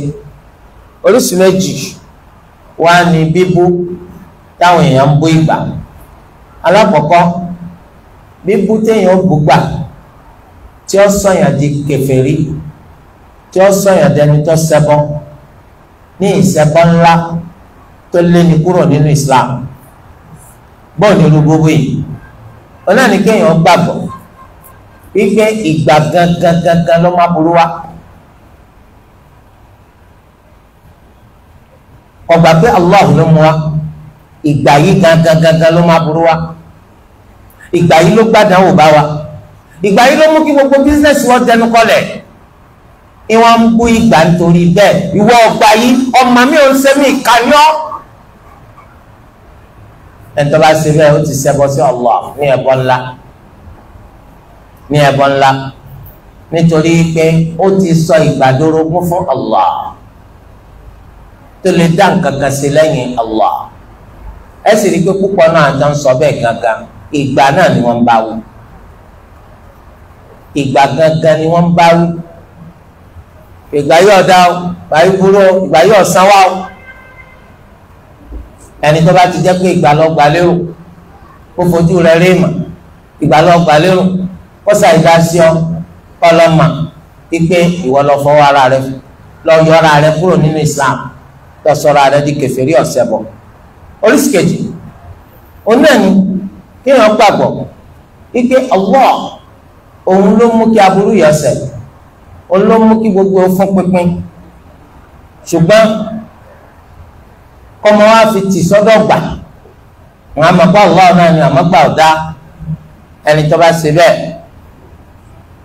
oríṣìí méjì wá ní bíbú táwọn èèyàn ń bú ìgbà alákọ̀ọ́kọ́ bíbú téèyàn ó bú gbà tí ó sọyàn di kèfèrí tí ó sọyàn dẹni tó ṣẹbọ ní ìṣẹbọ ńlá tó lé ní kúrò nínú Islam bọ́ọ̀lù olúgbogbo yìí ọlọ́ọ̀ni kéèyàn gbàgbọ́ wípé ìgbà gangan gangan ló má burú wa. ọgbà pé Allah ló mú wa ìgbà yìí gangan gangan ló má burú wa ìgbà yìí ló gbádàn wò bá wa ìgbà yìí ló mú kí gbogbo bísínẹ́sì wọn tẹnu kọlẹ̀ ìwọ̀n ń bú ìgbà nítorí bẹ́ẹ̀ ìwọ ọgbà yìí ọmọ mi ò ń ṣe mí ìkànnìọ́ ẹ̀ńtọ́ bá ṣe bẹ́ẹ̀ ó ti ṣẹbọ sí Allah ní ẹ̀bọ ńlá ní ẹ̀bọ ńlá nítorí pé ó ti sọ ìgbàdórógún fún Allah tó lè dá nǹkan kan sí lẹ́yìn Allah ẹ sì rí i pé púpọ̀ náà jọ ń sọ bẹ́ẹ̀ gangan ìgbà náà ni wọ́n ń bá wí ìgbà gangan ni wọ́n ń bá wí ìgbà yóò dá o ìgbà yóò burú o ìgbà yóò san wá o ẹni tó bá ti jẹ́ pé ìgbà lọ gbà lérò ó fojú rẹ̀ rí ìgbà lọ gbà lérò ó ṣàìdá sí ọ ọlọ́mà pípé ìwọ lọ fọwọ́ ara rẹ lọ yọ ara rẹ kúrò nínú Islam lọ sọ̀rọ̀ ara rẹ di kèfèrí ọ̀sẹ̀ bọ̀ oríṣi kejì onáà kí ni wọ́n gbàgbọ́ ike Allah òun ló mú kí aburú yọ ṣẹlẹ̀ òun ló mú kí gbogbo fún pínpín ṣùgbọ́n kọ́mọ wa fi tì sọ́dọ̀ gbà wọn àmọ́ pa Allah náà ni àmọ́ gbà ẹni tó bá ṣe bẹ́ẹ̀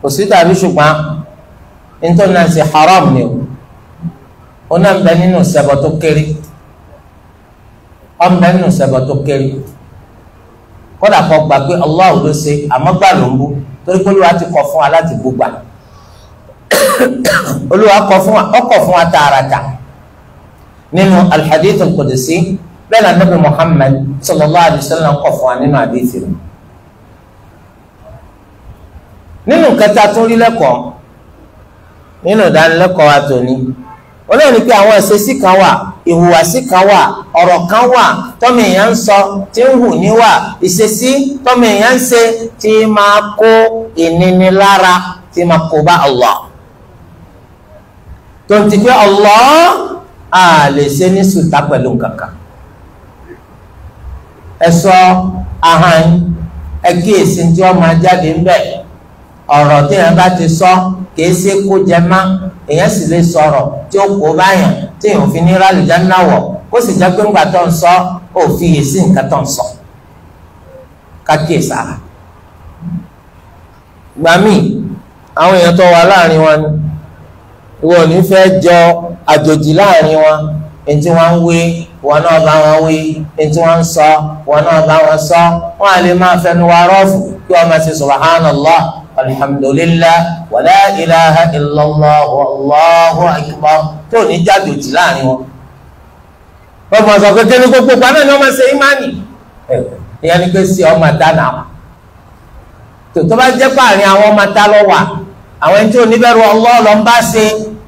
kò sí tàbí ṣùgbọ́n nítorí náà ṣe haram ni o ó náà ń bẹ nínú ìṣẹ̀bọ̀ tó kéré ó ń bẹ nínú ìṣẹ̀bọ̀ tó kéré kódà kó gbà pé Allah ló ṣe àmọ́ gbà ló ń bú torí pé olúwa ti kọ̀ fún wa láti bú gbà olúwa kọ̀ fún wa ọkọ̀ fún wa tààràtà nínú al-hadith al-qudsi bẹ́ẹ̀ náà nabi Muhammad sallallahu alayhi wa sallam fún wa nínú hadith rẹ̀ nínú kẹta tó rí lẹ́kọ̀ọ́ nínú ìdánilẹ́kọ̀ọ́ wa olóòní pé àwọn ìṣesí kan wà ìhùwàsí kan wà ọ̀rọ̀ kan wà tọ́mọ èèyàn ń sọ tí ń hù níwà ìṣesí tọ́mọ èèyàn ń ṣe tí máa kó ìnínilára tí máa kó bá Allah tó ń pé Allah a lè ṣe ní sùtá pẹ̀lú kankan ẹ sọ ahọ́n ẹ kíyèsí tí wọ́n máa jáde ń bẹ̀ ọ̀rọ̀ tí yẹn bá ti sọ. So, kìí ṣe kó jẹ má èèyàn sì lè sọ̀rọ̀ tí ó kó báyàn tí èèyàn fi ní rálùjá náwọ kó sì jẹ pé ńgbà tó ń sọ ó fi yè sí nǹkan tó ń sọ kákìí sára gbà míì àwọn èèyàn tó wà láàrin wa ni ìwọ ò ní fẹ́ jọ àjòjì láàrin wa ètí wọn ń wé wọn náà bá wọn wé ètí wọn ń sọ wọn náà bá wọn sọ wọn à máa fẹnu wa rọ́ọ̀fù kí wọn máa ṣe subhanallah alhamdulillah wàlá ilaha illallah wallahu akbar tó ní jájòjì láàrin wọn. wọ́n fọ sọ pé kí ni gbogbo pa náà ni wọ́n máa ṣe ìmánì ìyẹn ni pé sí ọmọ ta nà wà tòtò bá jẹ́ pààrin àwọn ọmọ ta lọ wà àwọn ẹni tí ò ní bẹ̀rù ọlọ́ọ̀lọ́ ń bá ṣe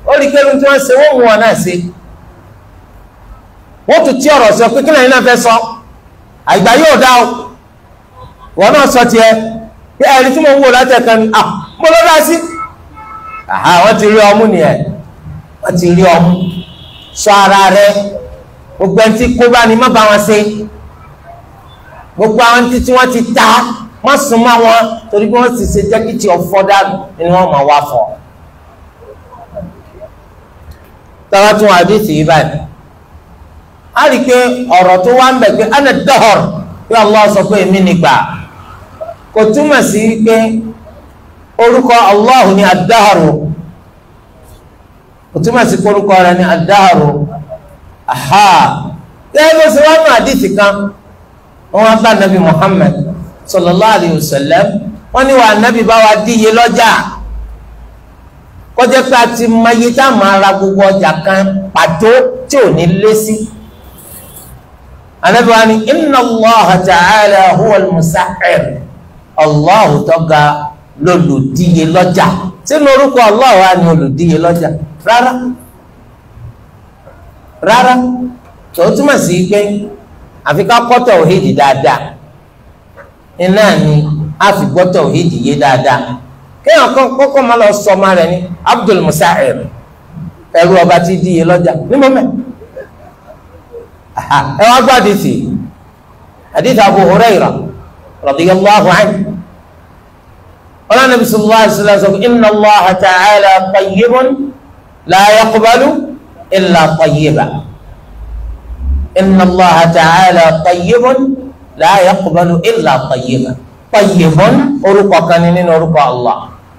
ó rí kẹ́rù tí wọ́n ṣe wọ́n mú wọn náà ṣe wọ́n tún tí ọ̀rọ̀ sọ pé kí lẹ́yìn náà fẹ́ sọ àgbà yóò dá o wọ́n náà sọ tiẹ̀. bí ẹni tí mo wò látẹ̀kan ni ah, mo lọ dá sí wọ́n ti rí ọmú nìyẹn wọ́n ti rí ọmú sọ ara rẹ gbogbo ẹni tí kó bá ní má wọn ṣe gbogbo àwọn títí wọ́n ti ta má sùn má wọn torí bí wọ́n sì ṣe jẹ́kìtì ọ̀fọ́ dànù ni wọ́n máa wá fọ́ tọ́wọ́ tún wà bí tì í báyìí a rí i pé ọ̀rọ̀ tó wá ń bẹ̀ pé ana dọ́họ̀r bí Allah sọ pé èmi nìgbà. kò túmọ̀ sí wípé orúkọ Allah ni adáhàrò kò túmọ̀ sí orúkọ rẹ̀ ni adáhàrò aha gẹ́gẹ́ bó ṣe wá nù àdìsí kan wọ́n wá bá nabi Muhammad sallallahu alayhi wa sallam wọ́n ní wà nabi bá wa díye lọ́jà kọjá pé a ti mayé tá a máa ra gbogbo ọjà kan pàtó tí ò ní lé sí. anabi wa ni inna Allah ta'ala huwa al-musahhir. Allah tó ga lolùdíye lọ́jà sínú orúkọ Allah wa ni olùdíye lọ́jà rárá rárá tó túmọ̀ sí pé àfi ká kọ́ tauhidi dáadáa iná ni a fi gbọ́ tauhidi yé dáadáa kéèyàn kan kọ́kọ́ máa lọ sọ ọmọ rẹ̀ ní Abdul Musa'ir ẹrú ọba tí díye lọ́jà nímọ̀ mẹ́ ẹ wá gbọ́ àdìsí àdìsí Abu Hurairah radiyallahu anhu ọlọ́nàbí sallallahu alaihi wasallam sọ pé inna Allaha ta'ala tayyibun la yaqbalu illa tayyiba inna Allaha ta'ala tayyibun la yaqbalu illa tayyiba tayyibun orúkọ kan ní nínú orúkọ Allah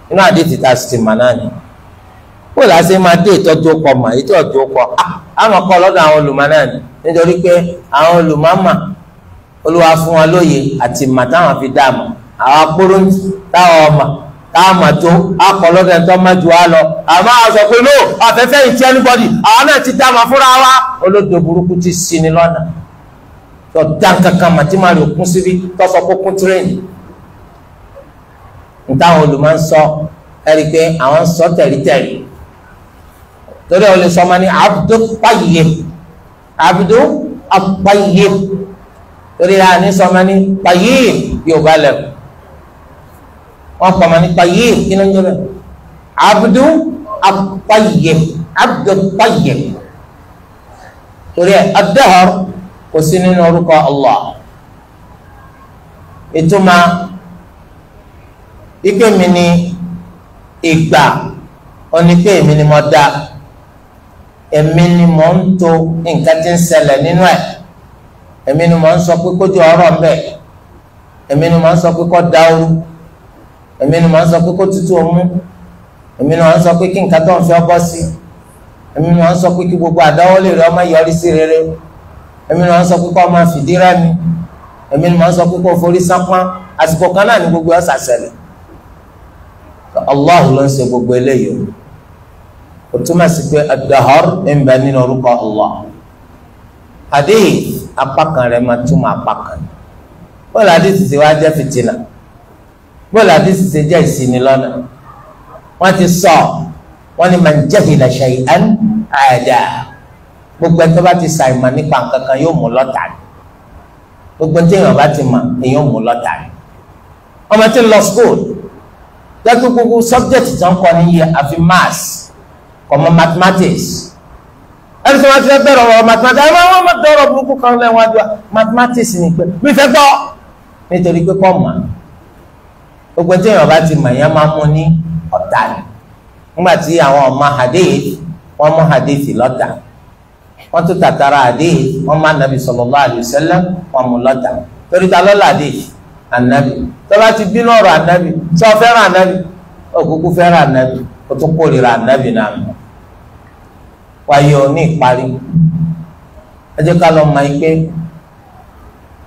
inú àdìtì tá a sì ti mà náà ni wọ́n là á ṣe máa dé ìtọ́jú ọkọ̀ mà ìtọ́jú ọkọ̀ àmọ́ ah, kọ́ lọ́dọ̀ àwọn olùmọ̀ náà ni nítorí pé àwọn olùmọ̀ mà olúwa fún wa lóye àti mà táwọn fi dá àmọ́ àwọn akpọ̀rọ̀ táwọn ọmọ táwọn àtó akọlọ́dẹ tó má ju wa lọ àmọ́ àwọn sọ pé no afẹ́fẹ́ yìí ti anybody àwọn náà ti dá àmọ́ fúnra wa olódò burúkú ti sinmi lọ́nà tó dá kankan màtí má síbi tó sọ pé ntáwọn olùmọ̀ ń sọ ẹ̀rí pé àwọn ń sọ tẹ̀rítẹ̀rí torí olùsọmọ ni abdul payé abdul apayé oríra ní sọmọ ní payíì yorùbá lẹ wọn pọmọ ní payíì kí ló ń jẹ bẹ abudu apayẹ abudu payẹ torí ẹ ad-dahr kò sí nínú orúkọ Allah ìtumọ̀ ike mi ni ìgbà onípe èmi ni mo dá èmi ni mo ń to nǹkan tí ń ṣẹlẹ̀ nínú ẹ̀ èmi ni mò ń sọ pé kójú ọ̀rọ̀ ń bẹ èmi ni mò ń sọ pé kó dàrú èmi ni mò ń sọ pé kó tútù ọmú èmi ni mò ń sọ pé kí nǹkan tó ń fi ọbọ sí èmi ni mò ń sọ pé kí gbogbo àdáwọlé rẹ ọmọ yọrí sí rere èmi ni mò sọ pé kó ọmọ fìdí rẹmi èmi ni mò sọ pé kó forí sánpá àsìkò kan náà ni gbogbo ẹ ṣàṣẹlẹ̀ Allah ló ń ṣe gbogbo eléyìí o túmọ̀ sí pé adahar ń bẹ nínú orúkọ Allah hadith apákan rẹ̀ máa túmọ̀ apákan bọ́ọ̀lù hadith ti wá jẹ́ fìtínà bọ́ọ̀lù hadith ti jẹ́ ìsinilọ́nà wọ́n ti sọ wọ́n ní man jahila shay'an àdá gbogbo ẹni tó bá ti ṣàìmọ̀ nípa kankan yóò mú lọ́tà gbogbo ẹni tí èèyàn bá ti mọ̀ èèyàn mú lọ́tà ọmọ tí ń lọ school lọ́tún gbogbo subject tó ń kọ́ ní yẹ àfi maths kọ́mọ mathematics ẹni tí wọ́n ti fẹ́ bẹ̀rẹ̀ ọ̀rọ̀ mathematics ẹ̀rọ wọn máa dọ̀rọ̀ burúkú kan lẹ́yìn wájú wa mathematics ni pé mi fẹ́ gbọ́ nítorí pé kọ́ mọ̀ gbogbo tí èèyàn bá ti mọ̀ èèyàn máa mú ní ọ̀tá ni nígbà tí àwọn ọmọ hadith wọ́n mú hadith lọ́tà wọ́n tún tàtàrà hadith wọ́n má nàbì sallallahu alaihi wasallam wọ́n mú lọ́tà torí ta lọ́la hadith ànábì tó bá ti bínú ọ̀rọ̀ ànábì tó fẹ́ràn ànábì òkúkú fẹ́ràn ànábì ó tún kórìíra ànábì náà wáyé ọ ní ìparí ẹ ká lọ mọ̀ pé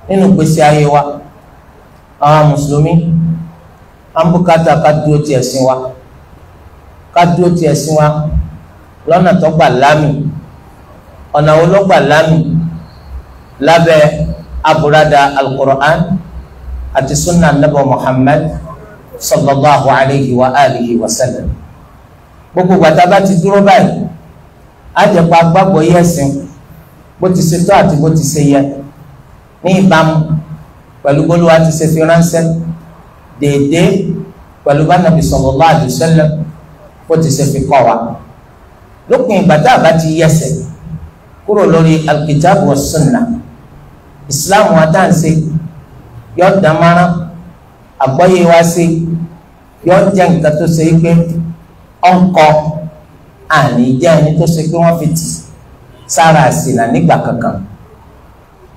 nínú ìgbésí ayé wa àwọn mùsùlùmí à ń bùkátà ká dúró ti ẹ̀sìn wa ká dúró ti ẹ̀sìn wa lọ́nà tó gbà lámì ọ̀nà wo ló gbà lámì lábẹ́ aburada al-Qur'an àti sunna nabọ Muhammad sallallahu alayhi wa alihi wa sallam gbogbo gbàtà bá ti dúró báyìí àjẹpọ̀ agbágbọ̀ yẹ ẹ̀sìn bó ti ṣe tó àti bó ti ṣe yẹ ní ìbámu pẹ̀lú gbólóhà ti ṣe fi ránṣẹ́ dèédé pẹ̀lú bánàbì sallallahu alaihi wasallam bó ti ṣe fi kọ́ wa lópin ìgbà tá a bá ti yẹsẹ̀ kúrò lórí alkitabu wa sunna ìsìláàmù wa tá à ń ṣe yọ dàmárà àgbọ́yé wa ṣe yọ jẹ́ nǹkan tó ṣe é pé ọ̀nkọ́ àní jẹ́ ẹni tó ṣe pé wọ́n fi tì sára àsìnà nígbà kankan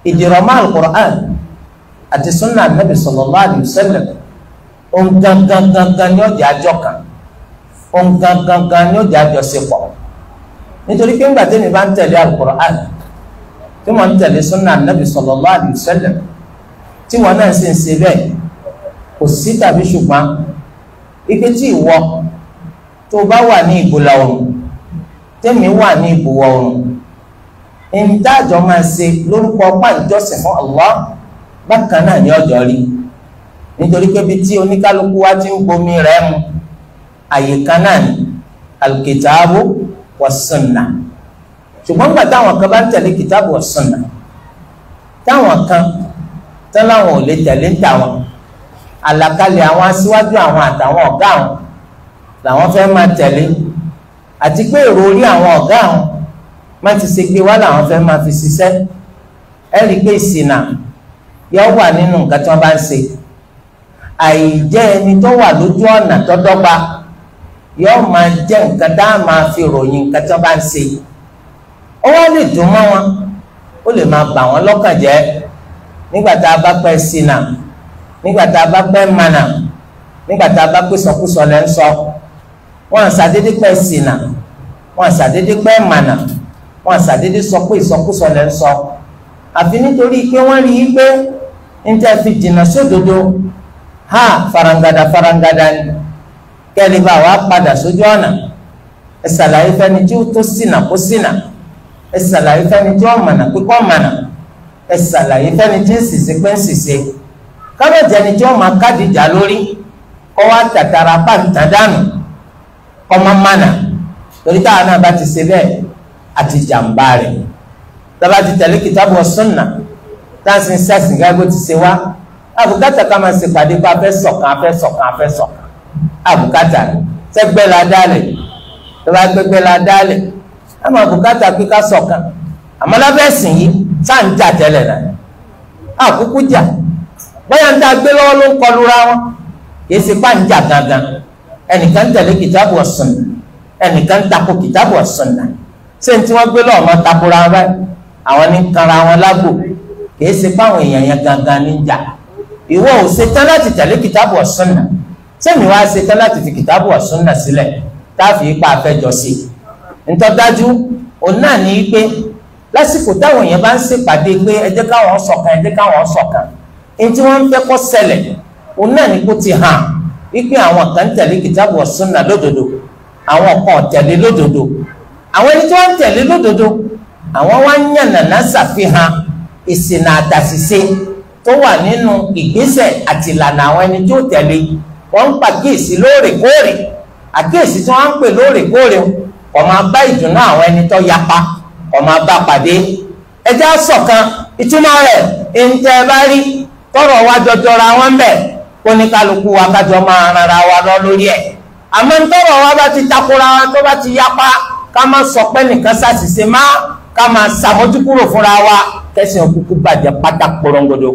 ìdìrọ̀mọ́ alukur'an àti sunna anabi sallallahu alayhi wa ohun gangan ni ó di àjọ kan ohun gangan gangan ni ó di àjọṣepọ̀ nítorí pé ńgbà tẹ́mi bá ń tẹ̀lé alukur'an tí wọ́n ń tẹ̀lé sunna anabi sallallahu alayhi wa sallam tí wọ́n náà sì ń ṣe bẹ́ẹ̀ kò sí tàbí ṣùgbọ́n ipe tí ìwọ tó bá wà ní ìgbòlà ọ̀run tẹ́mi wà ní ipò ọ̀run ìdájọ́ máa ṣe lórúkọ pàǹjọ́sìn fún Allah bákan náà ní ọjọ́ rí nítorí pé bí tí oníkálukú wa ti ń gbomi rẹ̀ mu àyè kan náà ni alkitabu wa sunna ṣùgbọ́n gbà táwọn kan bá ń tẹ̀lé kitabu wa sunna táwọn kan tán láwọn ò lè tẹ̀lé ń tà wọn àlàkalẹ̀ àwọn aṣíwájú àwọn àtàwọn ọ̀gá àwọn làwọn fẹ́ máa tẹ̀lé àti pé èrò orí àwọn ọ̀gá àwọn má ti ṣe gbé wá làwọn fẹ́ máa fi ṣiṣẹ́ ẹ rí i pé ìsìnà yọ wà nínú nǹkan tí wọ́n bá ń ṣe àìjẹ́ ẹni tó wà lójú ọ̀nà tó dọ́gba yọ máa jẹ́ nǹkan dá máa fi ròyìn nǹkan tí wọ́n bá ń ṣe ó wá lè dùn mọ́ wọn ó lè máa bà wọ́n lọ́kàn jẹ́ nígbà tá a bá pẹ́ ṣìnà nígbà tá a bá pẹ́ mànà nígbà tá a bá pẹ́ sọkúsọ lẹ́ So wọn ṣàdédé pẹ́ ṣìnà wọn ṣàdédé pẹ́ mànà wọn ṣàdédé sọ pé ìsọkúsọ lẹ ń sọ àfi nítorí pé wọ́n rí i pé ń tẹ́ fi jìnnà sódodo ha farangada farangada ni kẹ́lẹ́ bá wa padà sójú ọ̀nà ẹ ṣàlàyé fẹ́ni tí ó tó ṣìnà kó ṣìnà ẹ ṣàlàyé fẹ́ni tí ó mànà pé kó mànà ẹ ṣàlàyé fẹ́ni tí ń ṣìṣe pé ń ṣìṣe kábàjẹ́ni tí ó máa kádìjà lórí kó wá tàtàrà pàǹtà dànù kọ́mọ́ mánà torí táwọn náà bá ti ṣe bẹ́ẹ̀ àti jàǹbá rẹ̀ tábà ti tẹ̀lé kìtàbù ọ̀sùnà táǹsì sẹ́sì gágbó ti ṣe wá àbùkátà ká máa ṣe pàdé bá fẹ́ ṣọ̀kan fẹ́ ṣọ̀kan fẹ́ ṣọ̀kan àbùkátà sẹ́gbẹ́ la dálẹ̀ tábà gbẹgbẹ́ la dálẹ̀ àmọ́ àbùkátà kíkà ṣọ̀kan àmọ́ lábẹ́ yìí sáà ń jà tẹ́lẹ̀ náà àkúkú jà bóyá ń dá gbé lọ́wọ́ ló ń kọlu ra wọn èsì pàǹjà gangan ẹnìkan tẹ̀lé kìtàbù wa sunna ẹnìkan tako kìtàbù wa sunna ṣé tí wọ́n gbé lọ́wọ́ máa takora rẹ àwọn ní kanra wọn lágbo kìí ṣe páwọn èèyàn yẹn gangan ní ìwọ ò ṣe láti tẹ̀lé kìtàbù wa sunna sẹ́mi wá ṣe tán láti fi kìtàbù wa sunna sílẹ̀ táàfì ipa àfẹjọ sí ntọ́dájú òun náà ní í pé lásìkò táwọn èèyàn bá ń ṣèpàdé pé ẹ jẹ́ káwọn ṣọ̀kan ẹ jẹ́ káwọn ṣọ̀kan èyí tí wọ́n ń fẹ́ kó ṣẹlẹ̀ òun náà ní kó ti hàn wípé àwọn kan tẹ̀lé kìtàbù wa lódodo àwọn kan tẹ̀lé lódodo àwọn ẹni tí wọ́n tẹ̀lé lódodo àwọn wá ń yànnàná ṣàfihàn ìsìnà àtàṣìṣe tó wà nínú ìgbésẹ̀ àti ìlànà àwọn ẹni tí tẹ̀lé wọ́n ń pàkíyèsí lóòrèkóòrè àkíyèsí tí wọ́n ń pè lóòrèkóòrè kò máa bá ìdùnnú àwọn ẹni tó yapa kò máa bá pàdé ẹjẹ́ àṣọ̀kan ìtumọ̀ rẹ̀ ń tẹ́ bá rí tọrọ wa kó ní kálukú wa kájọ máa ran ara wa lọ lórí ẹ̀ àmọ́ ntọ́rọ̀ wa bá ti takora wa tó bá ti yapa ká má sọ pé nìkan ṣàṣìṣe má ká máa ṣàmójúkúrò fúnra wa kẹsàn-án kúkú bàjẹ́ pátá porongodo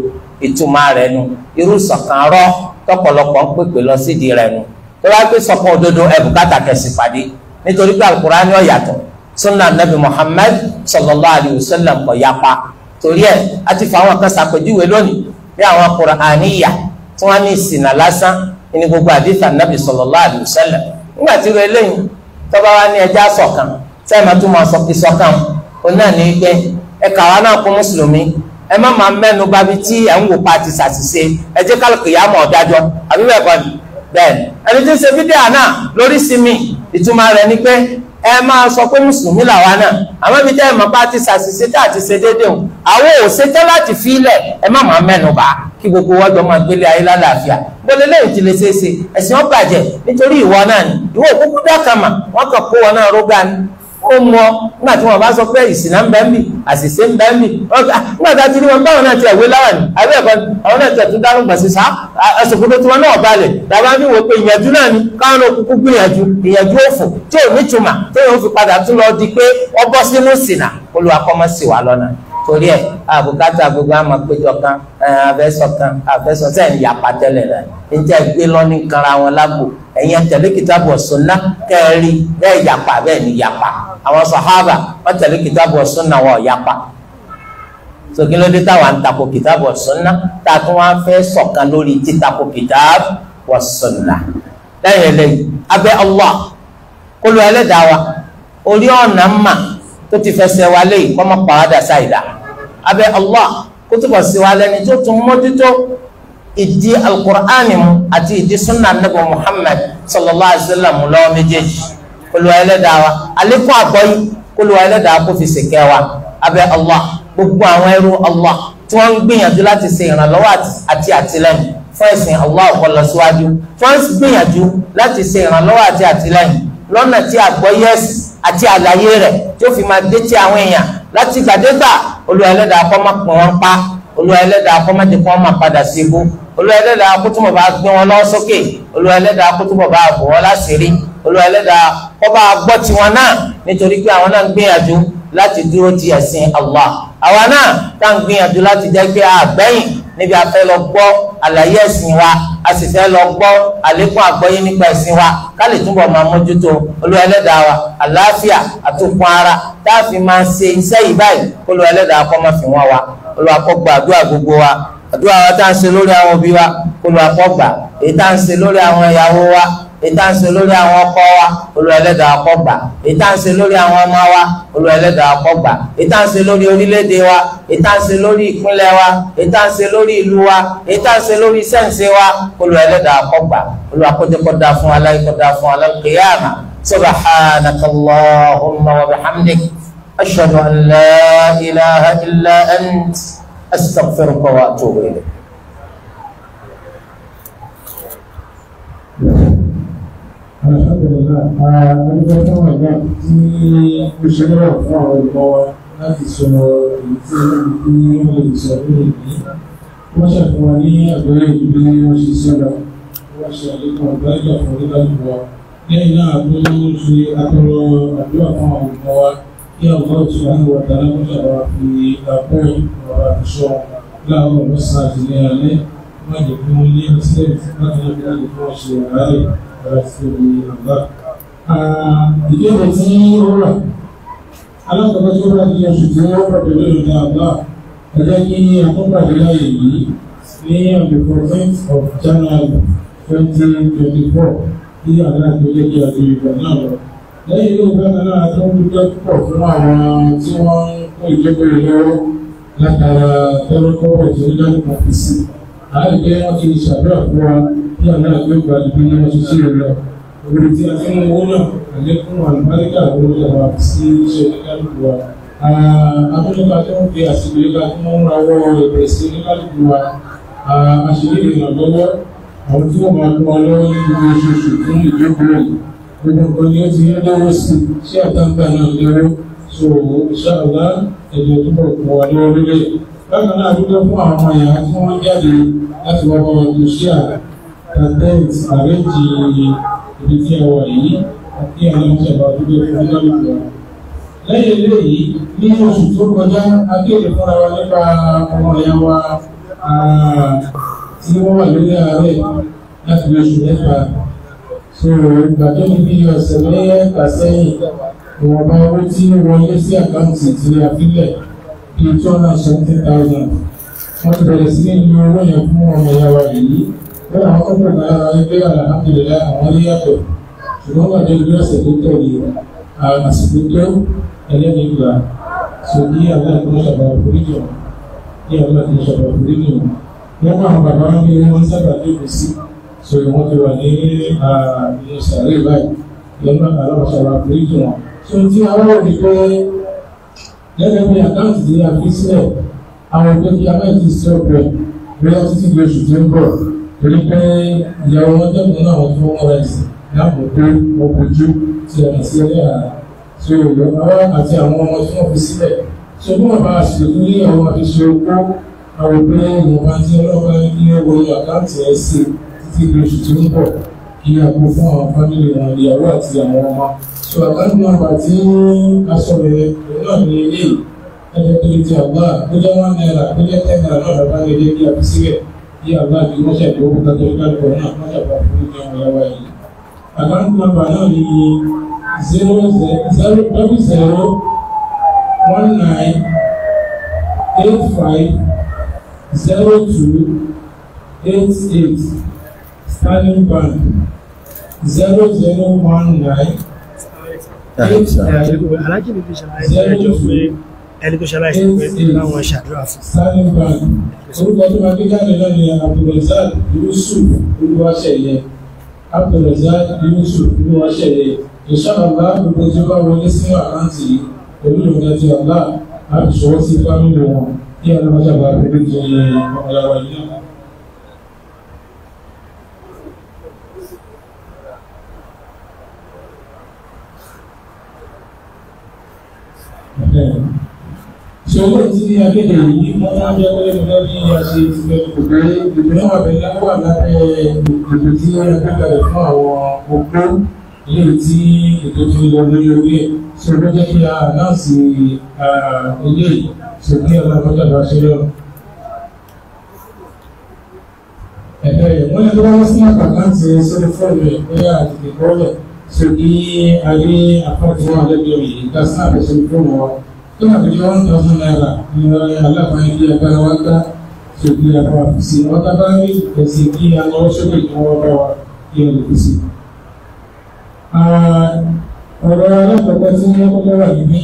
ìtumọ̀ rẹ̀ nu irú sọ̀kan rọ́ tọ̀pọ̀lọpọ̀ ń pèpè lọ sídìí rẹ̀ nu tó bá pé sọ̀kan òdodo ẹ̀bùkátà kẹsì pàdé nítorí pé alukurani ó yàtọ̀ sunna nabi muhammad sallallahu alayhi wa sallam kò yapa torí ẹ̀ àti fún àwọn kan ṣàpèjúwe lónìí bí àwọn kuraniya tí wọ́n ní ìsìnà lásán ní gbogbo àdìsá nàbì sallallahu alaihi wasallam nígbà tí wọ́n eléyìí tọ́ba wa ní ẹja sọ̀kan sẹ́yìn máa tún máa sọ ìsọ̀kan o náà ní gbẹ́ ẹ kà wá náà mùsùlùmí ẹ má máa mẹ́nu bábi tí ń wò lórí simi, ẹ máa sọ pé mùsùlùmí làwa náà àmọ́ ibi tẹ́ ẹ mọ̀ bá ti ṣàṣìṣe tá àti ṣe déédéé o àwọn ò ṣe tán láti fi ilẹ̀ ẹ má máa mẹ́nu bá kí gbogbo wọ́jọ́ máa gbélé ayé lálàáfíà gbọ́dọ̀ lẹ́yìn tí lè ṣe é ṣe ẹ̀sìn ó nítorí ìwọ náà ni ìwọ òkúkú dákàmà wọ́n kàn kó wọn náà rógbá ni ó mọ nígbà tí wọn bá sọ pé ìsìnà ń bẹ ń bì àṣìṣe ń bẹ ń bì ah, nígbà tá a ti rí wọn báwọn náà ti ẹ̀wé láwà ní abẹ́ ẹ̀kọ́ àwọn náà ti ẹ̀tún dárún gbàṣẹ sá ẹ̀sọ̀kúndó tiwọn náà balẹ̀ làbá ń wò pé ìyànjú náà ni káwọn náà kúkú gbìyànjú ìyànjú òfò tí ò ní tuma tí ò fi padà tún lọ di pé ọbọ sínú ìsìnà olùwàkọ́mọ́sí wà lọ́nà torí ẹ àbùkátà gbogbo àmọ́ péjọ kan àfẹsọ kan àfẹsọ sẹ ń yapa tẹ́lẹ̀ rẹ níta gbé lọ́ní kanra wọn lágbo ẹ̀yin tẹ̀lé kìtàbù sunnah kẹ́ẹ̀rí bẹ́ẹ̀ yapa bẹ́ẹ̀ ni yapa àwọn sàhábà wọ́n tẹ̀lé kìtàbù sunnah wọn yapa sókè ló dé táwa ń tako kìtàbù sunnah tá a tún wá fẹ́ ṣọ̀kan lórí títako kìtàbù sunnah lẹ́yìn Allah kólú ẹlẹ́dàá wa orí ọ̀nà máa tó ti fẹsẹ̀ wa lé kọ́mọ pàwádà ṣàìdá abẹ́ Allah kó tó bọ̀ sí wa lẹ́ni tó tún mójútó ìdí alukur'ani mu àti ìdí sunna nebo Muhammad sallallahu alayhi wa sallam lọ́wọ́ méjèèjì olùwà ẹlẹ́dàá wa àlékún àgbọ́yé olùwà ẹlẹ́dàá kó fi ṣèkẹ́ wa abẹ́ Allah gbogbo àwọn ẹrú Allah tí wọ́n ń gbìyànjú láti ṣe ìrànlọ́wọ́ àti àtìlẹ́yìn fún ẹ̀sìn Allah kó lọ síwájú gbìyànjú láti ṣe ìrànlọ́wọ́ àti àtìlẹ́yìn lọ́nà tí àgbọ́yé àti àlàyé rẹ̀ tí ó fi máa dé tí àwọn èèyàn láti gbàdégbà olúwa ẹlẹ́dàá kó má pọ̀ wọ́n pa olúwa ẹlẹ́dàá kó má jẹ́ kó má padà sí ibú olúwa ẹlẹ́dàá kó túbọ̀ bá gbé wọn lọ sókè olúwa ẹlẹ́dàá kó túbọ̀ bá bò wọ́n láṣìírí olúwa ẹlẹ́dàá kó bá gbọ́ tiwọn náà nítorí pé àwọn náà ń gbìyànjú láti dúró ti ẹ̀sìn Allah àwa náà tá ń gbìyànjú láti jẹ́ pé àgbẹ̀yìn níbi a fẹ́ lọ gbọ́ àlàyé ẹ̀sìn wa a sì fẹ́ lọ gbọ́ àlékún àgbọ́yé nípa ẹ̀sìn wa ká lè túbọ̀ máa mójútó Olúwa ẹlẹ́dàá wa àlàáfíà àtòkùn ara tá a fi máa ṣe iṣẹ́ yìí báyìí kó Olúwa ẹlẹ́dàá fi wọ́n wa Olúwa àdúrà gbogbo wa àdúrà wa tá à ń ṣe lórí àwọn òbí wa kó èyí tá à ń ṣe lórí àwọn ìyàwó wa ìtànṣe lórí àwọn ọkọ wa Olúwa Ẹlẹ́dàá akọ gbà ìtànṣe lórí àwọn ọmọ wa Olúwa Ẹlẹ́dàá akọ gbà ìtànṣe lórí orílẹ̀-èdè wa ìtànṣe lórí ìpínlẹ̀ wa ìtànṣe lórí ìlú wa ìtànṣe lórí sẹ́ǹsì wa Olúwa Ẹlẹ́dàá akọ gbà Olúwa kọ́dẹ́kọ́dá fún aláìkọ́dá fún wa bihamdik ashhadu an la ilaha illa ant astaghfiruka wa alhamdulilayi ẹgbẹ́ ah, fún ẹ̀dá tí ó ṣe lọ́wọ́ fún àwọn olùkọ́ wa láti sọ èyí tí wọ́n lè sọ ní ìlú wọ́n ṣàfihàn ní àgbẹ̀rẹ̀ ìdílé ní wọ́n ṣe sọ́dọ̀ wọ́n ṣe àlékún àgbáyé ọ̀fọ̀ nígbàgbọ́ wa lẹ́yìn náà tó ṣe àtọrọ àdúrà fún àwọn olùkọ́ wa kí ọ̀gá òṣùwà ní wọ̀tá lọ́wọ́ wa fi àpọ̀ ọ̀rọ̀ àtúnṣọ láàárọ̀ lọ́sàn-án àti ní alẹ́ wọ́n jẹ́ kí ìbéèrè tí ó rà alákọ̀ọ́kọ́ tí ó rà ní oṣù tí ó rọ̀ pẹ̀lú ìrìnà àbá ẹgbẹ́ ní àkópàdé láyé yìí ní on the fourteenth of January twenty twenty four ní àdáàtò lẹ́yìn àti ìgbà náà lọ. lẹ́yìn ilé ìgbà náà tó ń dúpẹ́ púpọ̀ fún àwọn tí wọ́n ń kó ìjọba ìlọ́wọ́ látara tẹ́lẹ́kọ́ ọ̀rọ̀ tí ó dájú kan fi sí. àìgbé wọn ti ṣàdúrà fún wa náà náà yóò gba ibi ní wọ́n ṣiṣẹ́ rẹ̀ lọ. Orí tí a fi ń owó náà àlékún àlùbáríkà lórí àwọn àfisí iṣẹ́ oníkálukú wa. Abúlébà tó ń fi àsìkò ìgbà tí wọ́n ń rawọ́ ẹ̀bẹ̀ sí oníkálukú wa. Àṣírí ìrànlọ́wọ́ àwọn tí wọ́n máa kún wa lọ́wọ́ ní gbogbo oṣooṣù fún ìjókòó yìí. Gbogbo nǹkan ni ó ti ń lọ́wọ́ sí ṣé àtàǹgbà náà lọ́wọ́. So, ìṣàlá ẹ̀jẹ̀ túbọ̀ kún wa lọ́wọ́ lórí. Bákan náà, dúpẹ́ fún àwọn ọmọ ìyá tí wọ́n attempt arrange ibi tí a wà yìí àti alámúṣàbà àdúgbò fún dáwùjọ. lẹ́yìn eléyìí ní oṣù tó kọjá akéde fúnra wa nípa ọmọ ẹ̀yà wa tí wọ́n wà lórí ààrẹ láti lè mẹ́fà. so gbàjọ́ ní bí ọ̀sẹ̀ mẹ́ẹ̀ẹ́ta sẹ́yìn ìwọ̀nba owó tí wọlé sí àkáǹtì ti àfilẹ̀ bíi two hundred and seventy thousand wọ́n ti bẹ̀rẹ̀ sí ní lo owó yẹn fún ọmọ ẹ̀yà wa yìí bẹ́ẹ̀ àwọn kọ́kọ́ náà ẹgbẹ́ alhamdulillah àwọn oníyàtọ̀ ṣùgbọ́n wà ní ìlú ọ̀sẹ̀ tó tọ̀ ní àsìkò tó ẹlẹ́ni gbà tó ní àwọn ìpínlẹ̀ ṣàbà oríjọ ní àwọn ìpínlẹ̀ ṣàbà oríjọ wọ́n máa bàbá wọn ní wọ́n sábà lébè sí so wọ́n ti wà ní ìlú sàárè báyìí lọ́nà àwọn ṣàbà oríjọ wọn. so tí àwọn òbí pé gẹ́gẹ́ bí àkáǹtì tí a fi sílẹ̀ àwọn òbí kí a máa ti sọ̀rọ̀ bẹ́ẹ̀ bí wọ́n ti ti gbé torí pé ìyàwó wọn jẹ́kùn náà wọ́n fún wọn rẹ̀ sí láàbùkù ọkọ̀jú ti ọ̀nà sí ẹ̀rẹ́ àrà tí ó yọ ara àti àwọn ọmọ tí wọ́n fi sílẹ̀ tó bí wọ́n bá ṣe ní àwọn àfiṣe owó àwọn pé ìwọ̀nba tí ọlọ́wọ́ ní owó àkáǹtì ẹ̀ sí títí di oṣù tó ń bọ̀ kí a kó fún àwọn fámìlì wọn ìyàwó àti àwọn ọmọ tó àkáǹtì nọ́mbà tí aṣọ rẹ̀ náà ní ilé ẹ̀jẹ̀ tó ti àgbà tó jẹ́ one naira tó jẹ́ ten naira náà lọ́ba lè dé bí àbá àti wọ́n ṣẹ̀dọ̀ owó kátó kálùkọ̀ náà wọ́n ṣàpá fún ní àwọn ìyàwó yìí. àkáǹtì nọ́mbà náà ni zero zero double zero one nine eight five zero two eight eight Sterling Bank zero zero one nine eight five ah, zero two ẹni kó ṣẹlá ìṣẹ́ pé láwọn ṣàdúrà fún. orúkọ tó máa gbé jáde náà ni abdulrasaq yusuf olúwaṣẹyẹ abdulrasaq yusuf olúwaṣẹyẹ ìṣàlọ́lá gbogbo tí ó bá wọlé sí àkáǹtì yìí pẹ̀lú ìrìnà ti àlá àbùsọ̀wọ́sí fámìlì wọn ní ọlọ́mọdé àbá àbúrò tó ń lọ ọmọ náà. ṣọwọ́ tí akéde yìí mọ́ jẹ́ pé lọ́dọ́ ní àṣẹ ìgbẹ́ òkú náà bẹ̀rẹ̀ wà lábẹ́ ètò tí ó yẹ kẹ́kẹ́ fún àwọn òkú ilé tí ètò fi lọ lórí orí ẹ̀ ṣọwọ́ jẹ́ kí a náà sì ilé ṣòkè alábọ́jà bá ṣe lọ. Ẹ̀ẹ́ wọ́n ní lọ́wọ́ sí àkàkáǹtì sórí fọ́ọ̀mù ẹ̀ pé àtìkè kọ́lẹ̀ ṣòkè ayé àpáàtì wọn lẹ́bi òyìn ìdásílẹ̀ àbẹ̀ṣẹ́ fóònù wa kódà bí wọ́n ń tọ́ fún náírà ní ọ̀rẹ́ aláfáàyè tí ẹ̀ka wọn dá ṣètò ẹ̀fọ́ àfìsí ọ̀tá bá ní ẹ̀sìn kí àwọn ṣókè tí wọ́n bá wa kí ẹ̀ lè fi sí. ọ̀rọ̀ alákọ̀ọ́kọ́ tí wọ́n kọ́kọ́ wà níbí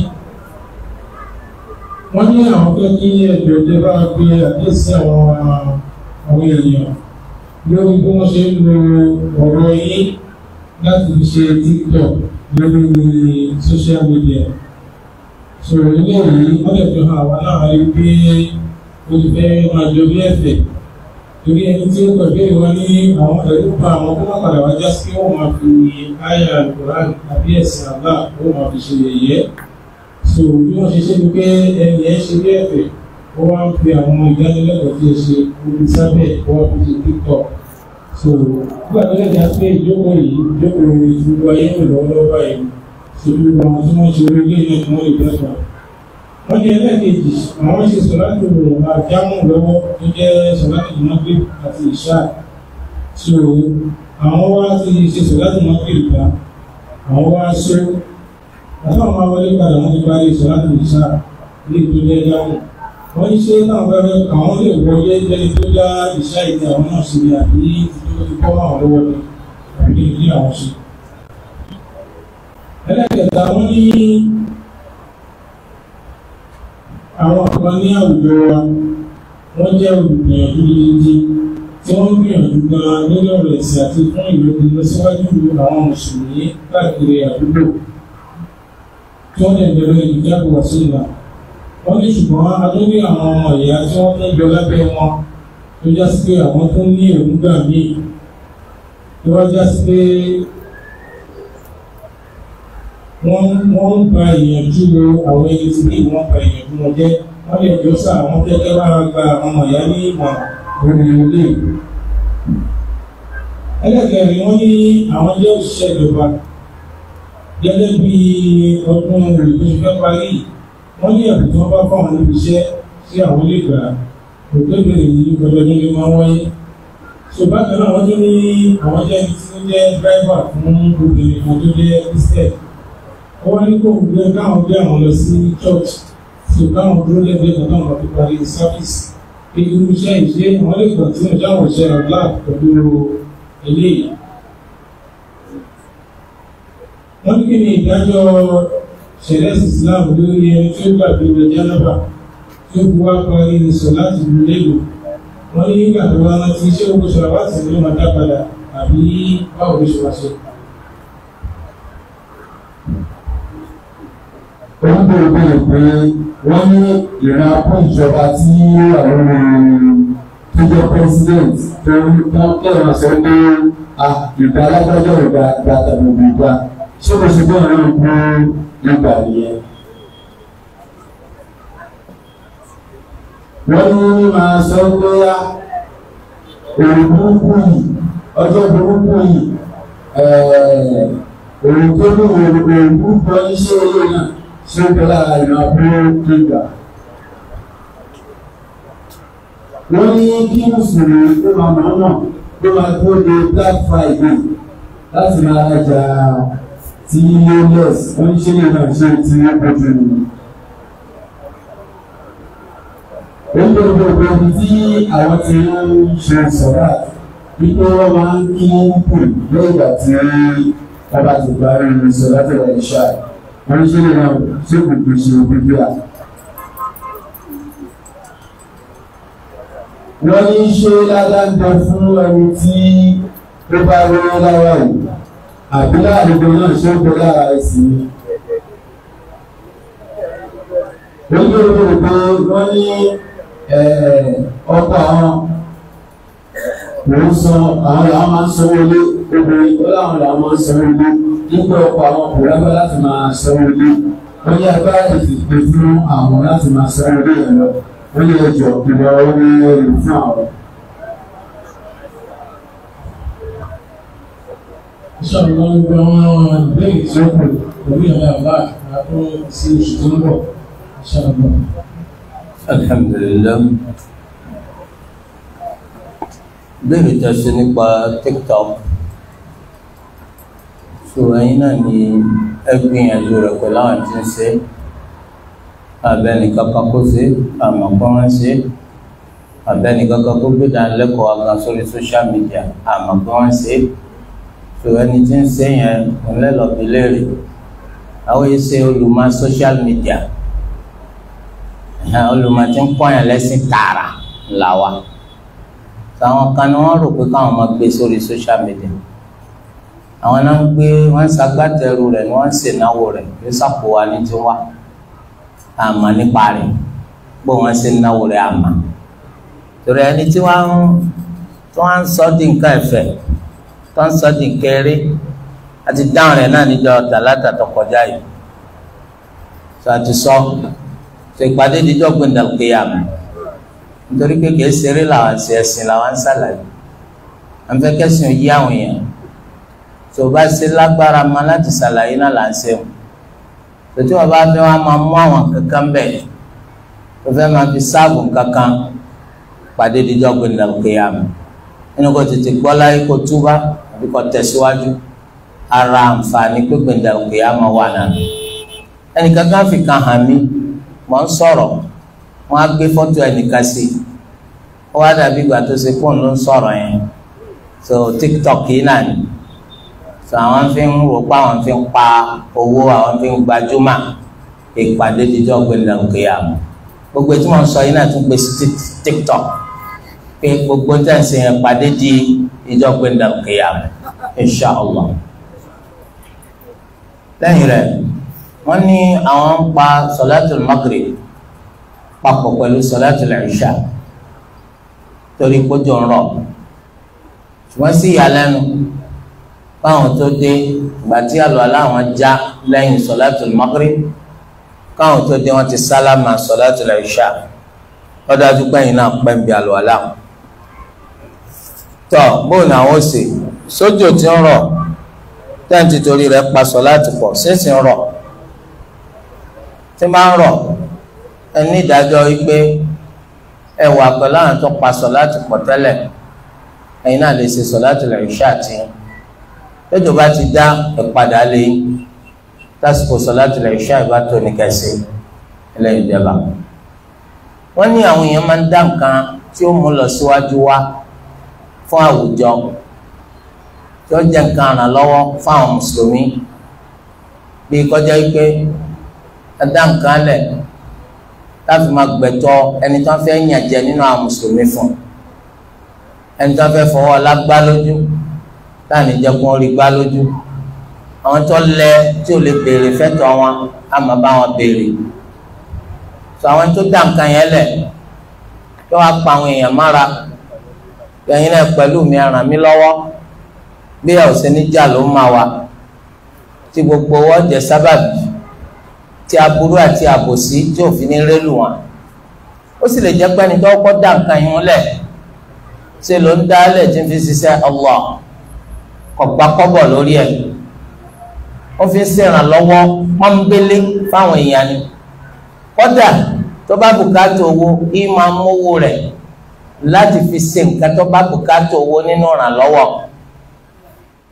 wọ́n ní àwọn fẹ́ kí ẹ̀jọ̀ ìjọba gbé àkíyèsí àwọn àwọn èèyàn lórí bí wọ́n ṣe ń lo ọ̀rọ̀ yìí láti fi ṣe tiktok lórí social media sọ̀rọ̀ ilé yìí wọ́n lè fi hàn àwọn náà rí pé olùfẹ́ máa jọ bí ẹ̀fẹ̀ torí ẹni tí ó pẹ̀lú ìwọ ní àwọn ẹ̀rú pa àwọn tó máa padà wá já sí wọ́n máa fi àyà àlùkòrán àbí ẹ̀sìn àbá ó máa fi ṣe yẹ̀yẹ́ so bí wọ́n ṣe ṣe ni pé ẹni ẹ̀ ṣe bí ẹ̀fẹ̀ ó wá ń fi àwọn ìdánilẹ́kọ̀ọ́ tí ẹ ṣe orí sábẹ̀ ó wá fi ṣe tiktok so nígbà tó pé ìjókòó yìí ìjókòó gbogbo ayé ń lọ́wọ́lọ́wọ́ báyìí sórí wọn tí wọ́n ṣe orí léyìn tí wọ́n lè dẹ́fà. wọ́n jẹ́ ẹlẹ́ẹ̀kejì àwọn ṣe sọ̀láàtì òun àjámù lọ́wọ́ tó jẹ́ sọ̀láàtì mọ́gbé àti ìṣá so àwọn wá ti ṣe sọ̀láàtì mọ́gbé ìgbà àwọn wá ṣó àtàwọn máa wọlé padà wọ́n ti parí sọ̀láàtì ìṣá ilé tó jẹ́ jámù wọ́n ń ṣe náà fẹ́rẹ́ àwọn lè wọlé jẹ́ tó dá ìṣá ìdí àwọn náà ṣe àbí tó kọ́ àwọn lọ́wọ́ ni àbí ní ẹlẹ́kẹta wọ́n ní àwọn kan ní àwùjọ wa wọ́n jẹ́ olùgbìyànjú gidi tí wọ́n gbìyànjú gan-an nínú ọ̀rọ̀ ẹ̀sìn àti fún ìlòdì lọ́síwájú àwọn mùsùlùmí káàkiri àdúgbò tí wọ́n lè bẹ̀rẹ̀ ìjábọ̀ sí ìlà wọ́n ní ṣùgbọ́n adórí àwọn ọmọ ìyá tí wọ́n fẹ́ jọ lábẹ́ wọn tó já sí pé àwọn tó ní èròǹgbà míì tó wá já sí pé wọ́n wọ́n gba ìyànjú àwọn ẹni tí bí wọ́n gba ìyànjú wọn jẹ́ wọ́n lè jọ sá àwọn kẹ́kẹ́ bá gba àwọn ọmọ ìyá ní ìmọ̀ lórí ilé. ẹlẹ́kẹ̀rin wọ́n ní àwọn jẹ́ òṣìṣẹ́ ìjọba gẹ́gẹ́ bí ọdún ìlú fẹ́ parí wọ́n ní ẹ̀bùn tí wọ́n bá fáwọn olùṣẹ́ sí àwọn ilé ìgbà òkèèrè yìí ọdọọdún ló máa ń wáyé. ṣùgbọ́n kan náà wọ́n tún ní àwọn jẹ́ ẹni tí ó jẹ́ dráìvà fún obìnrin kan tó jẹ́ christian wọ́n ní kó gbé káwọn gbé àwọn lọ sí church tó káwọn dúró lẹ́gbẹ̀ẹ́ kan náà lọ́ọ́ fi parí service pé irú iṣẹ́ ìṣe àwọn lè gbà tí wọ́n jáwọ́ iṣẹ́ ọ̀la pẹ̀lú eléyìí. wọ́n ní kí ni ìdájọ́ ṣẹlẹ̀ Islam lórí ẹni tó gbàgbé rẹ̀ jánábà tó bu wá parí sọ láti lu lélo wọ́n ní nígbà tó wá rántí iṣẹ́ òkú ṣọlá wá sí ní ọmọdé padà àbí báwo ló ṣe wá ṣe. oníbèrè béèrè pé wọ́n ní ìran akóìjọba tí àwọn tó jẹ́ president tó kẹ́rọ sọ pé ìgbà alágbájọ́ ìgbà ìgbà tàbí ìgbà ṣé kò sí bẹ́ẹ̀ náà pé ìgbà nìyẹn. wọ́n ní máa sọ pé òun burúkú yìí ọjọ́ burúkú yìí òun tó ní òun burúkú yìí ṣé olóyìn náà. Central Ìmàbúrò Kíga. Wọ́n ní kí Mùsùlùmí tó máa mọ̀ náà tó máa tó de Black Friday láti máa rajà tí less wọ́n ṣe lè máa ṣe tí ó bójú ni. Ó ń bẹ̀rẹ̀ bẹ̀rẹ̀ ibi tí àwọn ti ń ṣe sọ̀rọ̀ wípé wọ́n máa ń kí pè lẹ́yìn ìgbà tí wọ́n bá ti parí ìṣọ̀lá tẹ̀lé ìṣáà wọ́n ṣe lè náà ṣé kò kò ṣe òbíbí à. wọ́n ní ṣe ládàńdà fún ẹni tí ó bá rọ́rọ́ lára yìí àbí láàrúgbó náà ṣe ń bọ́ lára ẹ̀sìn ni. lójú orí wọ́n ní ọkọ̀ àwọn òun sọ àwọn làwọn máa ń sanwó ilé obìnrin ó láwọn làwọn máa ń sanwó ilé nígbà ọ̀pọ̀ àwọn ọkùnrin lábẹ́ láti máa sanwó ilé ó yẹ abá ètò ìpè fún àwọn láti máa sanwó ilé yẹn lọ ó yẹ ìjọ ìwà orí ẹrù fún àwọn. Ìṣàlù wọn gbé wọn ìbéèrè tí ó àbá àtó sí oṣù tó ń bọ̀. Ìṣàlù wọn. Alhamdulilayi. Béèrè tẹ̀sí nípa TikTok so ẹ̀yin náà ni ẹ gbìyànjú rẹ̀ pẹ̀lú àwọn tí ń ṣe abẹ́nìkan kan kó ṣe àmọ̀kọ́rán ṣe abẹ́nìkan kan kó gbé dánilẹ́kọ̀ọ́ agan sórí social media àmọ̀kọ́rán ṣe so ẹni tí ń ṣe yẹn ńlẹ́lọ́bí léèrè àwọn yìí olùmọ̀ social media olùmọ̀ tí ń kọ́yàn lẹ́sìn tààrà làwà so àwọn kan ni wọ́n rò pé káwọn máa gbé sórí social media àwọn náà ń gbé wọn ń ṣagbátẹrù rẹ̀ ni wọn ń ṣènáwó rẹ̀ ní sàpò wa ní ti wá àmà nípa rẹ̀ bó wọn ṣe náwó rẹ̀ àmà torí ẹni tí wọn ń tí wọn ń sọ di nǹkan ẹ̀fẹ̀ tó ń sọ di kéré àti dáhùn rẹ̀ náà níjọ́ tàlátà tó kọjá yìí tó a ti sọ tó ìpàdé ìdíjọ gbẹndàgbéyàmù nítorí pé kìí ṣeré làwọn ṣe ẹ̀sìn làwọn ń ṣàlàyé à ń yí àwọn èèyàn tó bá ṣe lágbára ma láti ṣàlàyé náà là ń ṣeun tòtí wọn bá fẹ́ wọn máa mú àwọn kankan bẹ́ẹ̀ tó fẹ́ máa fi sáàbù kankan pàdé dídọ́ gbẹ̀dẹ̀ òkèèyà mi nínú kò tètè gbọ́ láyé kó túbá àbí kó tẹ̀síwájú ara àǹfààní pé gbẹ̀dẹ̀ òkèèyà wà náà ẹnì kankan fi kan hàn mí mò ń sọ̀rọ̀ wọn á gbé fọ́tò ẹnìkan sí ó wá dàbí ìgbà tó ṣe fóònù ló ń sọ̀rọ̀ yẹn so tiktok yìí náà sọ àwọn fi ń rò pé àwọn fi ń pa owó àwọn fi ń gbajúmọ̀ ìpàdé dídí ọ̀gbìn làǹkìyà gbogbo tí wọ́n sọ yìí náà tún gbé sí tiktok pé gbogbo tẹ̀sí ìpàdé di ìjọ ọ̀gbìn làǹkìyà insha allah lẹ́yìn rẹ̀ wọ́n ní àwọn ń pa sọ̀látùl maghrib papọ̀ pẹ̀lú sọ̀látùl ìṣà torí kójọ ń rọ̀ ṣùgbọ́n sí ìyàlẹ́nu káwọn tó dé ìgbà tí àlọ́ aláwọn já lẹ́yìn sọ̀látùl Maghrib káwọn tó dé wọ́n ti sálámà sọ̀látùl Isha lọ́dọ̀ àdúgbẹ́yìn náà pẹ́ ń bi àlọ́ aláwọn. tọ́ bóun ni àwọn ṣe sójò tí ń rọ̀ tẹ́ǹtì torí rẹ̀ pa sọ̀látù pọ̀ sínsìn rọ̀ tí máa ń rọ̀ ẹni ìdájọ́ wípé ẹ wà pẹ̀lú àwọn tó pa sọ̀látù pọ̀ tẹ́lẹ̀ ẹ̀yin náà lè ṣe sọ̀látùl Isha tiyín lọ́jọ́ bá ti dá ẹ̀padà lé tásìkò sọ̀láàtì ìṣá ìbá tó ní kẹsì ilẹ̀ ìjẹba wọ́n ní àwọn èèyàn máa ń dá nǹkan tí ó mú lọ síwájú wá fún àwùjọ tí ó jẹ́ nǹkan àrànlọ́wọ́ fún àwọn mùsùlùmí bí kọjá wípé ẹ nǹkan lẹ̀ láti máa gbẹ̀tọ́ ẹni tó ń fẹ́ yànjẹ nínú àwọn mùsùlùmí fún ẹni tó ń fẹ́ fọwọ́ lágbá lójú láàrin jẹkun orí gbá lójú àwọn tó lẹ tí ò lè béèrè fẹtọ wọn á máa bá wọn béèrè tó àwọn tó dá nǹkan yẹn lẹ tó wàá pa àwọn èèyàn mára lẹ́yìn náà pẹ̀lú mi ràn mí lọ́wọ́ bí ẹ ò sí ní jà ló máa wà tí gbogbo owó jẹ sábàbí tí aburú àti àbòsí tí òfin ní rélù wọn ó sì lè jẹ́ pé ẹni tó kọ́ dá nǹkan yẹn lẹ ṣe ló ń dá lẹ tí fi ṣiṣẹ́ Allah. ọ̀gbà kọ́bọ̀ lórí ẹ̀ ó fi ń ṣèrànlọ́wọ́ pọ́nbélé fáwọn èèyàn ni kódà tó bá owó máa mówó láti fi se nǹkan tó bá bùkátà owó nínú ìrànlọ́wọ́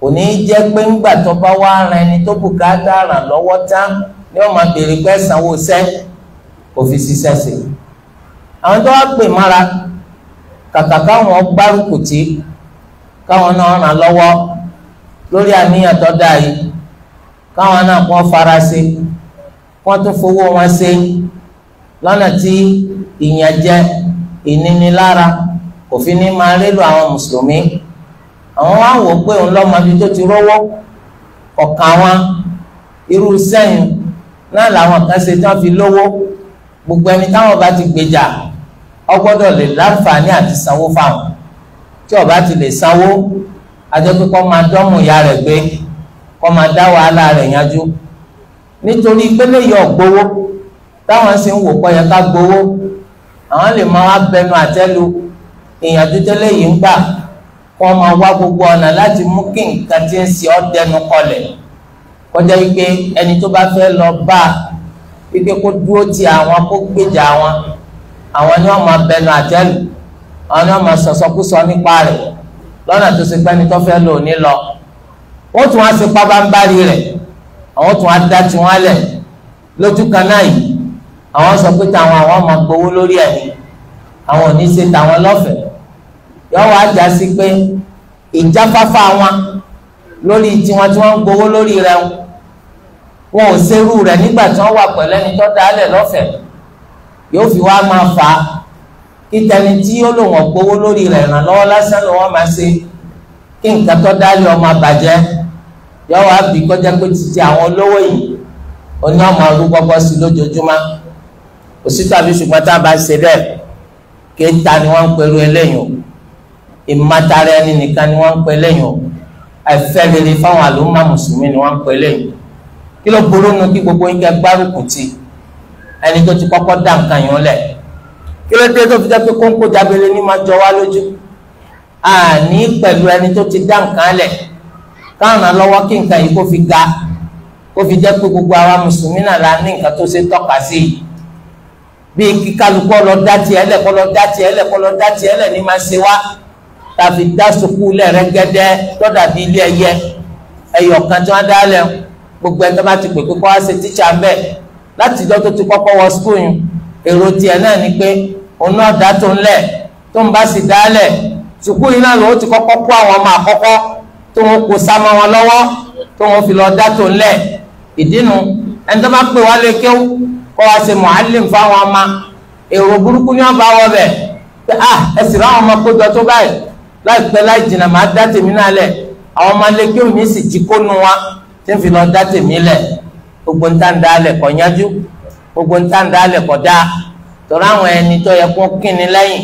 kò ní í jẹ́ pé ńgbà tó bá wá ara ẹni tó bùkátà ìrànlọ́wọ́ ni wọ́n máa béèrè pé sanwó sẹ́ kò fi ṣiṣẹ́ sí i àwọn tó wá pè mára kàkà lórí àníyàn tó dáa yìí káwọn náà kọ́ fara ṣe wọ́n tún fowó wọn se. lọ́nà tí jẹ́ ìnínilára kò fi ní máa lélo àwọn mùsùlùmí àwọn wá wò pé òun lọ́mọ tó ti rọ́wọ́ ọ̀kan wọn irú sẹ́yìn náà làwọn kan ṣe tán fi lówó gbogbo ẹni táwọn bá ti gbèjà ọgbọ́dọ̀ lè láǹfààní àti sanwó fáwọn tí ó bá ti lè sanwó àjẹpẹ kọ́ máa dọ́mù ìyá rẹ̀ gbé kọ́ máa dá wàhálà rẹ̀ yanjú nítorí pélé yọ gbowó táwọn sì ń wò pọ̀ yẹ ká gbowó àwọn lè máa wá bẹnu àtẹ́lu ìyànjú tẹ́lẹ̀ yìí ń gbà kọ́ máa wá gbogbo ọ̀nà láti mú kí nǹkan ti ń ṣe ọ́ dẹnu kọlẹ̀ kọjá wípé ẹni tó bá fẹ́ lọ bá wípé kó dúró ti àwọn kó gbèjà àwọn àwọn ni wọ́n máa bẹnu àtẹ́lu àwọn ni wọ́n máa sọ̀sọ́kúsọ nípa rẹ̀ lọ́nà tó ṣe pé ẹni tó fẹ́ lò ní lọ wọ́n tún wá sí pábánbárì rẹ̀ àwọn tún wá dá tiwọn lẹ̀ lójú náà yìí àwọn sọ pé táwọn àwọn máa gbowó lórí ẹ̀ ni àwọn ò pé ìjáfáfá wọn lórí tiwọn tí wọ́n ń gbowó lórí rẹ̀ wọn ò ṣerú rẹ̀ nígbà wà pẹ̀lú ẹni ìtẹni tí ó lò wọ́n gbowó lórí rẹ̀ ìrànlọ́wọ́ lásán ni wọ́n máa ṣe kí nǹkan tó dálé ọmọ àbàjẹ́ yọ wá bí kọjá pé títí àwọn olówó yìí oní ọmọ ọdún sí lójoojúmọ́ òsítọ́ àbí ṣùgbọ́n tá a bá ṣe bẹ́ẹ̀ kéta ni wọ́n ń pẹ̀lú eléyìn o ìmátara ẹni nìkan ni wọ́n ń pẹ̀ eléyìn o ẹ̀fẹ́ rere fáwọn àlùmọ́ mùsùlùmí ni wọ́n ń pẹ̀ eléyìn kí ló burú nu kí gbogbo yín kẹ́ gbárùkù ti ẹni tó ti kọ́kọ́ dá nǹkan yìí lẹ̀ kí ló dé tó fi jẹ́ pé kóńkó jábẹ́lẹ́ ní máa jọ wá lójú àní pẹ̀lú ẹni tó ti dá nǹkan lẹ̀ káwọn lọ́wọ́ kí nǹkan yìí kó fi ga kó fi jẹ́ pé gbogbo àwa mùsùlùmí náà la ní nǹkan tó ṣe tọ́ka sí i bíi kíkálukú ọlọ dá tiẹ̀ lẹ̀ kọlọ dá tiẹ̀ lẹ̀ kọlọ dá tiẹ̀ lẹ̀ ní máa ṣe wá tàbí dá sukú lẹ̀ tọ́dà bíi ilé ẹyẹ ẹyọ kan tí wọ́n dá lẹ̀ gbogbo ẹ̀ tó bá ti pè pé kó wá ṣe tíṣà ń bẹ̀ láti ìjọ tó ti kọ́kọ́ wọ skul yìí èrò tiẹ̀ náà ni pé onu náà dá tó ń lẹ̀ tó ń bá sì dá lẹ̀ sùkú yìí ti kọ́kọ́ kó àwọn ọmọ àkọ́kọ́ tó wọn kó sámọ́ wọn lọ́wọ́ tó wọn fi lọ dá tó ń lẹ̀ ìdínú ẹni tó bá pè wá lè kéwú kó wá ṣe mọ̀álìm fáwọn ọmọ èrò burúkú ni wọ́n bá wọ bẹ̀ pé à ẹ ráwọn ọmọ kójọ tó báyìí wa tí ń fi lọ dá tèmi lẹ̀ gbogbo ń tá ń dá lẹ̀ tọ́lá àwọn ẹni tó yẹ kó kíni lẹ́yìn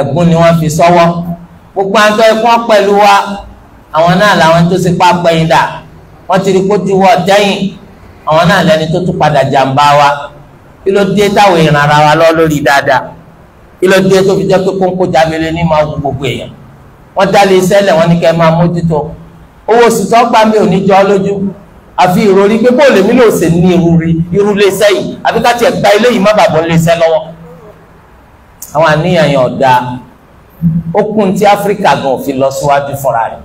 ẹ̀gún ni wọ́n fi sọ́wọ́ gbogbo àwọn tó yẹ kó pẹ̀lú wa àwọn náà làwọn tó ṣe pa pẹ́yìn dà wọ́n ti rí kó ti wọ́ àwọn náà lẹni tó tún padà jàǹbá wa kí ló dé táwọn ara wa lọ lórí dáadáa kí ló dé tó fi jẹ́ pé kóńkó ní gbogbo èèyàn wọ́n wọ́n ní kẹ́ máa mójútó owó mi àfi ìròrí pé bó lèmi lò ṣe ní irú rí irú léṣẹ́ yìí àbí ká tiẹ̀ gba eléyìí má bàbọ̀ léṣẹ́ lọ́wọ́ àwọn àníyàn yẹn ọ̀dà ó kún tí áfíríkà gan òfin lọ síwájú fúnra rẹ̀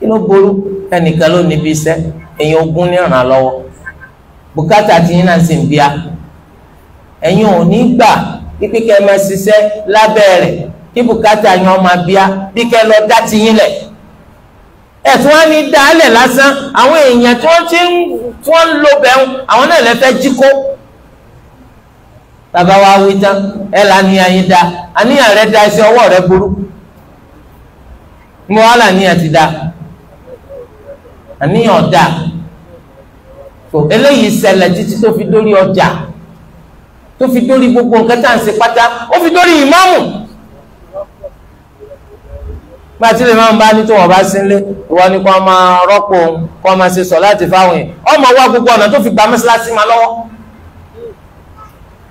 kí ló ború ẹnìkan ló níbi iṣẹ́ ẹ̀yin ogún ní ràn lọ́wọ́ bùkátà tí yín náà sì ń bíá ẹ̀yin ò ní gbà pípé kẹ́ ẹ ṣiṣẹ́ lábẹ́ rẹ̀ kí bùkátà yín ọmọ bíá bí kẹ́ lọ dá ti yín lẹ̀ ẹ̀tún wá ni dálẹ̀ lásán àwọn èèyàn tí wọ́n ti wọ́n lo bẹ̀rún àwọn náà lẹ́fẹ́ jíkó bàbá wa wí tán ẹ lànìyàn yín da àníyàn rẹ da ẹsẹ ọwọ́ rẹ burú mo wá lànìyàn ti da àníyàn ọ tó eléyìí ṣẹlẹ̀ títí tó fi ọjà tó gbogbo nǹkan tá à ń ṣe gbàtí lè máa ń bá ní tí wọn bá sínlé ìwọ ni kò máa rọ́pò òun kò máa ṣe sọ láti fáwọn yìí ọmọ wa gbogbo ọ̀nà tó fi gba mọ́ṣáláṣí máa lọ́wọ́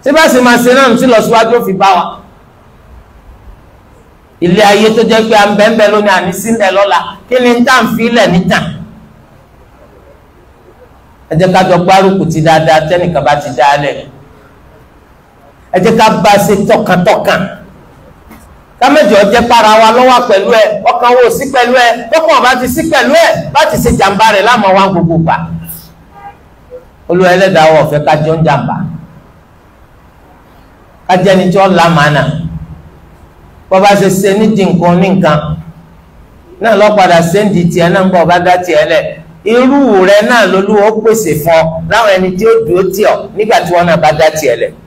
tí bá sì máa ṣe náà tí lọ́síwájú fi bá wa ilé ayé tó jẹ́ pé à ń bẹ́ẹ̀ bẹ́ẹ̀ lónìí àní sílẹ̀ lọ́la kí ni tá à ń filẹ̀ nítàn ẹ jẹ́ ká jọ gbárùkù ti dáadáa tẹ́nìkan bá ti dáa lẹ̀ ẹ jẹ́ ká bá ṣe tọkàntọkàn. kámẹ́jọ jẹ́ para wa lọ́wọ́ pẹ̀lú ẹ ọkàn wo sí pẹ̀lú ẹ tọkàn bá ti sí pẹ̀lú ẹ bá ti ṣe jàǹbá rẹ̀ láàmú wa gbogbo gbà olú ẹlẹ́dàá wọ̀ fẹ́ ká ń jàǹbá ká tí ó lámàánà bọ́ bá ṣe ṣe nídìí nǹkan ní nǹkan náà lọ padà sẹ́ńdì tiẹ̀ náà ń bọ̀ bá dá tiẹ̀ lẹ̀ irú rẹ̀ náà ó pèsè fún ọ láwọn ẹni tí ó dúró tì nígbà tí wọ́n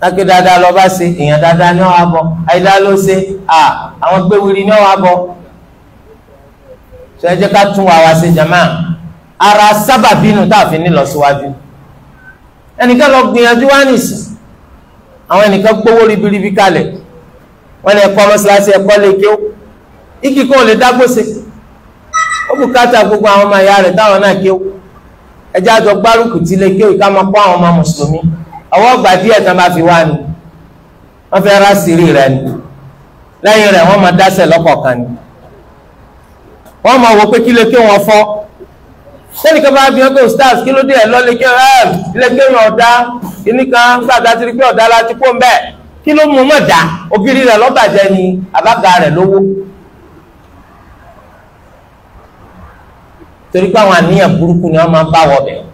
lágbé dáadáa lọ bá ṣe èèyàn dáadáa ní ọwọ́ abọ àìdá ló ṣe à àwọn gbéwìrì ní ọwọ́ abọ ṣe jẹ́ ká tún wà wá ṣe jàmá ara sábà bínú tá a fi ní lọ síwájú ẹnìkan lọ gbìyànjú wá nìsí àwọn ẹnìkan gbówó ribiribi kalẹ̀ wọ́n lè kọ́ mọ́ṣáláṣí ẹ̀kọ́ lè kí ó igi kan lè dágbóse ó bùkátà gbogbo àwọn ọmọ ìyá rẹ̀ táwọn náà kí ó ẹjẹ́ àjọ gbárùkù tí lè kí ó ìka máa kọ́ àwọn ọmọ mùsùlùmí ọwọ́ ọgbà díẹ̀ tán bá fi wá ni wọ́n fẹ́ ra sírí rẹ ni lẹ́yìn rẹ̀ wọ́n máa dásẹ̀ lọ́kọ̀ọ̀kan ni wọ́n máa wọ pé kí ló ké wọn fọ́ sẹ́ni bá bí wọn pé stars kí ló dé ẹ̀ lọ́lé kí ẹ̀ ilé kéwìn ọ̀dá kíní kan gbàgbà ti rí pé ọ̀dá la ti kó ń bẹ́ẹ̀ kí ló mú mọ̀ dá ògiri rẹ̀ lọ́bàjẹ́ ni àbága rẹ̀ lówó. torí pé àwọn àníyàn burúkú ni wọ́n máa ń bá wọ̀ bẹ́ẹ̀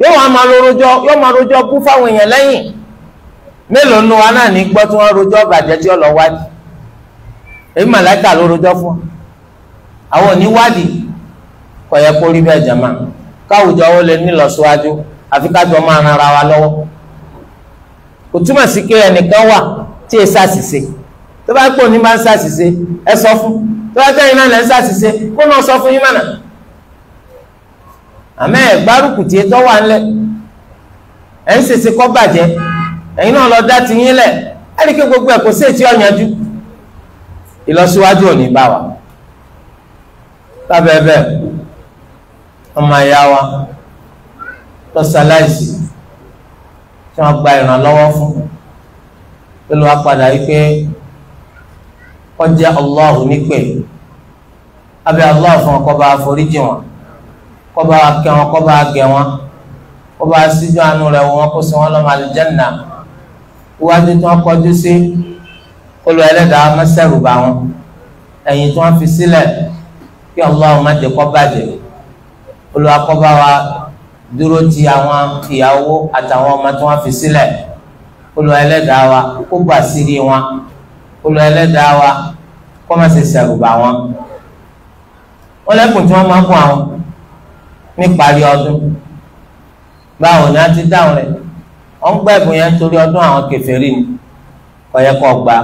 yóò wá máa rojọ́ yóò máa rojọ́ bú fáwọn èèyàn lẹ́yìn mélòó nu wa náà ní gbọ́ tí wọ́n rojọ́ bàjẹ́ tí ọlọ́ wádìí èyí màláìka ló rojọ́ fún àwọn oníwádìí kò yẹ kó rí bẹ́ẹ̀ jàmá káwùjọ wo lè ní lọ́síwájú àfi kájọ máa ran ara wa lọ́wọ́ kò túmọ̀ sí pé ẹnìkan wà tí ẹ ṣàṣìṣe tó bá pọ̀ ní máa ń ṣàṣìṣe ẹ sọ fún tó bá tẹ́yìn náà lẹ́ ń ṣàṣìṣe kó náà sọ fún yín mọ̀nà àmẹ́ ẹ̀ gbárùkù tiẹ̀ tọ́ wà ńlẹ̀ ẹ̀ ń ṣèṣe kọ́ bàjẹ́ ẹ̀yin náà lọ dá ti yín lẹ̀ ẹ̀ rí i gbogbo ẹ̀ kò sí ètí ọ̀yànjú ìlọsíwájú ò ní bá wa lábẹ́ bẹ́ẹ̀ ọmọ ẹ̀yà wa lọ́sàláìsì tí wọ́n gba ìrànlọ́wọ́ fún pẹ̀lú padà yìí pé ọjà Allahu nípè abẹ́ Allah fún ọkọ̀ bá foríjì wọn. kọba kẹ wọn kọba gẹ wọn kọba síjú àánú rẹ̀ wọn kó sọ wọn lọ máa lè jẹnà iwájú tí wọn kọjú sí olú ẹlẹ́dàá mẹsẹrù bá wọn ẹ̀yìn tí wọn fi sílẹ̀ kí Ọlọ́run má dé kó bàjẹ́ olú akọba wa dúró ti àwọn ìyàwó àtàwọn ọmọ tí wọn fi sílẹ̀ olú ẹlẹ́dàá wa kó gbà sírí wọn olú ẹlẹ́dàá wa kó má bá wọn wọn lẹkùn tí wọn máa kún àwọn. parí ọdún báwo ni a ti dáhùn rẹ̀ wọ́n gbọ́ ẹ̀bùn yẹn torí ọdún àwọn kèfèrí ni kọ̀yẹ́ kọ́ gbà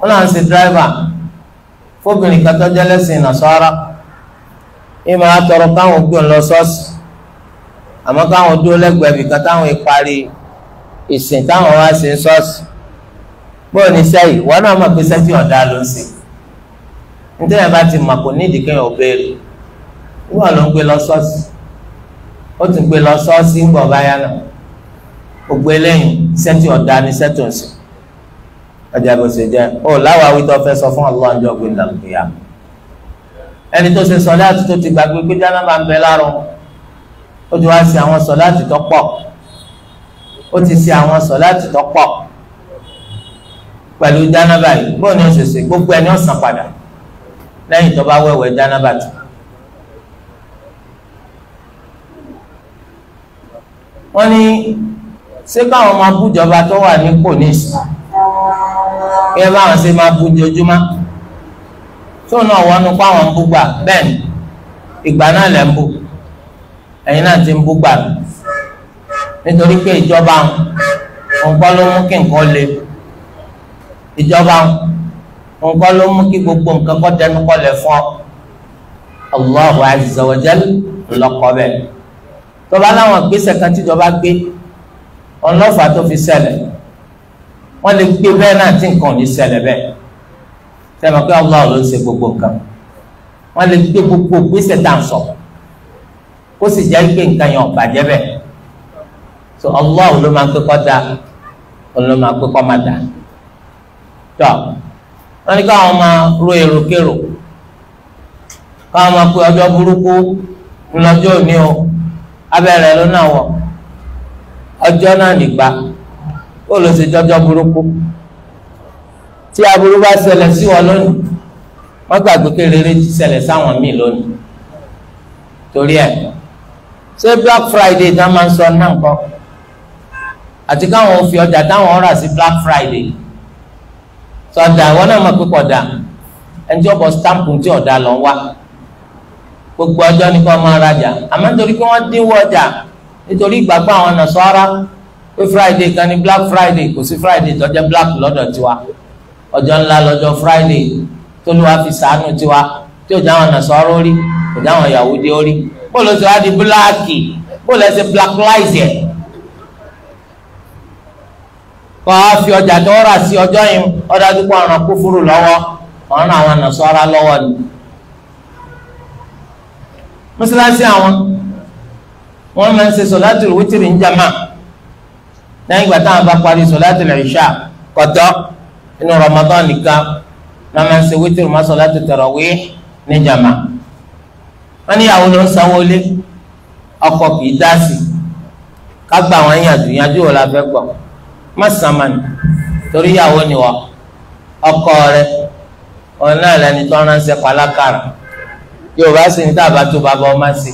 wọ́n náà ń ṣe dírẹ́fà fóbìnrin kan tó jẹ́ lẹ́sìn nàṣọ́ra ìmọ̀ tọrọ káwọn gbé ń lọ sọ́ọ̀sì àmọ́ káwọn dúró lẹ́gbẹ̀ẹ́ ìparí ìsìn táwọn wá sí bóyá ní sẹ́yìn náà mọ̀ pé sẹ́tì ọ̀dà ló ń sìn kò ní wúwà ló ń gbé lọ sọ́ọ̀sì ó ti gbé lọ sọ́ọ̀sì ń bọ̀ báyà náà gbogbo eléyìí sẹ́tì ọ̀dà ni sẹ́tì ọ̀sìn ọjà bó ṣe jẹ́ ó láwa wí tó fẹ́ sọ fún ọlọ́wọ́ àjọ gbé làlùkìyà ẹni tó ṣe sọlá àti tó ti gbàgbé pé dáná máa ń bẹ lárùn ó ti wá sí àwọn sọlá àti tó pọ̀ ó ti ṣe àwọn sọlá àti tó pọ̀ pẹ̀lú dáná báyìí bóun ni ó ṣe ṣe gbogbo ẹni ọ̀sán padà lẹ́yìn tó bá wẹ̀wẹ̀ dáná bàtà wọ́n ní ṣé káwọn máa bú ìjọba tó wà nípò nísìn kí ẹ báwọn ṣe máa bú ojoojúmọ́ tó náà wọnú páwọn ń bú gbà bẹ́ẹ̀ ni ìgbà náà lẹ́ ń bú ẹ̀yin náà ti ń bú gbà nítorí pé ìjọba nǹkan ló mú kí nǹkan le ìjọba nǹkan ló mú kí gbogbo nǹkan kọ́ dẹnu kọ́ lẹ̀ fún ọ Allahu azza wa jal lọ́kọ́ bẹ́ẹ̀ tọba láwọn gbèsè kan tíjọba gbé ọlọ́fà tó fi ṣẹlẹ̀ wọ́n lè gbé bẹ́ẹ̀ náà tí nǹkan ò ní ṣẹlẹ̀ bẹ́ẹ̀ sẹ́mi pé Allah ló ń ṣe gbogbo nǹkan wọ́n lè gbé gbogbo gbèsè tá à ń sọ kó sì jẹ́ pé nǹkan yẹn ò bàjẹ́ bẹ́ẹ̀ so Allah ló máa ń pé kọ́ da ló máa ń pé kọ́ má da tọ́ wọ́n ní káwọn máa ro èrò kérò káwọn máa pe ọjọ́ burúkú ńlọjọ́ òní o abẹ́rẹ́ ló náà wọ̀ ọjọ́ náà nígbà ó lọ sí jọjọ́ burúkú tí aburú bá ṣẹlẹ̀ sí wọn lónìí wọ́n gbàgbé pé ti ṣẹlẹ̀ sáwọn míì lónìí torí ẹ̀ ṣé black friday tá a máa ń sọ náà nǹkan àti káwọn òfin ọjà táwọn rà sí black friday sọdà ìwọ náà máa pé kọdà ẹni tí ó bọ stamp tí ọ̀dà lọ wá gbogbo ọjọ́ ní kó máa rajà àmọ́ nítorí pé wọ́n dínwó ọjà nítorí ìgbàgbọ́ àwọn Nasara pé Friday kan ní Black Friday kò sí Friday tó black lọ́dọ̀ tiwa ọjọ́ ńlá lọ́jọ́ Friday tó ló wá fi sàánú tiwa tí ò jáwọn Nasara ó rí kò jáwọn Yahudi ó rí bó ló ti wá di bíláàkì bó lẹ́sẹ̀ black light yẹn kọ́ á fi ọjà tó rà sí ọjọ́ yìí ọ̀dájú pé ọ̀ràn kúfúrú lọ́wọ́ ọ̀ràn àwọn Nasara lọ́wọ́ ni mọ́sálásí àwọn wọ́n máa ń ṣe sọ̀láàtì wítìrì ń jama lẹ́yìn ìgbà táwọn bá parí sọ̀láàtì ìṣà kọ̀tọ́ inú Ramadan nìkan wọ́n máa ń ṣe wítìrì má sọ̀láàtì tarawih ní jama wọ́n ní ìyàwó ló ń sanwó lé ọkọ kì í dá sí ká gba àwọn ìyànjú ìyànjú wo la fẹ́ gbọ́ má sàmánì torí ìyàwó ni wọ́n ọkọ rẹ̀ ọ̀nà ìlànà tó pàlákàrà yorùbá sì ní tàbá tó bàbá ọmọ sí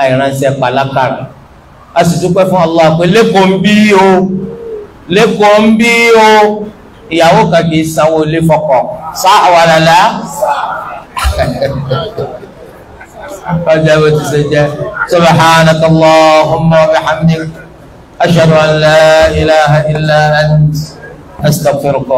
àìránṣẹ́ pàlákàrà a sì dúpẹ́ fún Allah pé lẹ́kọ̀ọ́ ń bí o lẹ́kọ̀ọ́ ń bí o ìyàwó kan kì í sanwó ilé fọkọ sá àwàlálá ọjọ́ bó ti ṣe jẹ́ subhanaka Allahumma wa bihamdik ashhadu an la ilaha illa ant astaghfiruka